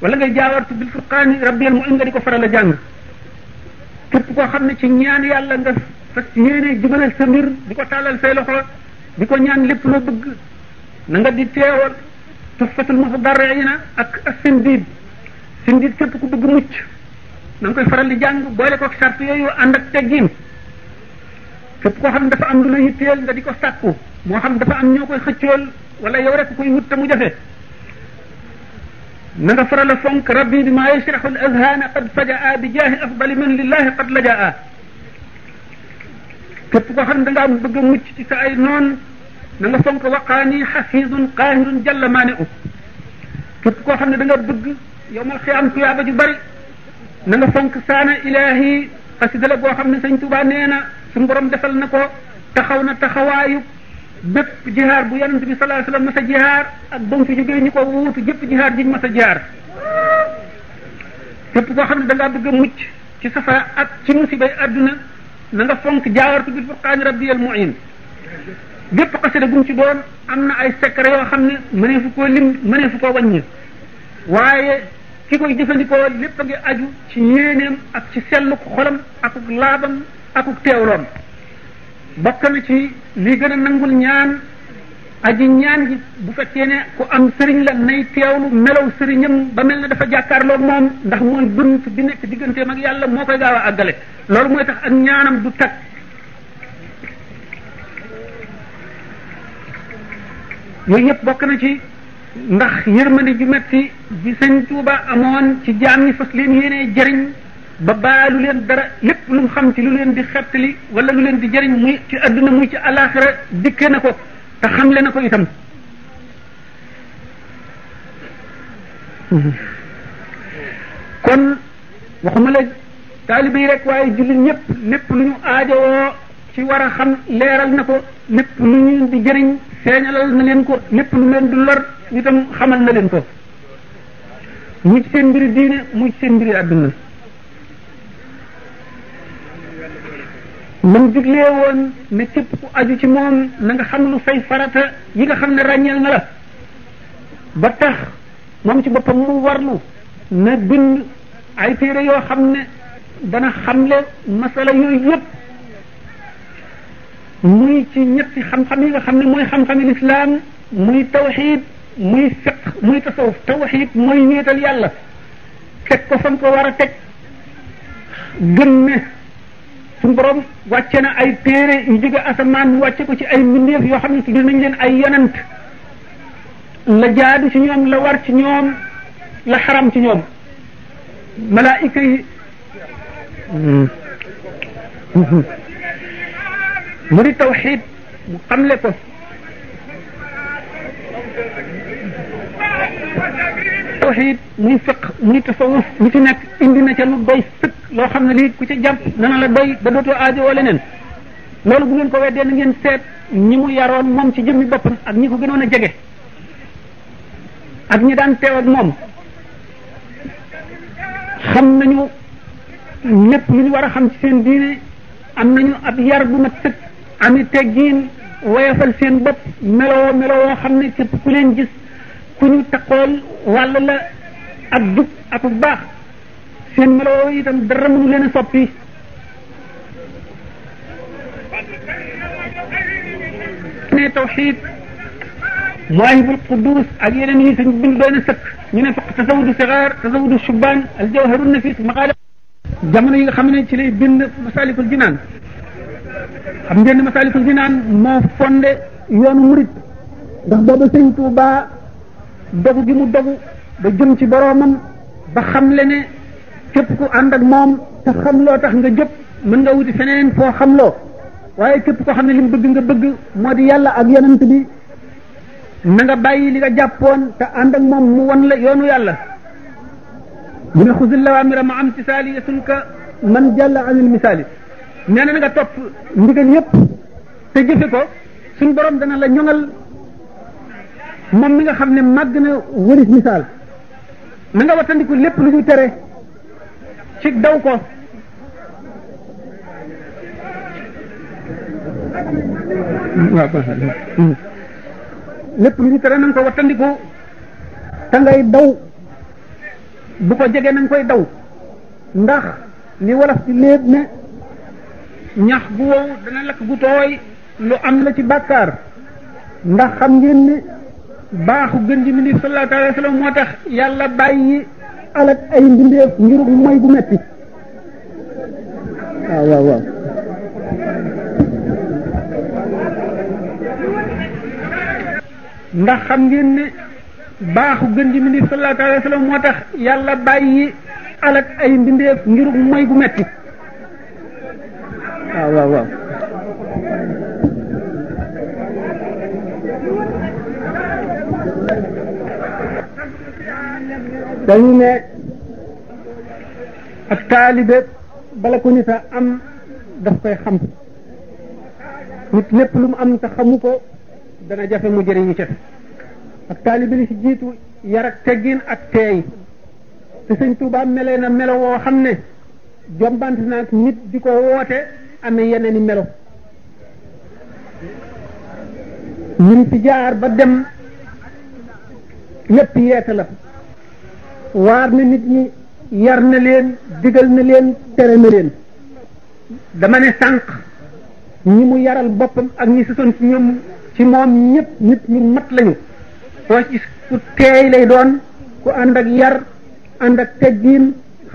wala ngay jaawartu bil furqaani rabbiyal mu'in nga di ko faral a jàng képp koo xam ne ci ñaan yàlla nga fas yéene jubanal sa mbir di ko tàllal say loxo di ko ñaan lépp loo bëgg na nga di teewal tuhfatul na ak as-sindiid sindiid képp ku bëgg mucc na nga koy faral di jàng boole ko sart yooyu ànd ak teggin képp koo xam ne dafa am lu la yitteel nga di ko sàkku moo xam dafa am ko koy xëccool wala yow rek koy wut te mu jafe na nga faral a fonk rabbi bi maa yashrahu al azhana qad fajaa bi jaahi afdali man lillahi qad lajaa képp koo xam ne da ngaa bëgg a mucc ci sa ay noon na nga fonk waqaani xafiidun qaahirun jalla maani u képp koo xam ne da nga bëgg yowmal xiyaam tuyaaba ju bari na nga fonk saana ilaahi xasida la boo xam ne sëñ Tuubaa nee na su borom defal na ko taxaw na taxawaayu bépp jihaar bu yonent bi sallallahu alayhi wasallam mas a jihaar ak ba mu fi jógee ñu ko wuutu jëpp jihaar jiñ mas a jihaar képp koo xam ne da ngaa bëgg a mucc ci safa ak ci musibay adduna na nga fonk jaawartu bil furqaani rabbiyal mu'in bépp xasida gum ci doon am na ay secret yoo xam ne mëneefu koo lim mëneefu koo wàññi waaye ki koy jëfandikoo lépp a ngi aju ci yéeneem ak ci sellu xolam akuk laabam akuk teewloom bokk ci lii gën a nangul ñaan aji ñaan gi bu fekkee ne ku am sëriñ la nay teewlu melaw sëriñam ba mel ne dafa jàkkaarloog moom ndax mooy bunt bi nekk digganteem ak yàlla moo koy gaaw a àggale loolu mooy tax ak ñaanam du tag yooyu yëpp bokk na ci ndax yërmande ju metti bi sëñ Tuuba amoon ci jaam ñi fas leen yéenee jëriñ ba baalu leen dara lépp lu xam ci lu leen di xettali wala lu leen di jariñ muy ci adduna muy ci alaxira dikke na ko te xamle na ko itam kon waxuma la taalibe yi rek waaye jullit ñépp lépp lu ñu aajowoo ci war a xam leeral na ko lépp lu ñu di jëriñ feeñalal na leen ko lépp lu leen du lor itam xamal na leen ko muy seen mbiri diine muy seen mbiri adduna nam diglee ne ci moom na nga xam lu fay farata yi nga xam ne ràññeel na la ba tax moom ci boppam mu warlu na bind ay téere yoo xam ne dana xamle masala yooyu yëpp muy ci ñetti xam-xam yi nga xam ne mooy xam-xami lislaam muy tawxid muy fiq muy tasawuf tawxid mooy ñeetal yàlla teg ko fam ko war a teg gën ne suñu borom wàcce na ay téere yu jóge asamaan ñu wàcce ko ci ay mbindeef yoo xam ne tudd nañ leen ay yonent la jaadu ci ñoom la war ci ñoom la xaram ci ñoom malaayika yi mu di tawxiid mu xamle ko tawxiid muy fiq muy tasawuf lu ci nekk indi na ca lu doy sëkk loo xam ne lii ku ci jàpp nana la doy da dootoo aajo wala leneen loolu bu ngeen ko weddee na ngeen seet ñi mu yaroon moom ci jëmmi boppam ak ñi ko gënoon a jege ak ñi daan teew ak moom xam nañu lépp lu ñu war a xam ci seen diine am nañu ab yar bu mat sëkk ami teggiin woyofal seen bopp meloo meloo xam ne képp ku leen gis ku ñu taqool wàll la ak jub ak bu baax seen meloo itam dara mënu leen a soppi ne tawxid mawahibul qudus ak yeneen yi sañ bind doon a sëkk ñu ne faq tasawudu sigaar tasawudu shubaan aljawharu nafis maqaala jamono yi nga xam ne ci lay bind masalikul jinaan xam ngeen ne masalikul jinaan moo fondé yoonu murit ndax booba sëñ Tuubaa dogu gi mu dogu ba jëm ci boroomam ba xam le ne képp ko ànd ak moom te xam loo tax nga jëpp mën nga wuti feneen foo xam loo waaye képp koo xam ne li mu nga bëgg moo di yàlla ak yonent bi na nga bàyyi li nga jàppoon te ànd ak moom mu won la yoonu yàlla mu ne xusil lawaamira ma am tisaali yasunka man an anil misaali nee na nga topp ndigal yépp te jëfe ko suñ borom dana la ñoŋal moom mi nga xam ne màgg na wëris misaal na nga wattandiku lépp lu ñu tere ci daw ko hmm. lépp lu ñu tere na nga ko wattandiku te ngay daw bu ko jegee na nga koy daw ndax li wolof ci léeb ne ñax bu wow dana lakk gu tooy lu am la ci bàkkaar ndax xam ngeen ne baaxu gën di mindi sallallahu alayhi wa yàlla bàyyi alak ay mbindeef ngir mooy bu metti waaw waaw waaw ndax xam ngeen baaxu gën di mindi sallallahu alayhi wa sallam moo tax yàlla bàyyi alak ay mbindeef ngir mooy bu metti waaw waaw dañu ne ak taalibe bala ko nit a am daf koy xam nit lépp lu mu am te xamu ko dana jafe mu jëriñu ca ak taalibe li ci jiitu yar ak teggin ak teey te sëñ Touba melee na melo woo xam ne jombant naag nit di ko woote amee yeneen i melo lim fi jaar ba dem lépp yeete la waar na nit ñi yar na leen digal na leen tere na leen dama ne sànq ñi mu yaral boppam ak ñi sutoon ci ñoom ci moom ñëpp nit ñu mat lañu soo ci ku teey lay doon ku ànd ak yar ànd ak teggiin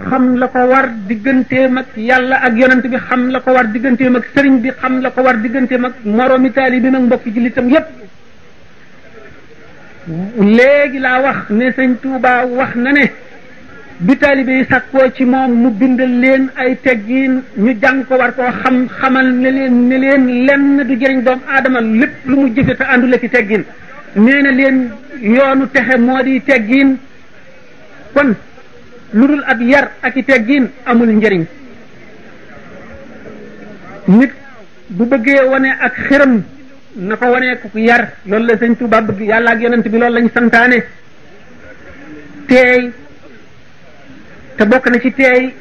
xam la ko war digganteem ak yàlla ak yonent bi xam la ko war digganteem ak sëriñ bi xam la ko war digganteem ak moroomi taalibeem ak mbokki jullitam yépp léegi la wax ne sëñ Touba wax na ne bi taalibe yi ci moom mu bindal leen ay teggiin ñu jàng ko war koo xam xamal ne leen lenn du jëriñ doom aadama lépp lu mu jëfe te àndula ci teggiin nee leen yoonu texe moo di teggiin kon lu dul ab yar ak i teggiin amul njariñ nit bu bëggee wane ak xëram na ko wanee ku yar loolu la sëñ Tuubaa bëgg yàlla ak yonent bi loolu lañ santaane teey te bokk na ci teey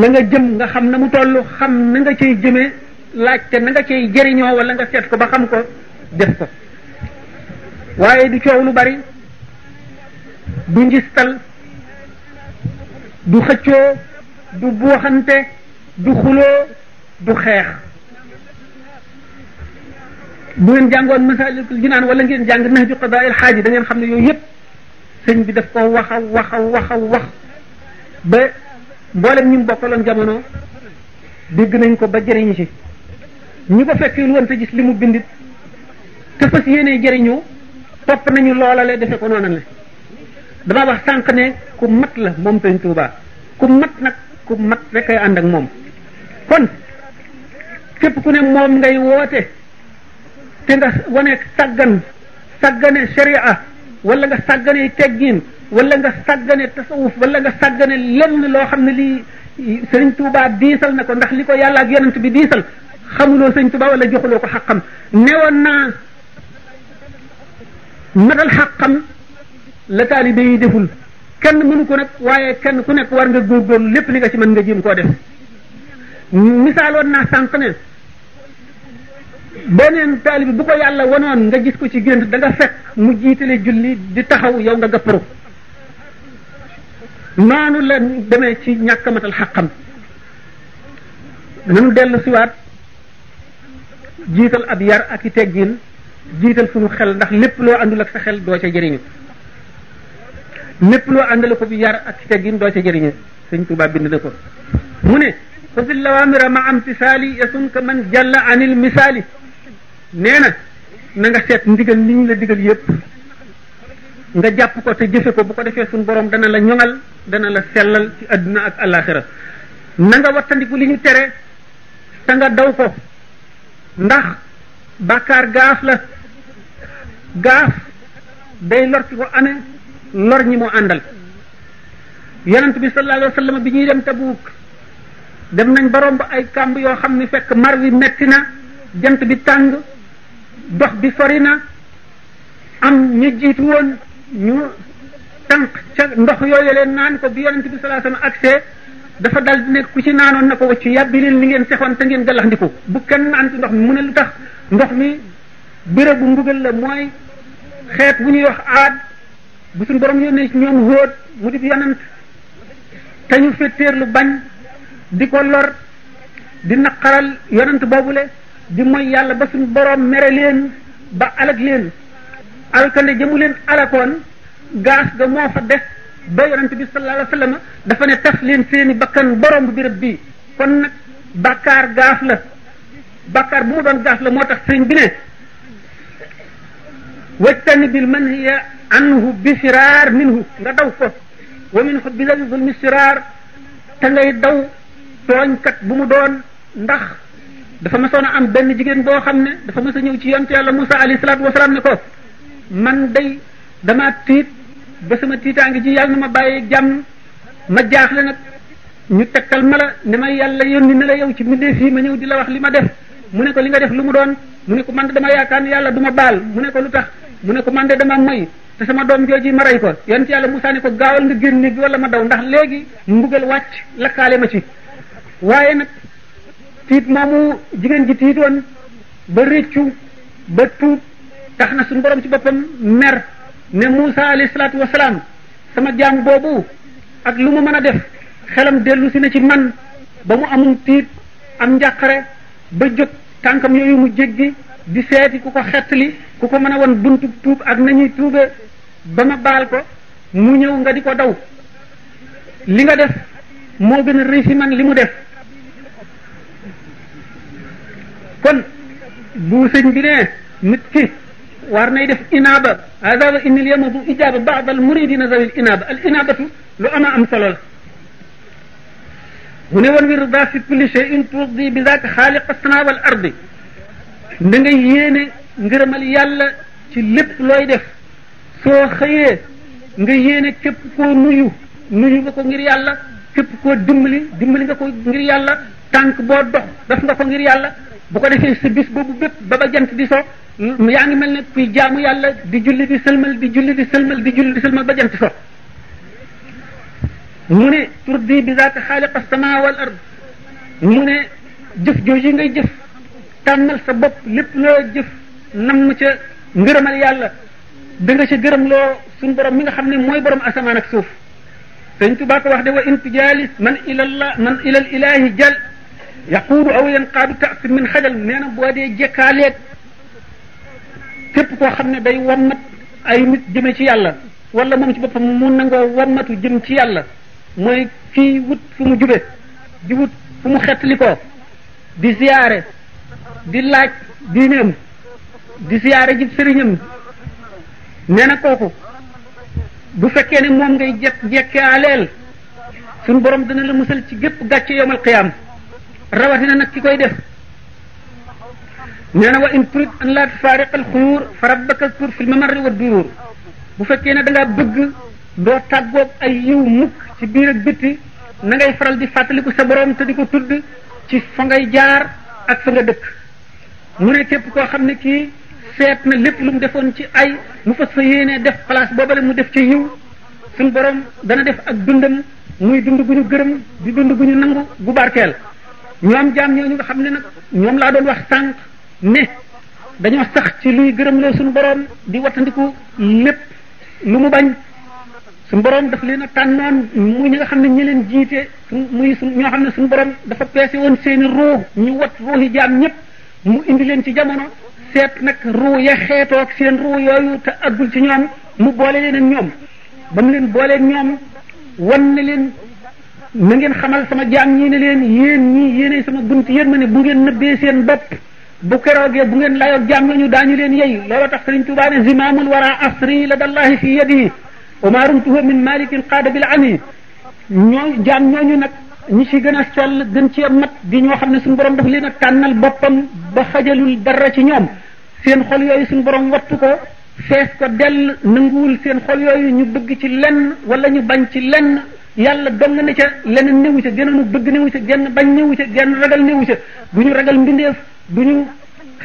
la nga jëm nga xam na mu toll xam na nga cay jëmee laajte na nga cay jëriñoo wala nga seet ko ba xam ko def ko waaye du coow lu bari du njistal du xëccoo du buuxante du xuloo du xeex bu ngeen jàngoon masalikul jinaan wala ngeen jàng nahju qadaa'il xaaji da ngeen xam ne yooyu yëpp sëñ bi daf ko wax a wax a wax wax ba mboolem ñu mu jamono dégg nañ ko ba jëriñu ci ñi ko fekkul woon te gis li mu bindit te fas yéenee jëriñoo topp nañu loolale defe ko noonu la dama wax sànq ne ku mat la moom sëñ Tuubaa ku mat nag ku mat rek ay ànd ak moom kon képp ku ne moom ngay woote te nga wane sàggan sàggane sharia wala nga sàggane teggin wala nga sàggane tasawuf wala nga sàggane lenn loo xam ne lii sëriñ Tuubaa diisal na ko ndax li ko yàlla ak yonent bi diisal xamuloo sëriñ Tuubaa wala joxuloo ko xaqam newoon naa matal xaqam la taalibe yi deful kenn mënu ko nag waaye kenn ku nekk war nga góorgóorlu lépp li nga ci mën nga jéem koo def misaaloon naa sànq beneen taalibi bu ko yàlla wanoon nga gis ko ci gént danga nga fekk mu jiitale julli di taxaw yow nga gàpparu noonu la demee ci ñàkk matal xàqam nanu dellu siwaat jiital ab yar ak i teggin fu suñu xel ndax lépp loo àndul ak sa xel doo ca jëriñu lépp loo àndale ko bi yar ak i teggin doo ca jëriñu sëñ Tuubaa bind na ko mu ne fa fi lawaamira ma am tisaali yasun ka man jalla anil misaali nee na na nga seet ndigal li ñu la digal yépp nga jàpp ko te jëfe ko bu ko defee suñu borom dana la ñoŋal dana la sellal ci àdduna ak alaxira na nga wattandiku li ñu tere te nga daw ko ndax bàkkaar gaaf la gaaf day lor ci ko amee lor ñi moo àndal yonent bi sallallahu alayhi bi ñuy dem te Tabuuk dem nañ ba ay kàmb yoo xam ni fekk mar wi metti na jant bi tàng dox bi sori na am ñu jiitu woon ñu tànk ca ndox yooyu leen naan ko bi yonent bi sallallahu alayhi wasallam agsee dafa dal di nekk ku ci naanoon na ko waccu yàbbi leen li ngeen sexoon te ngeen galaxndiku bu kenn naan ci ndox mi mu ne lu tax ndox mi béréb bu mbugal la mooy xeet bu ñuy wax aad bu suñ borom yónnee ci ñoom hóot mu di yonent te ñu fetteer lu bañ di ko lor di naqaral yonent boobule di mooy yàlla ba suñu boroom mere leen ba alag leen alkande jëmu leen alakoon gaas ga moo fa des ba yonente bi sallallahu alayhi wa sallam dafa ne taf leen seeni bakkan borom bu birab bii kon nag bàkkaar gaaf la bàkkaar bu mu doon gaaf la moo tax sëriñ bi ne wajtani bil manhiya anhu bi firaar minhu nga daw ko wa min hubbi lazizul misraar te ngay daw tooñkat bu mu doon ndax dafa mësoon a am benn jigéen boo xam ne dafa mës a ñëw ci yonent yàlla Musa alayhi salaatu wasalaam ne ko man day damaa tiit ba sama tiitaange ji yàlla na ma bàyyi jàmm ma jaaxle nag ñu tegtal ma la ne may yàlla yónni ne la yow ci mbindeef yi ma ñëw di la wax li ma def mu ne ko li nga def lu mu doon mu ne ko man de dama yaakaar ne yàlla du ma baal mu ne ko lu tax mu ne ko man de dama moy te sama doom jooji ma rey ko yonent yàlla Musa ne ko gaawal nga génn wala ma daw ndax léegi mbugal wàcc lakkaale ma ci tiit moomu jigéen ji tiitoon ba réccu ba tuub tax na suñ borom ci boppam mer ne Moussa alayhi salaatu wasalaam sama jaam boobu ak lu mu mën a def xelam dellu na ci man ba mu amum tiit am njàqare ba jóg tànkam yooyu mu jéggi di seeti ku ko xettali ku ko mën a won buntu tuub ak nañuy tuube ba ma baal ko mu ñëw nga di ko daw li nga def moo gën a réy si man li mu def kon bu sëñ bi ne nit ki war nay def inaaba azaba innil yama bu ijaaba baad al muridina zawil inaaba al inaabatu lu ama am solo la mu ne woon wir da fi kulli shay'in turdi bi zaaka xaaliq asnaa wal ardi da ngay yéene ngërëmal yàlla ci lépp looy def soo xëyee nga yéene képp koo nuyu nuyu nga ko ngir yàlla képp koo dimbali dimbali nga ko ngir yàlla tànk boo dox def nga ko ngir yàlla bu ko defee sa bis boobu bépp ba ba jant di so yaa ngi mel ne kuy jaamu yàlla di julli di sëlmal di julli di sëlmal di julli di sëlmal ba jant so mu turdi bi zaati xaaliq as-samaa wal ard mu ne jëf jooju ngay jëf tàmmal sa bopp lépp loo jëf nam ca ngërëmal yàlla da nga ca gërëm loo suñ borom mi nga xam ne mooy borom asamaan ak suuf sëñ ko wax de wa in tujaalis man ilalla man ilal jal yaquudu aw yanqaadu taasi min xajal nee na boo dee jekkaaleeg képp koo xam ne day wammat ay mit jëme ci yàlla wala moom ci boppam mu nangoo wammatu jëm ci yàlla mooy ki wut fu mu jube di wut fu mu xettali ko di ziyaare di laaj diineem di ziyaare ji sëriñam nee na kooku bu fekkee ne moom ngay jekk jekkaaleel suñu borom dina la musal ci gépp gàcce yomal qiyaam rawatina nag ki koy def nee na wa in turid an laa tufaariq al xuyuur fa rabbaka tur fil mamarri wa duruur bu fekkee ne danga ngaa bëgg doo tàggoog ay yiw mukk ci biir ak bitti na faral di fàttaliku sa boroom te di ko tudd ci fa ngay jaar ak fa nga dëkk mu ne képp koo xam ne kii seet na lépp lu mu defoon ci ay mu fas fa yéenee def place boobale mu def ci yiw suñ borom dana def ak dundam muy dund gu ñu gërëm di dund gu ñu nangu gu barkeel ñu am jaam nga xam ne nag ñoom laa doon wax sànq ne dañoo sax ci luy gërëmloo suñu boroom di wattandiku lépp lu mu bañ suñu borom daf leen a tànnoon mu ñi nga xam ne ñi leen jiite muy suñ ñoo xam ne suñu borom dafa peese woon seeni ruux ñu wat ruuxi jaam ñëpp mu indi leen ci jamono seet nag ruu ya xeetoo ak seen ruu yooyu te aggul ci ñoom mu boole leen ak ñoom ba leen boolee ñoom wan leen na ngeen xamal sama jaam ñi ne leen yéen ñii yéenay sama bunt yéen ma ne bu ngeen nëbbee seen bopp bu keroogee bu ngeen layoog jaam ñooñu daañu leen yey loola tax Sëriñ Tuubaa ne zimaamul wara asri la dallahi fi yadihi omarumtuhu min malikin qaada bil ani ñoo jaam ñooñu nag ñi ci gën a sell gën ci mat di ñoo xam ne suñu borom daf leen a tànnal boppam ba xajalul dara ci ñoom seen xol yooyu suñu borom wattu ko fees ko dell nanguwul seen xol yooyu ñu bëgg ci lenn wala ñu bañ ci lenn yàlla dong na ca leneen newu ca genn bëgg newu ca genn bañ newu ca genn ragal newu ca bu ñu ragal mbindeef du ñu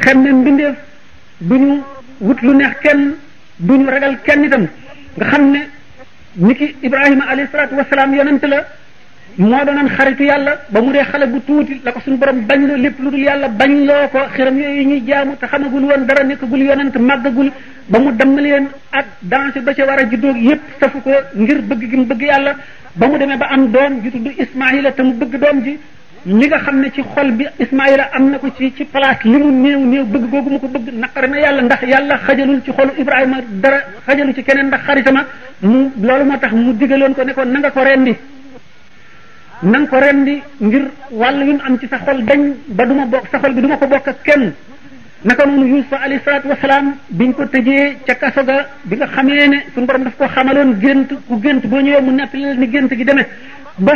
xem ne mbindeef ñu wut lu neex kenn du ñu ragal kenn itam nga xam ne niki Ibrahima alayhi salaatu wasalaam yonent la moo nan xaritu yàlla ba mu dee xale bu tuuti la ko suñu borom bañ loo lépp lu dul yàlla bañ loo ko xiram yooyu ñuy jaamu te xamagul woon dara nekkagul yonent màggagul ba mu damm leen ak danse ba ca war a juddoo yépp safu ko ngir bëgg gi bëgg yàlla ba mu demee ba am doom ju tudd Ismaayila ta mu bëgg doom ji li nga xam ne ci xol bi Ismaayila am na ko ci ci place li mu néew bëgg googu mu ko bëgg naqar na yàlla ndax yàlla xajalul ci xolu Ibrahima dara xajalul ci keneen ndax xaritama mu loolu moo tax mu digaloon ko ne na nga ko rendi na nga ko rendi ngir wàll wi mu am ci sa xol ba duma bokk sa xol bi duma ko bokk ak kenn naka noonu Yuusufa alayhi salaatu wasalaam biñ ko tëjee ca kaso ga bi nga xamee ne suñu borom daf ko xamaloon gént ku gént boo ñëwee mu nettali la ni gént gi demee ba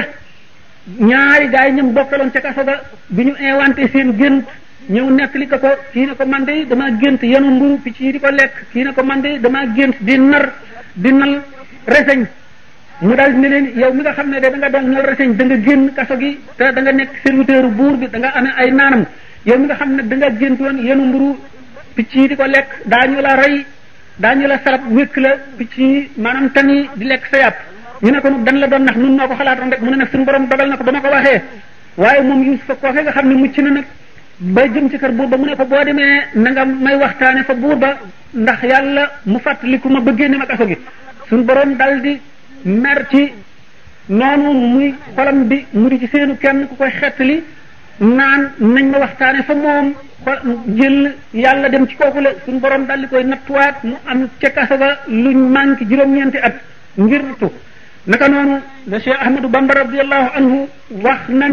ñaari gars yi bokk bokkaloon ca kaso ga bi ñu inventé seen gént ñëw nettali ko ko kii na ko man de damaa gént yenu mburu picc yi di ko lekk kii na ko man de damaa gént di nar di nal reseñ mu daal ne leen yow mi nga xam ne de da nga doon ñor reseñ da nga génn kaso gi te da nga nekk serviteur buur bi da nga amee ay naanam yow mi nga xam ne da nga gént woon yenu mburu picc yi di ko lekk daañu la rey daañu la sarab wékk la picc yi maanaam tani di lekk sa yàpp ñu ne ko nag dañ la doon nax nun noo ko xalaatoon rek mu ne nag suñu borom dogal na ko ba ma ko waxee waaye moom Yuusufa kookee nga xam ne mucc na nag ba jëm ci kar buur ba mu ne ko boo demee na nga may waxtaane fa buur ba ndax yàlla mu fàttaliku ma bëggee ne ma kaso gi suñu dal di mer ci noonu muy xolam bi mu di ci seenu kenn ku koy xettali naan nañ ma waxtaane fa moom jël yàlla dem ci kooku la suñ borom daldi koy nattuwaat mu am ca kasa ba luñ manqué juróom-ñeenti at ngir nattu naka noonu la Cheikh Ahmadou Bamba radiallahu anhu wax na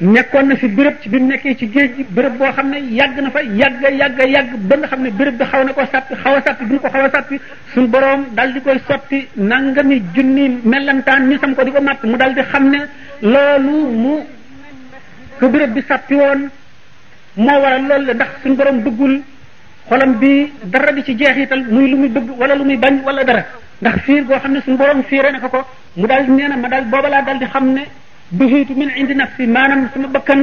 nekkoon na fi bërëb ci bi mu nekkee ci géej gi béréb boo xam ne yàgg na fa yàgg yàgg yàgg ba nga xam ne bërëb bi xaw na ko sàppi xaw a sàppi bi ñu ko xaw a sàppi suñ boroom dal di koy sotti nangami junni melentaan mi sam ko di ko màtt mu dal di xam ne loolu mu ko béréb bi sàppi woon moo waral loolu la ndax suñ boroom duggul xolam bi dara di ci jeexital muy lu muy bëgg wala lu muy bañ wala dara ndax fiir goo xam ne suñ boroom fiire na ko ko mu daal di na ma daal booba laa dal di xam ne بهيت من عند نفسي ما نم سما بكن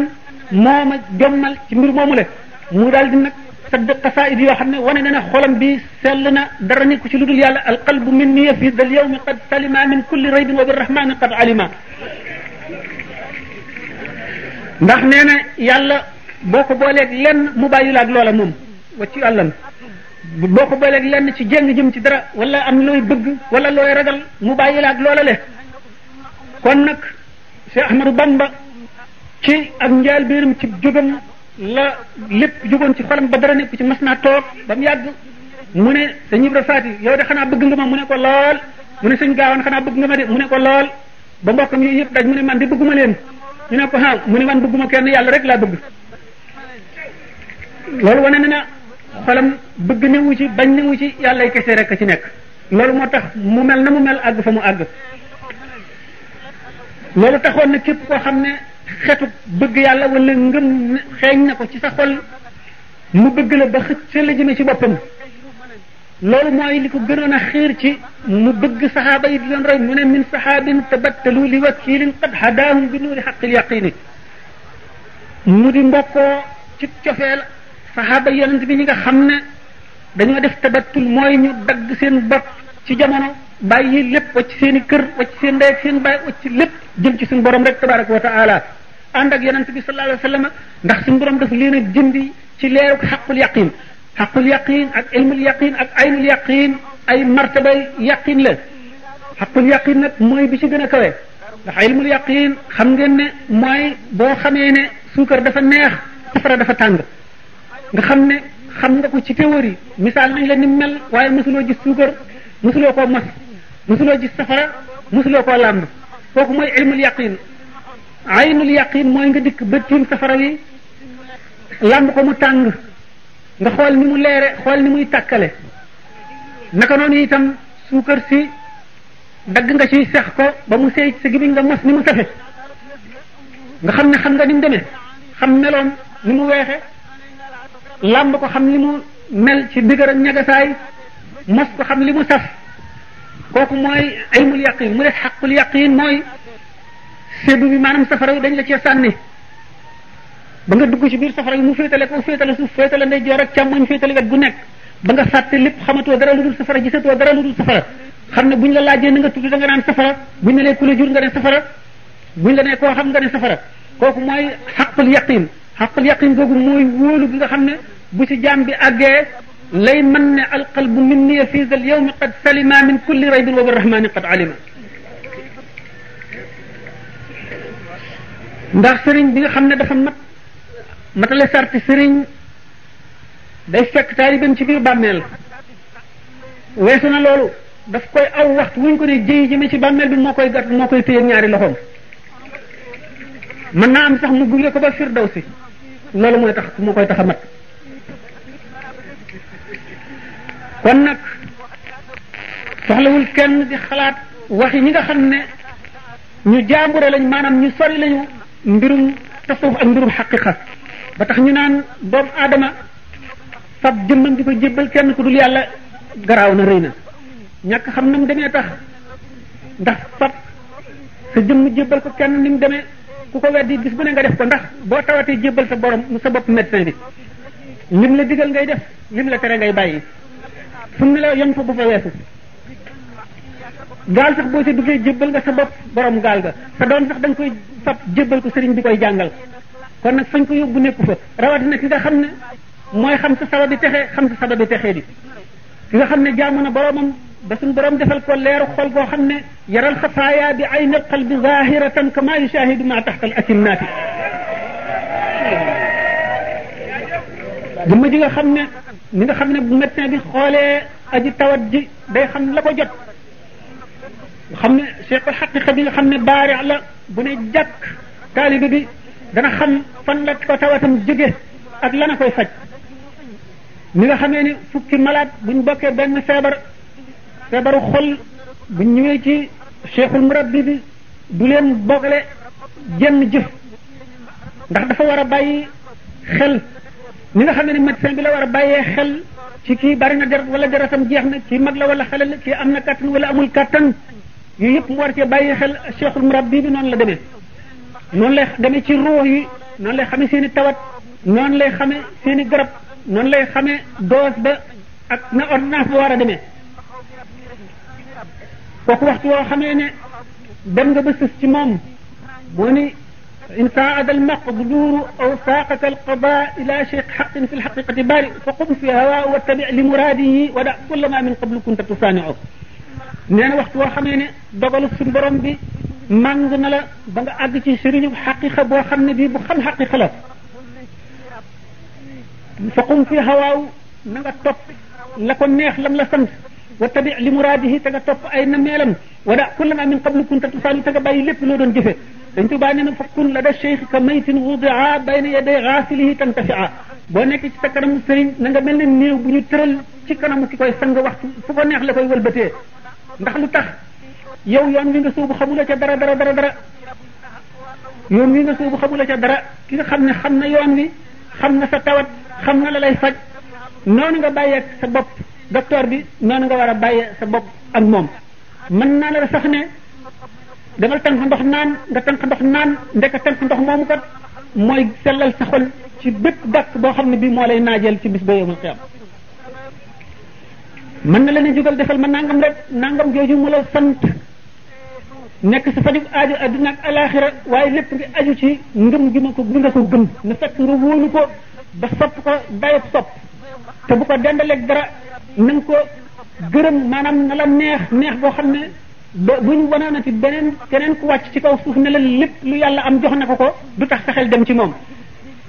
موما جمال سي مير مومله مو دال دي نك صد قصائد يو خن وني نانا خولم بي سلنا دراني كو سي يالا القلب مني يفي ذا اليوم قد سلم من كل ريب وبالرحمن قد علم ndax neena yalla boko bolé ak lenn mu bayila ak lola mom wati yalla boko bolé ak lenn ci jeng jëm ci dara wala am loy bëgg wala loy ragal mu Cheikh Ahmadou Bamba ci ak njaal biiram ci jógam la lépp jógoon ci xolam ba dara nekk ci mas naa toog ba mu yàgg mu ne sëñ Ibra Faati yow de xanaa bëgg nga ma mu ne ko lool mu ne sëñ Gaawaan xanaa bëgg nga ma de mu ne ko lool ba mbokkam yooyu yëpp daj mu ne man de bëgguma leen ñu ne ko ah mu ne man bëgguma kenn yàlla rek laa bëgg ni wane na na xolam bëgg newu ci bañ newu ci yàllay kese rek a ci nekk loolu moo tax mu mel na mu mel àgg fa mu àgg loolu taxoon na képp koo xam ne xetu bëgg yàlla wala ngëm xeeñ na ko ci sa xol mu bëgg la ba xëcc la jëme ci boppam loolu mooy li ko gënoon a xiir ci mu bëgg saxaaba yi di leen roy mu ne min saxaabin tabattalu li wakilin qad hadaahum bi nuuri xaqil yaqini mu di mbokkoo ci cofeel saxaaba yonent bi ñi nga xam ne dañoo def tabattul mooy ñu dagg seen bopp ci jamono bàyyi lépp wacc seen i kër wacc seen ndey ak seen baay wacc lépp jëm ci suñu borom rek tabaraka wa taala ànd ak yonent bi sallallahu alayhi wa sallam ndax suñu borom daf leen a ci leeruk xaqul yaqin xaqul yaqin ak ilmul yaqin ak aynul yaqin ay martabay yaqin la xaqul yaqin nag mooy bi ci gën a kawe ndax ilmul yaqin xam ngeen ne mooy boo xamee ne suukar dafa neex safara dafa tàng nga xam ne xam nga ko ci théorie misaal nañ la ni mel waaye mosuloo gis suukar mosuloo koo mos مثل وجه السفرة مثل وقال لامن فوق ما علم اليقين عين اليقين ما ينقد بدتهم سفرة لي لامن قوم تانغ نخوال نمو لير خوال نمو يتاكل نكنون يتم سوكر سي دقنغ شي سيخكو بموسي سيجبين غا مصني مصفح نخمنا خمنا نمدمه خمنا لهم نمو ويخي لامن قوم خمنا نمو مل شي بيقر نيجا مصد خمنا نمو سفر kooku mooy ilmul yaqin mu def xaqul yaqin mooy séddu bi maanaam safara dañ la cee sànni ba nga dugg ci biir safara wi mu féetale ko féetale suuf féetale ndeyjoor ak càmmoñ féetale wet gu nekk ba nga xamatoo dara lu dul safara gisatoo dara lu dul xam ne buñ la laajee na nga tudd da nga naan safara buñ la nee ku la jur nga ne safara la nee koo xam nga ne safara kooku mooy xaqul yaqin xaqul yaqin googu mooy wóolu bi nga xam ne bu ci jaam bi àggee lay mën ne alqalbu min ni fi zal yawmi qad salima min kulli raybin wa birrahmani qad alima ndax sëriñ bi nga xam ne dafa mat matale sarti sëriñ day fekk taalibeem ci biir bàmmeel weesu na loolu daf koy aw waxtu wuñ ko ne jëyi jëme ci bàmmeel bi moo koy gàtt moo koy téye ñaari loxoom mën naa am sax mu gunge ko ba firdawsi loolu mooy tax moo koy tax a mat kon nag soxlawul kenn di xalaat wax yi ñi nga xam ne ñu jaambure lañ maanaam ñu sori lañu mbirum tasawuf ak mbirum xaqiqa ba tax ñu naan doomu aadama fab jëmmam di ko jébbal kenn ku dul yàlla garaaw na rëy na ñàkk xam na mu demee tax ndax fab sa jëmm jébbal ko kenn ni mu demee ku ko weddi bis bu ne nga def ko ndax boo tawatee jébbal sa borom sa bopp médecin bi lim la digal ngay def lim la tere ngay bàyyi sunna la yem fa bu fa weesu gaal sax boo sa duggee jébbal nga sa bopp borom gaal ga sa doom sax da nga koy fab jébbal ko sëriñ bi koy jàngal kon nag fañ ko yóbbu nekku fa rawatina ki nga xam ne mooy xam sa sababi texe xam sa sababi texee di ki nga xam ne jaamu na boromam ba suñ borom defal ko leeru xol goo xam ne yaral xafaaya bi aynal qalbi zahiratan kama yushahidu ma taxta al asimnaati jëmm ji nga xam ne ni nga xam ne bu médecin bi xoolee aji tawat ji day xam la ko jot xam ne cheikh alxaqiqa bi nga xam ne baari la bu ne jàkk taalibe bi dana xam fan la ko tawatam jóge ak lana koy faj ni nga xamee ni fukki malade buñ bokkee benn feebar feebaru xol buñ ñëwee ci cheikhul murabbi bi du leen boole jenn jëf ndax dafa war a bàyyi xel ni nga xam ne ni médecin bi la war a bàyyee xel ci kii bari na deret wala deretam jeex na kii mag la wala xelal la kii am na kattan wala amul kattan yooyu yëpp mu war cee bàyyi xel cheikhul murabbi bi noonu la demee noonu lay demee ci ruux yi noonu lay xamee seen i tawat noonu lay xamee seen i garab noonu lay xamee dose ba ak na ordonnance ba war a demee kooku waxtu woo xamee ne dem nga ba sës ci moom moo ni إن ساعد المقدور أو ساقك القضاء إلى شيخ حق في الحقيقة بارئ فقم في هواء واتبع لمراده ودع كل ما من قبل كنت تصانعه نانا وقت وخميني دغل السنبرم بي مانغ نلا بانغ أدتي شريني حقيقة بوخمني بي بخم حقيقة لك فقم في هواء نغا توب لكم نيخ لم واتبع لمراده تغا توب أين ودع كل ما من قبل كنت تصانع تغا باي لب لودن جفت sëñ tubaa nee na fakkun la da cheikh ka maytin wudia bayna yaday xaasilihi tantafia boo nekk ci sa kanamu sëriñ na nga mel ne néew bu ñu tëral ci kanamu ki koy sang waxtu fu ko neex la koy wëlbatee ndax lu tax yow yoon wi nga soobu xamula ca dara dara dara dara yoon wi nga soobu xamula ca dara ki nga xam ne xam na yoon wi xam na sa tawat xam na la lay faj noonu nga bàyyee sa bopp docteur bi noonu nga war a bàyyee sa bopp ak moom mën naa la sax ne demal tànk ndox naan nga tànk ndox naan ndeka tànk ndox moomu kat mooy sellal sa ci bépp gàkk boo xam ne bii moo lay naajeel ci bis ba yowmal qiyaam mën na leen a jugal defal ma nangam rek nangam jooju mu la sant nekk sa fajug aajo adduna ak waaye lépp ngi aju ci ngëm gi ma ko gi nga ko gëm na nga wóolu ko ba sopp ko dayab sopp te bu ko dendaleeg dara na ko gërëm maanaam na la neex neex boo xam ne ba buñ wanoon ci beneen keneen ku wàcc ci kaw suuf ne la lépp lu yàlla am jox na ko ko du tax sa xel dem ci moom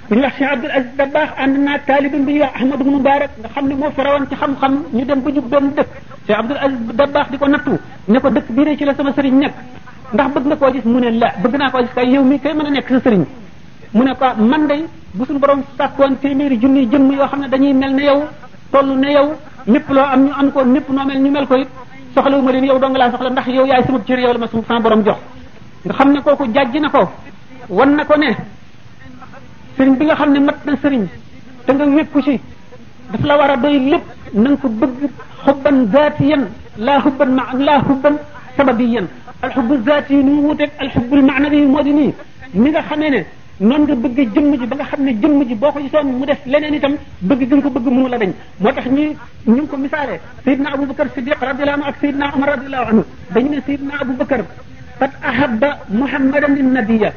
bu ñu wax Cheikh Abdoul Aziz Dabakh ànd naa taalibin bu ñuy wax Ahmadu Mubarak nga xam ne moo fa ci xam-xam ñu dem ba jub benn dëkk Cheikh Abdoul Aziz Dabakh di ko nattu ne ko dëkk bii ne ci la sama sëriñ nekk ndax bëgg nga koo gis mu ne la bëgg naa ko gis kay yow mi kay mën a nekk sa mu ne ko man day bu suñu borom sàkkoon téeméeri junni jëmm yoo xam ne dañuy mel ne yow toll ne yow lépp loo am ñu am ko lépp noo mel ñu mel ko it soxlawu ma leen yow dong laa soxla ndax yow yaay sama cër yow la ma sama borom jox nga xam ne ko jàjj na ko wan na ko ne sëriñ bi nga xam ne mat na sëriñ te nga ku ci daf la war a doy lépp na nga ko bëgg xubban zaatiyan laa xubban ma laa xubban sababiyan alxubbu zaati yi nu mu wuuteeg alxubbul maanawi moo di nii ni nga xamee ne noonu nga bëgg jëmm ji ba nga xam ne jëmm ji boo ko gisoon mu def leneen itam bëgg gi nga ko bëgg mënu la dañ moo tax ñu ñu ngi ko misaalee sayidna aboubacar siddiq radiallahu anhu ak sayidna omar radiallahu anhu dañu ne sayidna aboubacar qad ahabba muhammadan nabiyya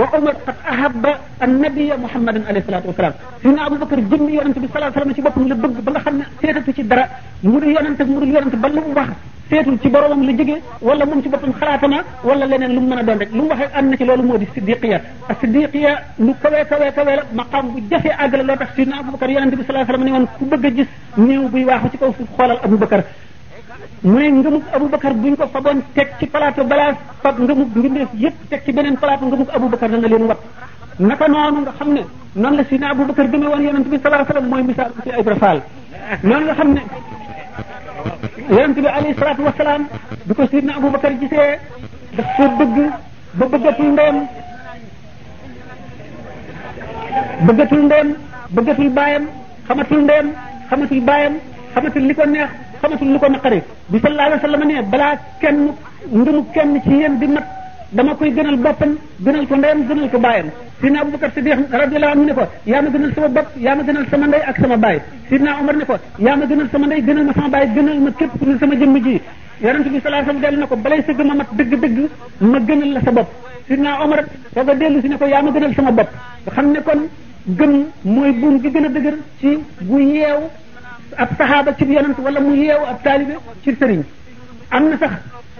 وعمر قد احب النبي محمد عليه الصلاه والسلام سيدنا ابو بكر جيم يونس بي صلى الله عليه وسلم سي بوبم لا بغ بلا خن سيتو سي درا مودو يونس مودو يونس بل مو واخ سيتو سي بروم لا جيغي ولا موم سي بوبم خلاتنا ولا لنين لوم مانا دون رك لوم واخ ان سي لولو مودي صديقيه الصديقيه لو كوي كوي كوي مقام بو جافي اغلا لو سيدنا ابو بكر يونس بي صلى الله عليه نيو بي واخ سي ابو بكر mu ne ngëmug Aboubacar buñ ko faboon teg ci plateau balaa fab ngëmug mbindeef yëpp teg ci beneen plateau ngëmug Aboubacar dana leen wat naka noonu nga xam ne noonu la Sina Aboubacar gëmee woon yonent bi sallallahu alayhi wasallam mooy misaal ci Ibra Fall noonu nga xam ne yonent bi alayhi salaatu wasalaam bi ko Sidna Aboubacar gisee daf ko bëgg ba bëggatul ndeyam bëggatul ndeyam bëggatul baayam xamatul ndeyam xamatul baayam xamatul li ko neex xamatul lu ko naqari bi sallallahu alayhi wa sallam ne balaa kenn ngëmu kenn ci yéen di mat dama koy gënal boppam gënal ko ndeyam gënal ko baayam sidna abubakar siddiq radiyallahu anhu ne ko yaa ma gënal sama bopp yaa ma gënal sama ndey ak sama baay sidna omar ne ko yaa ma gënal sama ndey gënal ma sama baay gënal ma képp ku sama jëmm ji yonente bi sallallahu alayhi wasallam dellu na ko balay sa gëma mat dëgg-dëgg ma gënal la sa bopp sidna omar soog a dellu si ne ko yaa ma gënal sama bopp nga xam ne kon gëm mooy buum gi gën a dëgër ci bu yeew ab saxaaba cib yonent wala mu yeewu ab taalibe ci sëriñ am na sax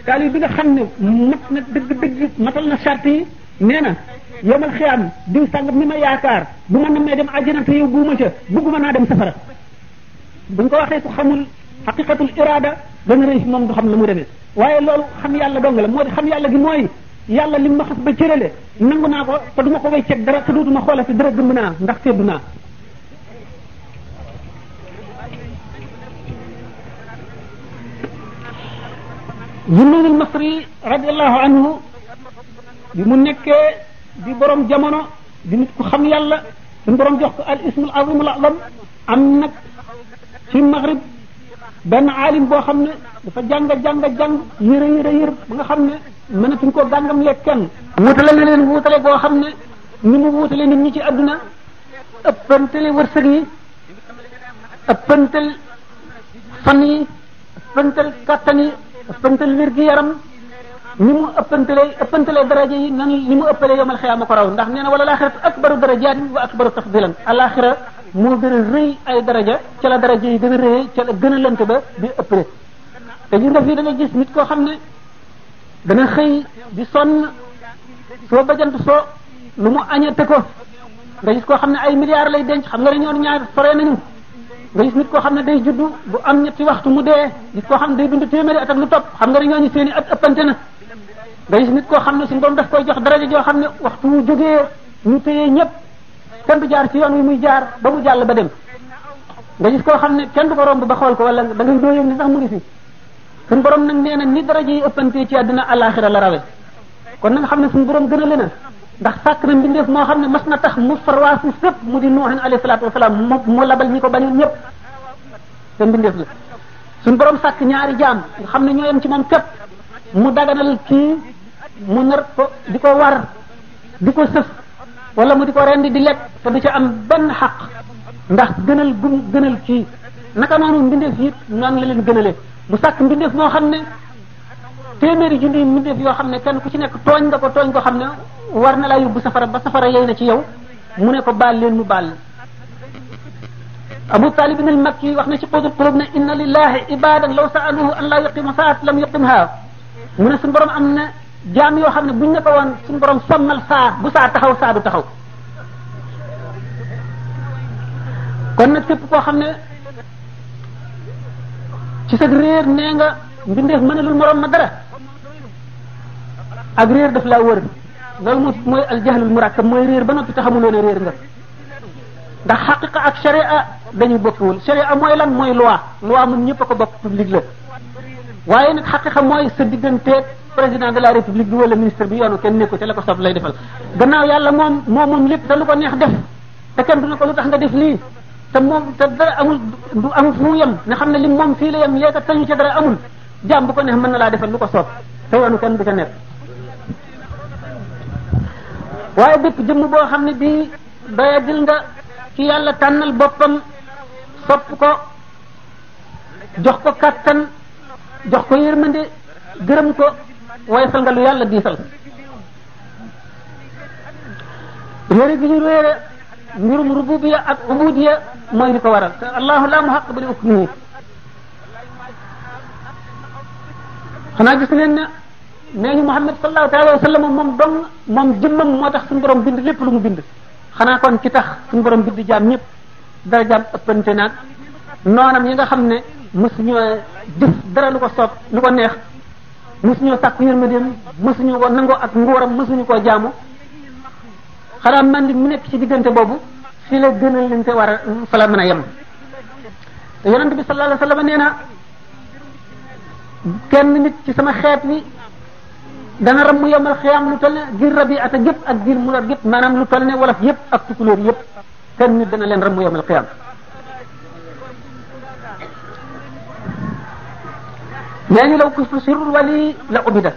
taalibe bi nga xam ne mat na dëgg dëgg matal na sart yi nee na yomal xiyaam diw sàngam mi ma yaakaar bu ma nammee dem àjjana te yow buuma ca bugguma naa dem safara buñ ko waxee ku xamul xaqiqatul irada dana rëy moom du xam la mu demee waaye loolu xam yàlla dong la moo di xam yàlla gi mooy yàlla lim ma xas ba cërale nangu naa ko te du ma ko wécceeg dara te dootuma xoolati dara gëmb naa ndax seddu naa جنود المصري رضي الله عنه بمن نكه دي بروم جامونو دي نيت كو خام يالا سن بروم جوخ الاسم العظيم الاعظم ام نك في المغرب بن عالم بو خامنا دا فا جانغا جانغا جان يير يير يير بوغا خامنا مانا تنكو غانغام ليك كين ووتال لين ووتال بو خامنا ني مو ووتال نيت ني سي ادنا ابنتل ورسك ني ابنتل فني ابنتل ëppantal wér gi yaram nu mu ëppantalee ëppantalee daraja yi nan ni mu ëppalee yomal xiyaama ko raw ndax nee na wala alaxiratu akbaru darajaatin wa akbaru tafdilan alaxira mu gën a rëy ay daraja ca la daraja yi gën a rëyee ca gën a lënt ba bi ëppale te gis nga fii da nga gis koo xam ne dana xëy di sonn soo bajantu soo lu mu añete ko nga gis koo xam ne ay milliards lay denc xam nga ne ñoom ñaar sore nañu nga gis nit koo xam ne day juddu bu am ñetti waxtu mu dee koo xam ne day dund téeméeri at ak lu topp nga ne ñooñu seen i at ëppante na nit koo xam ne suñu borom daf koy jox daraja joo xam ne waxtu mu jógee ñu téyee ñëpp kenn bu jaar ci yoon wi muy jaar ba mu jàll ba dem nga gis koo xam ne kenn du ko romb ba xool ko wala da ngay dooyëg ni sax mu ngi fi suñu borom nag nee na ni daraja yi ëppante ci àddina àllaaxira la rawe kon nag xam ne suñu borom gën a lena ndax sàkk na mbindeef moo xam ne mas na tax mu farwaasu fépp mu di nuuxin alayhi salaatu wasalaam mu mu labal ñi ko bañoon ñëpp te mbindeef la suñ borom sàkk ñaari jaam xam ne ñoo yem ci moom képp mu daganal kii mu nar ko di ko war di ko sëf wala mu di ko rendi di di lekk te du ci am benn xaq ndax gënal gum gënal kii naka noonu mbindeef yi noonu la leen gënalee mu sàkk mbindeef moo xam ne téeméeri junni mbindeef yoo xam ne kenn ku ci nekk tooñ nga ko tooñ ko xam ne war na la yóbbu safara ba safara yey na ci yow mu ne ko baal leen mu baal abu talib al makki wax na ci qudul qulub ne inna lillahi ibadan law sa'aluhu an la yuqima sa'at lam yuqimha mu ne suñu borom am na jaam yoo xam ne buñ ne ko woon suñu borom sonnal saa bu saa taxaw saa du taxaw kon nag képp koo xam ne ci sa réer nee nga mbindeef mënalul morom ma dara ak réer daf laa wër loolu mo mooy aljahlul murakkab mooy réer ba noppi te xamuloo ne réer nga ndax xaqiqa ak sharia dañu bokkiwul sharia mooy lan mooy loi loi moom ñëpp a ko bokk public la waaye nag xaqiqa mooy sa digganteeg président de la république bi wala ministre bi yoonu kenn nekku te la ko soob lay defal gannaaw yàlla moom moom moom lépp te lu ko neex def te kenn du ne ko lu tax nga def lii te moom te dara amul du amul fu mu yem nga xam ne li moom fii la yem léegi tañu ca dara amul jaam bu ko neex mën na laa defal lu ko soob te yoonu kenn du ca nekk waaye bépp jëmm boo xam ne bii doyadil nga ci yàlla tànnal boppam sopp ko jox ko kattan jox ko yërmande gërëm ko woyofal nga lu yàlla diisal réere gi ñu réere mbirum rububiya ak ubudiya mooy ko waral te allahu mu xaq ba li ukk nee ñu Muhammad sallallahu taala wa sallam moom dong moom jëmmam moo tax suñu borom bind lépp lu mu bind xanaa kon ci tax suñu borom bind jaam ñëpp dara jaam ëppante naag noonam yi nga xam ne mosuñoo jëf dara lu ko soob lu ko neex mosuñoo sàkku yërmandeem mosuñu ko nangoo ak nguuram mosuñu koo jaamu xanaa man di mu nekk ci diggante boobu fii la gënal leen te war a fa la a yem te bi sallallahu alayhi wa nee na kenn nit ci sama xeet wi dana ram mu yomal xiyaam lu toll ne rabiata gépp ak mu mular gépp maanaam lu toll ne wolof yëpp ak tukulóor yëpp kenn nit leen ram mu yomal xiyaam nee ñu law kustu sirul wali la ubida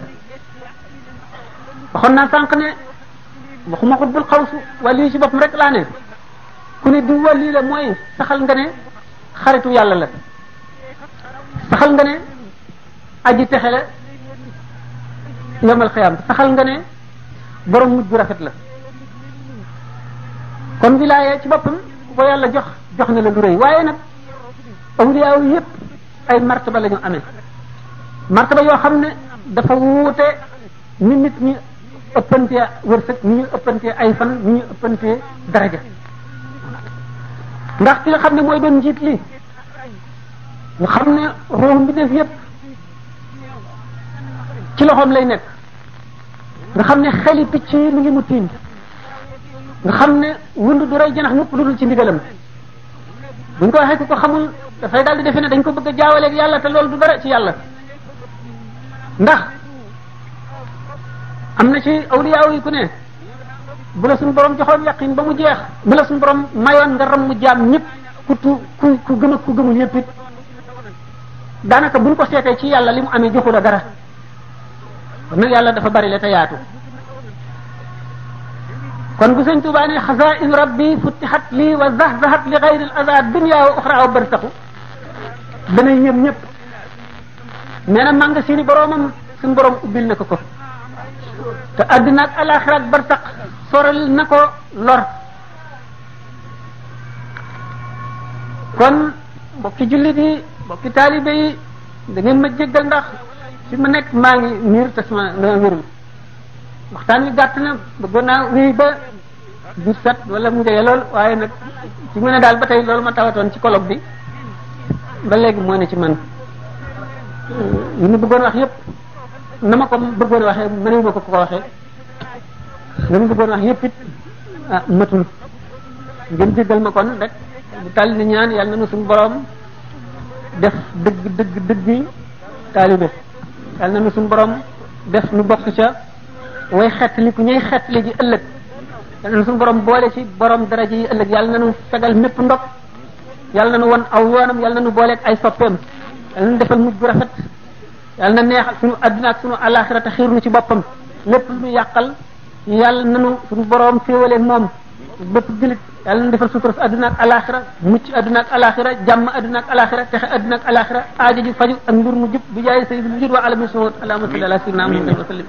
waxoon naa sànq ne waxuma xutbul xawsu wali si boppam rek laa ne ku ne di wali la mooy saxal nga ne xaritu yàlla la saxal nga ne aji texe yomal xiyam saxal nga ne borom mujj bu rafet la kon wilaya ci boppam ku ko yàlla jox jox na la lu rëy waaye nag awliyaaw yépp ay martaba la ñu amee martaba yoo xam ne dafa wuute ni nit ñi ëppantee wërsëg ni ñu ëppantee ay fan ni ñu ëppantee daraja ndax ki nga xam ne mooy doon njiit li nga xam ne room bi def yépp ci loxoom lay nekk nga xam ne xeli picc yi mi ngi mu tiim nga xam ne wund du rey janax mukk lu dul ci ndigalam buñ ko waxee ko xamul dafay daal di defe ne dañ ko bëgg a jaawaleeg yàlla te loolu du dara ci yàlla ndax am na ci awliyaaw yi ku ne bu la suñu borom joxoon yaqin ba mu jeex bu la suñu borom mayoon nga ram mu jaam ñëpp ku tu ku ku gëm ak ku gëmul yëpp daanaka buñ ko seetee ci yàlla li mu amee joxu dara kon nag yàlla dafa bari la te yaatu kon bu sëñ Tuubaa ne xasain rabbi futtihat lii wa zahzahat li gayri al aza dunya wa uxra wa barsaxu dana yëm ñëpp nee na manga sini boroomam suñu borom ubbil na ko ko te àddina ak alaxira ak barsax soral na ko lor kon mbokki jullit yi mbokki taalibe yi da ngeen ma jéggal ndax fi ma nekk maa ngi miir te suma dama wérul waxtaan wi gàtt na bëggoon naa wéy ba biir set wala mu jege lool waaye nag ci mu ne daal ba tey loolu ma tawatoon ci colloque bi ba léegi moo ne ci man li ma bëggoon wax yépp na ma ko bëggoon waxee mënewu ma ko ko waxee li ma bëggoon wax yépp it ah, matul ngeen jéggal ma kon rek bu tàll ni ñaan yàlla na suñu borom def dëgg dëgg dëgg taalibe yal na nu suñu borom def nu bokk ca way xettali ku ñay xettali ji ëllëg yal na nu suñu borom boole ci borom daraja yi ëllëg yal na nu fegal mépp ndog yal na nu won aw yoonam yal na nu booleeg ay soppeem yal na nu defal mujj bu rafet yal na neexal suñu àddina ak suñu alaxira te xiir nu ci boppam lépp lu ñu yàqal yal na nu suñu borom féewaleeg moom bëpp yàlla na defal sutura ak alaxira mucc ak alaxira jàmm ak alaxira texe ak alaxira ju faju ak mbir mu jub bi jaay wa wa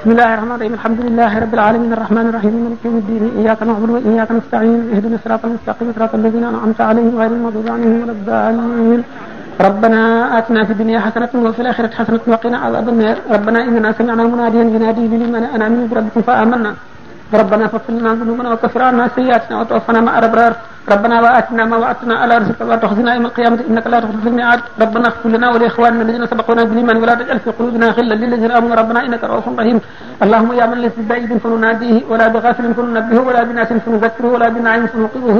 بسم الله الرحمن الرحيم الحمد لله رب العالمين الرحمن الرحيم مالك يوم الدين اياك نعبد واياك نستعين اهدنا الصراط المستقيم صراط الذين انعمت عليهم غير المغضوب عليهم ولا الضالين ربنا آتنا في الدنيا حسنة وفي الآخرة حسنة وقنا عذاب النار ربنا إننا سمعنا مناديا ينادي لمن أنا من ربكم فآمنا ربنا فاغفر لنا ذنوبنا وكفر عنا سيئاتنا وتوفنا مع الابرار ربنا واتنا ما وعدتنا على رسلك ولا تخزنا يوم القيامه انك لا تخلف الميعاد ربنا اغفر لنا ولاخواننا الذين سبقونا بالايمان ولا تجعل في قلوبنا غلا للذين امنوا ربنا انك رؤوف رحيم اللهم يا من ليس بعيد فنناديه ولا بغافل فننبهه ولا بناس فنذكره ولا بنعيم فنوقظه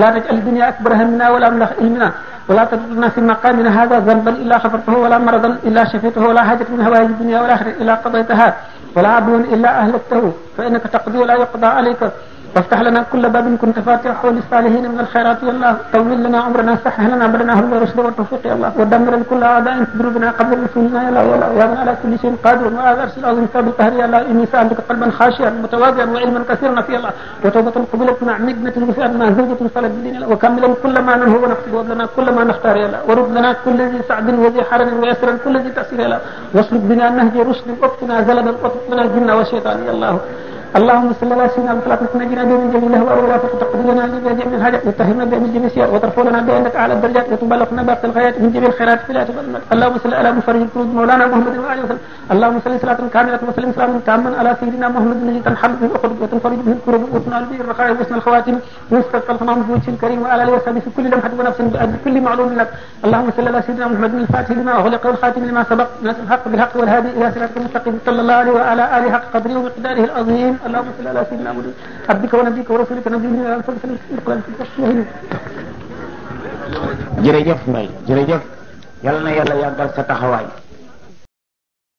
لا تجعل الدنيا اكبر همنا ولا مبلغ علمنا ولا تجعلنا في مقامنا هذا ذنبا الا خفرته ولا مرضا الا شفيته ولا حاجه من هواه الدنيا والاخره الا قضيتها ولا عبد إلا اهل التوبه فإنك تقضي ولا يقضى عليك وافتح لنا كل باب كنت فاتحه للصالحين من الخيرات يا الله طول لنا عمرنا سهل لنا بدنا هل رشد والتوفيق يا الله ودمر كل اعداء ذنوبنا قبل رسولنا يا الله يا الله يا من على كل شيء قادر وما العرش العظيم كتاب القهر يا الله اني سالتك قلبا خاشعا متواضعا وعلما كثيرا في الله وتوبة قبلت مع نجمة الوفاء مع زوجة صلت الدين الله وكملا كل ما ننهو ونقصد لنا كل ما نختار يا الله ورد لنا كل ذي سعد وذي حرم ويسرا كل ذي تأسير يا الله واسلك بنا نهج رشد واقتنا زلدا واتقنا الجنه الجن والشيطان يا الله اللهم صل على سيدنا محمد ولا تنجنا به من جميع الاهواء ولا تقضي لنا بجميع الحاجات وتهمنا به من جميع السيئات بانك اعلى الدرجات وتبلغنا باقي الغايات من جميع الخيرات فلا تبلغنا اللهم صل على مفرج الكروب مولانا محمد وعلى وسلم اللهم صل صلاه كامله وسلم سلاما تاما على سيدنا محمد الذي تنحل به الاخرب وتنفرج به الكروب وتنال به الرخاء وحسن الخواتم ويستلقى الخمام بوجه الكريم وعلى اله وصحبه في كل لمحه ونفس بكل معلوم لك اللهم صل على سيدنا محمد الفاتح لما اغلق والخاتم لما سبق نسل الحق بالحق والهادي الى صراطك المستقيم صلى الله عليه وعلى اله حق قدره ومقداره العظيم اللهم صل على سيدنا محمد عبدك ونبيك ورسولك نبينا على صلى الله jërëjëf Mbaye jërëjëf yal na yàlla yàggal sa taxawaay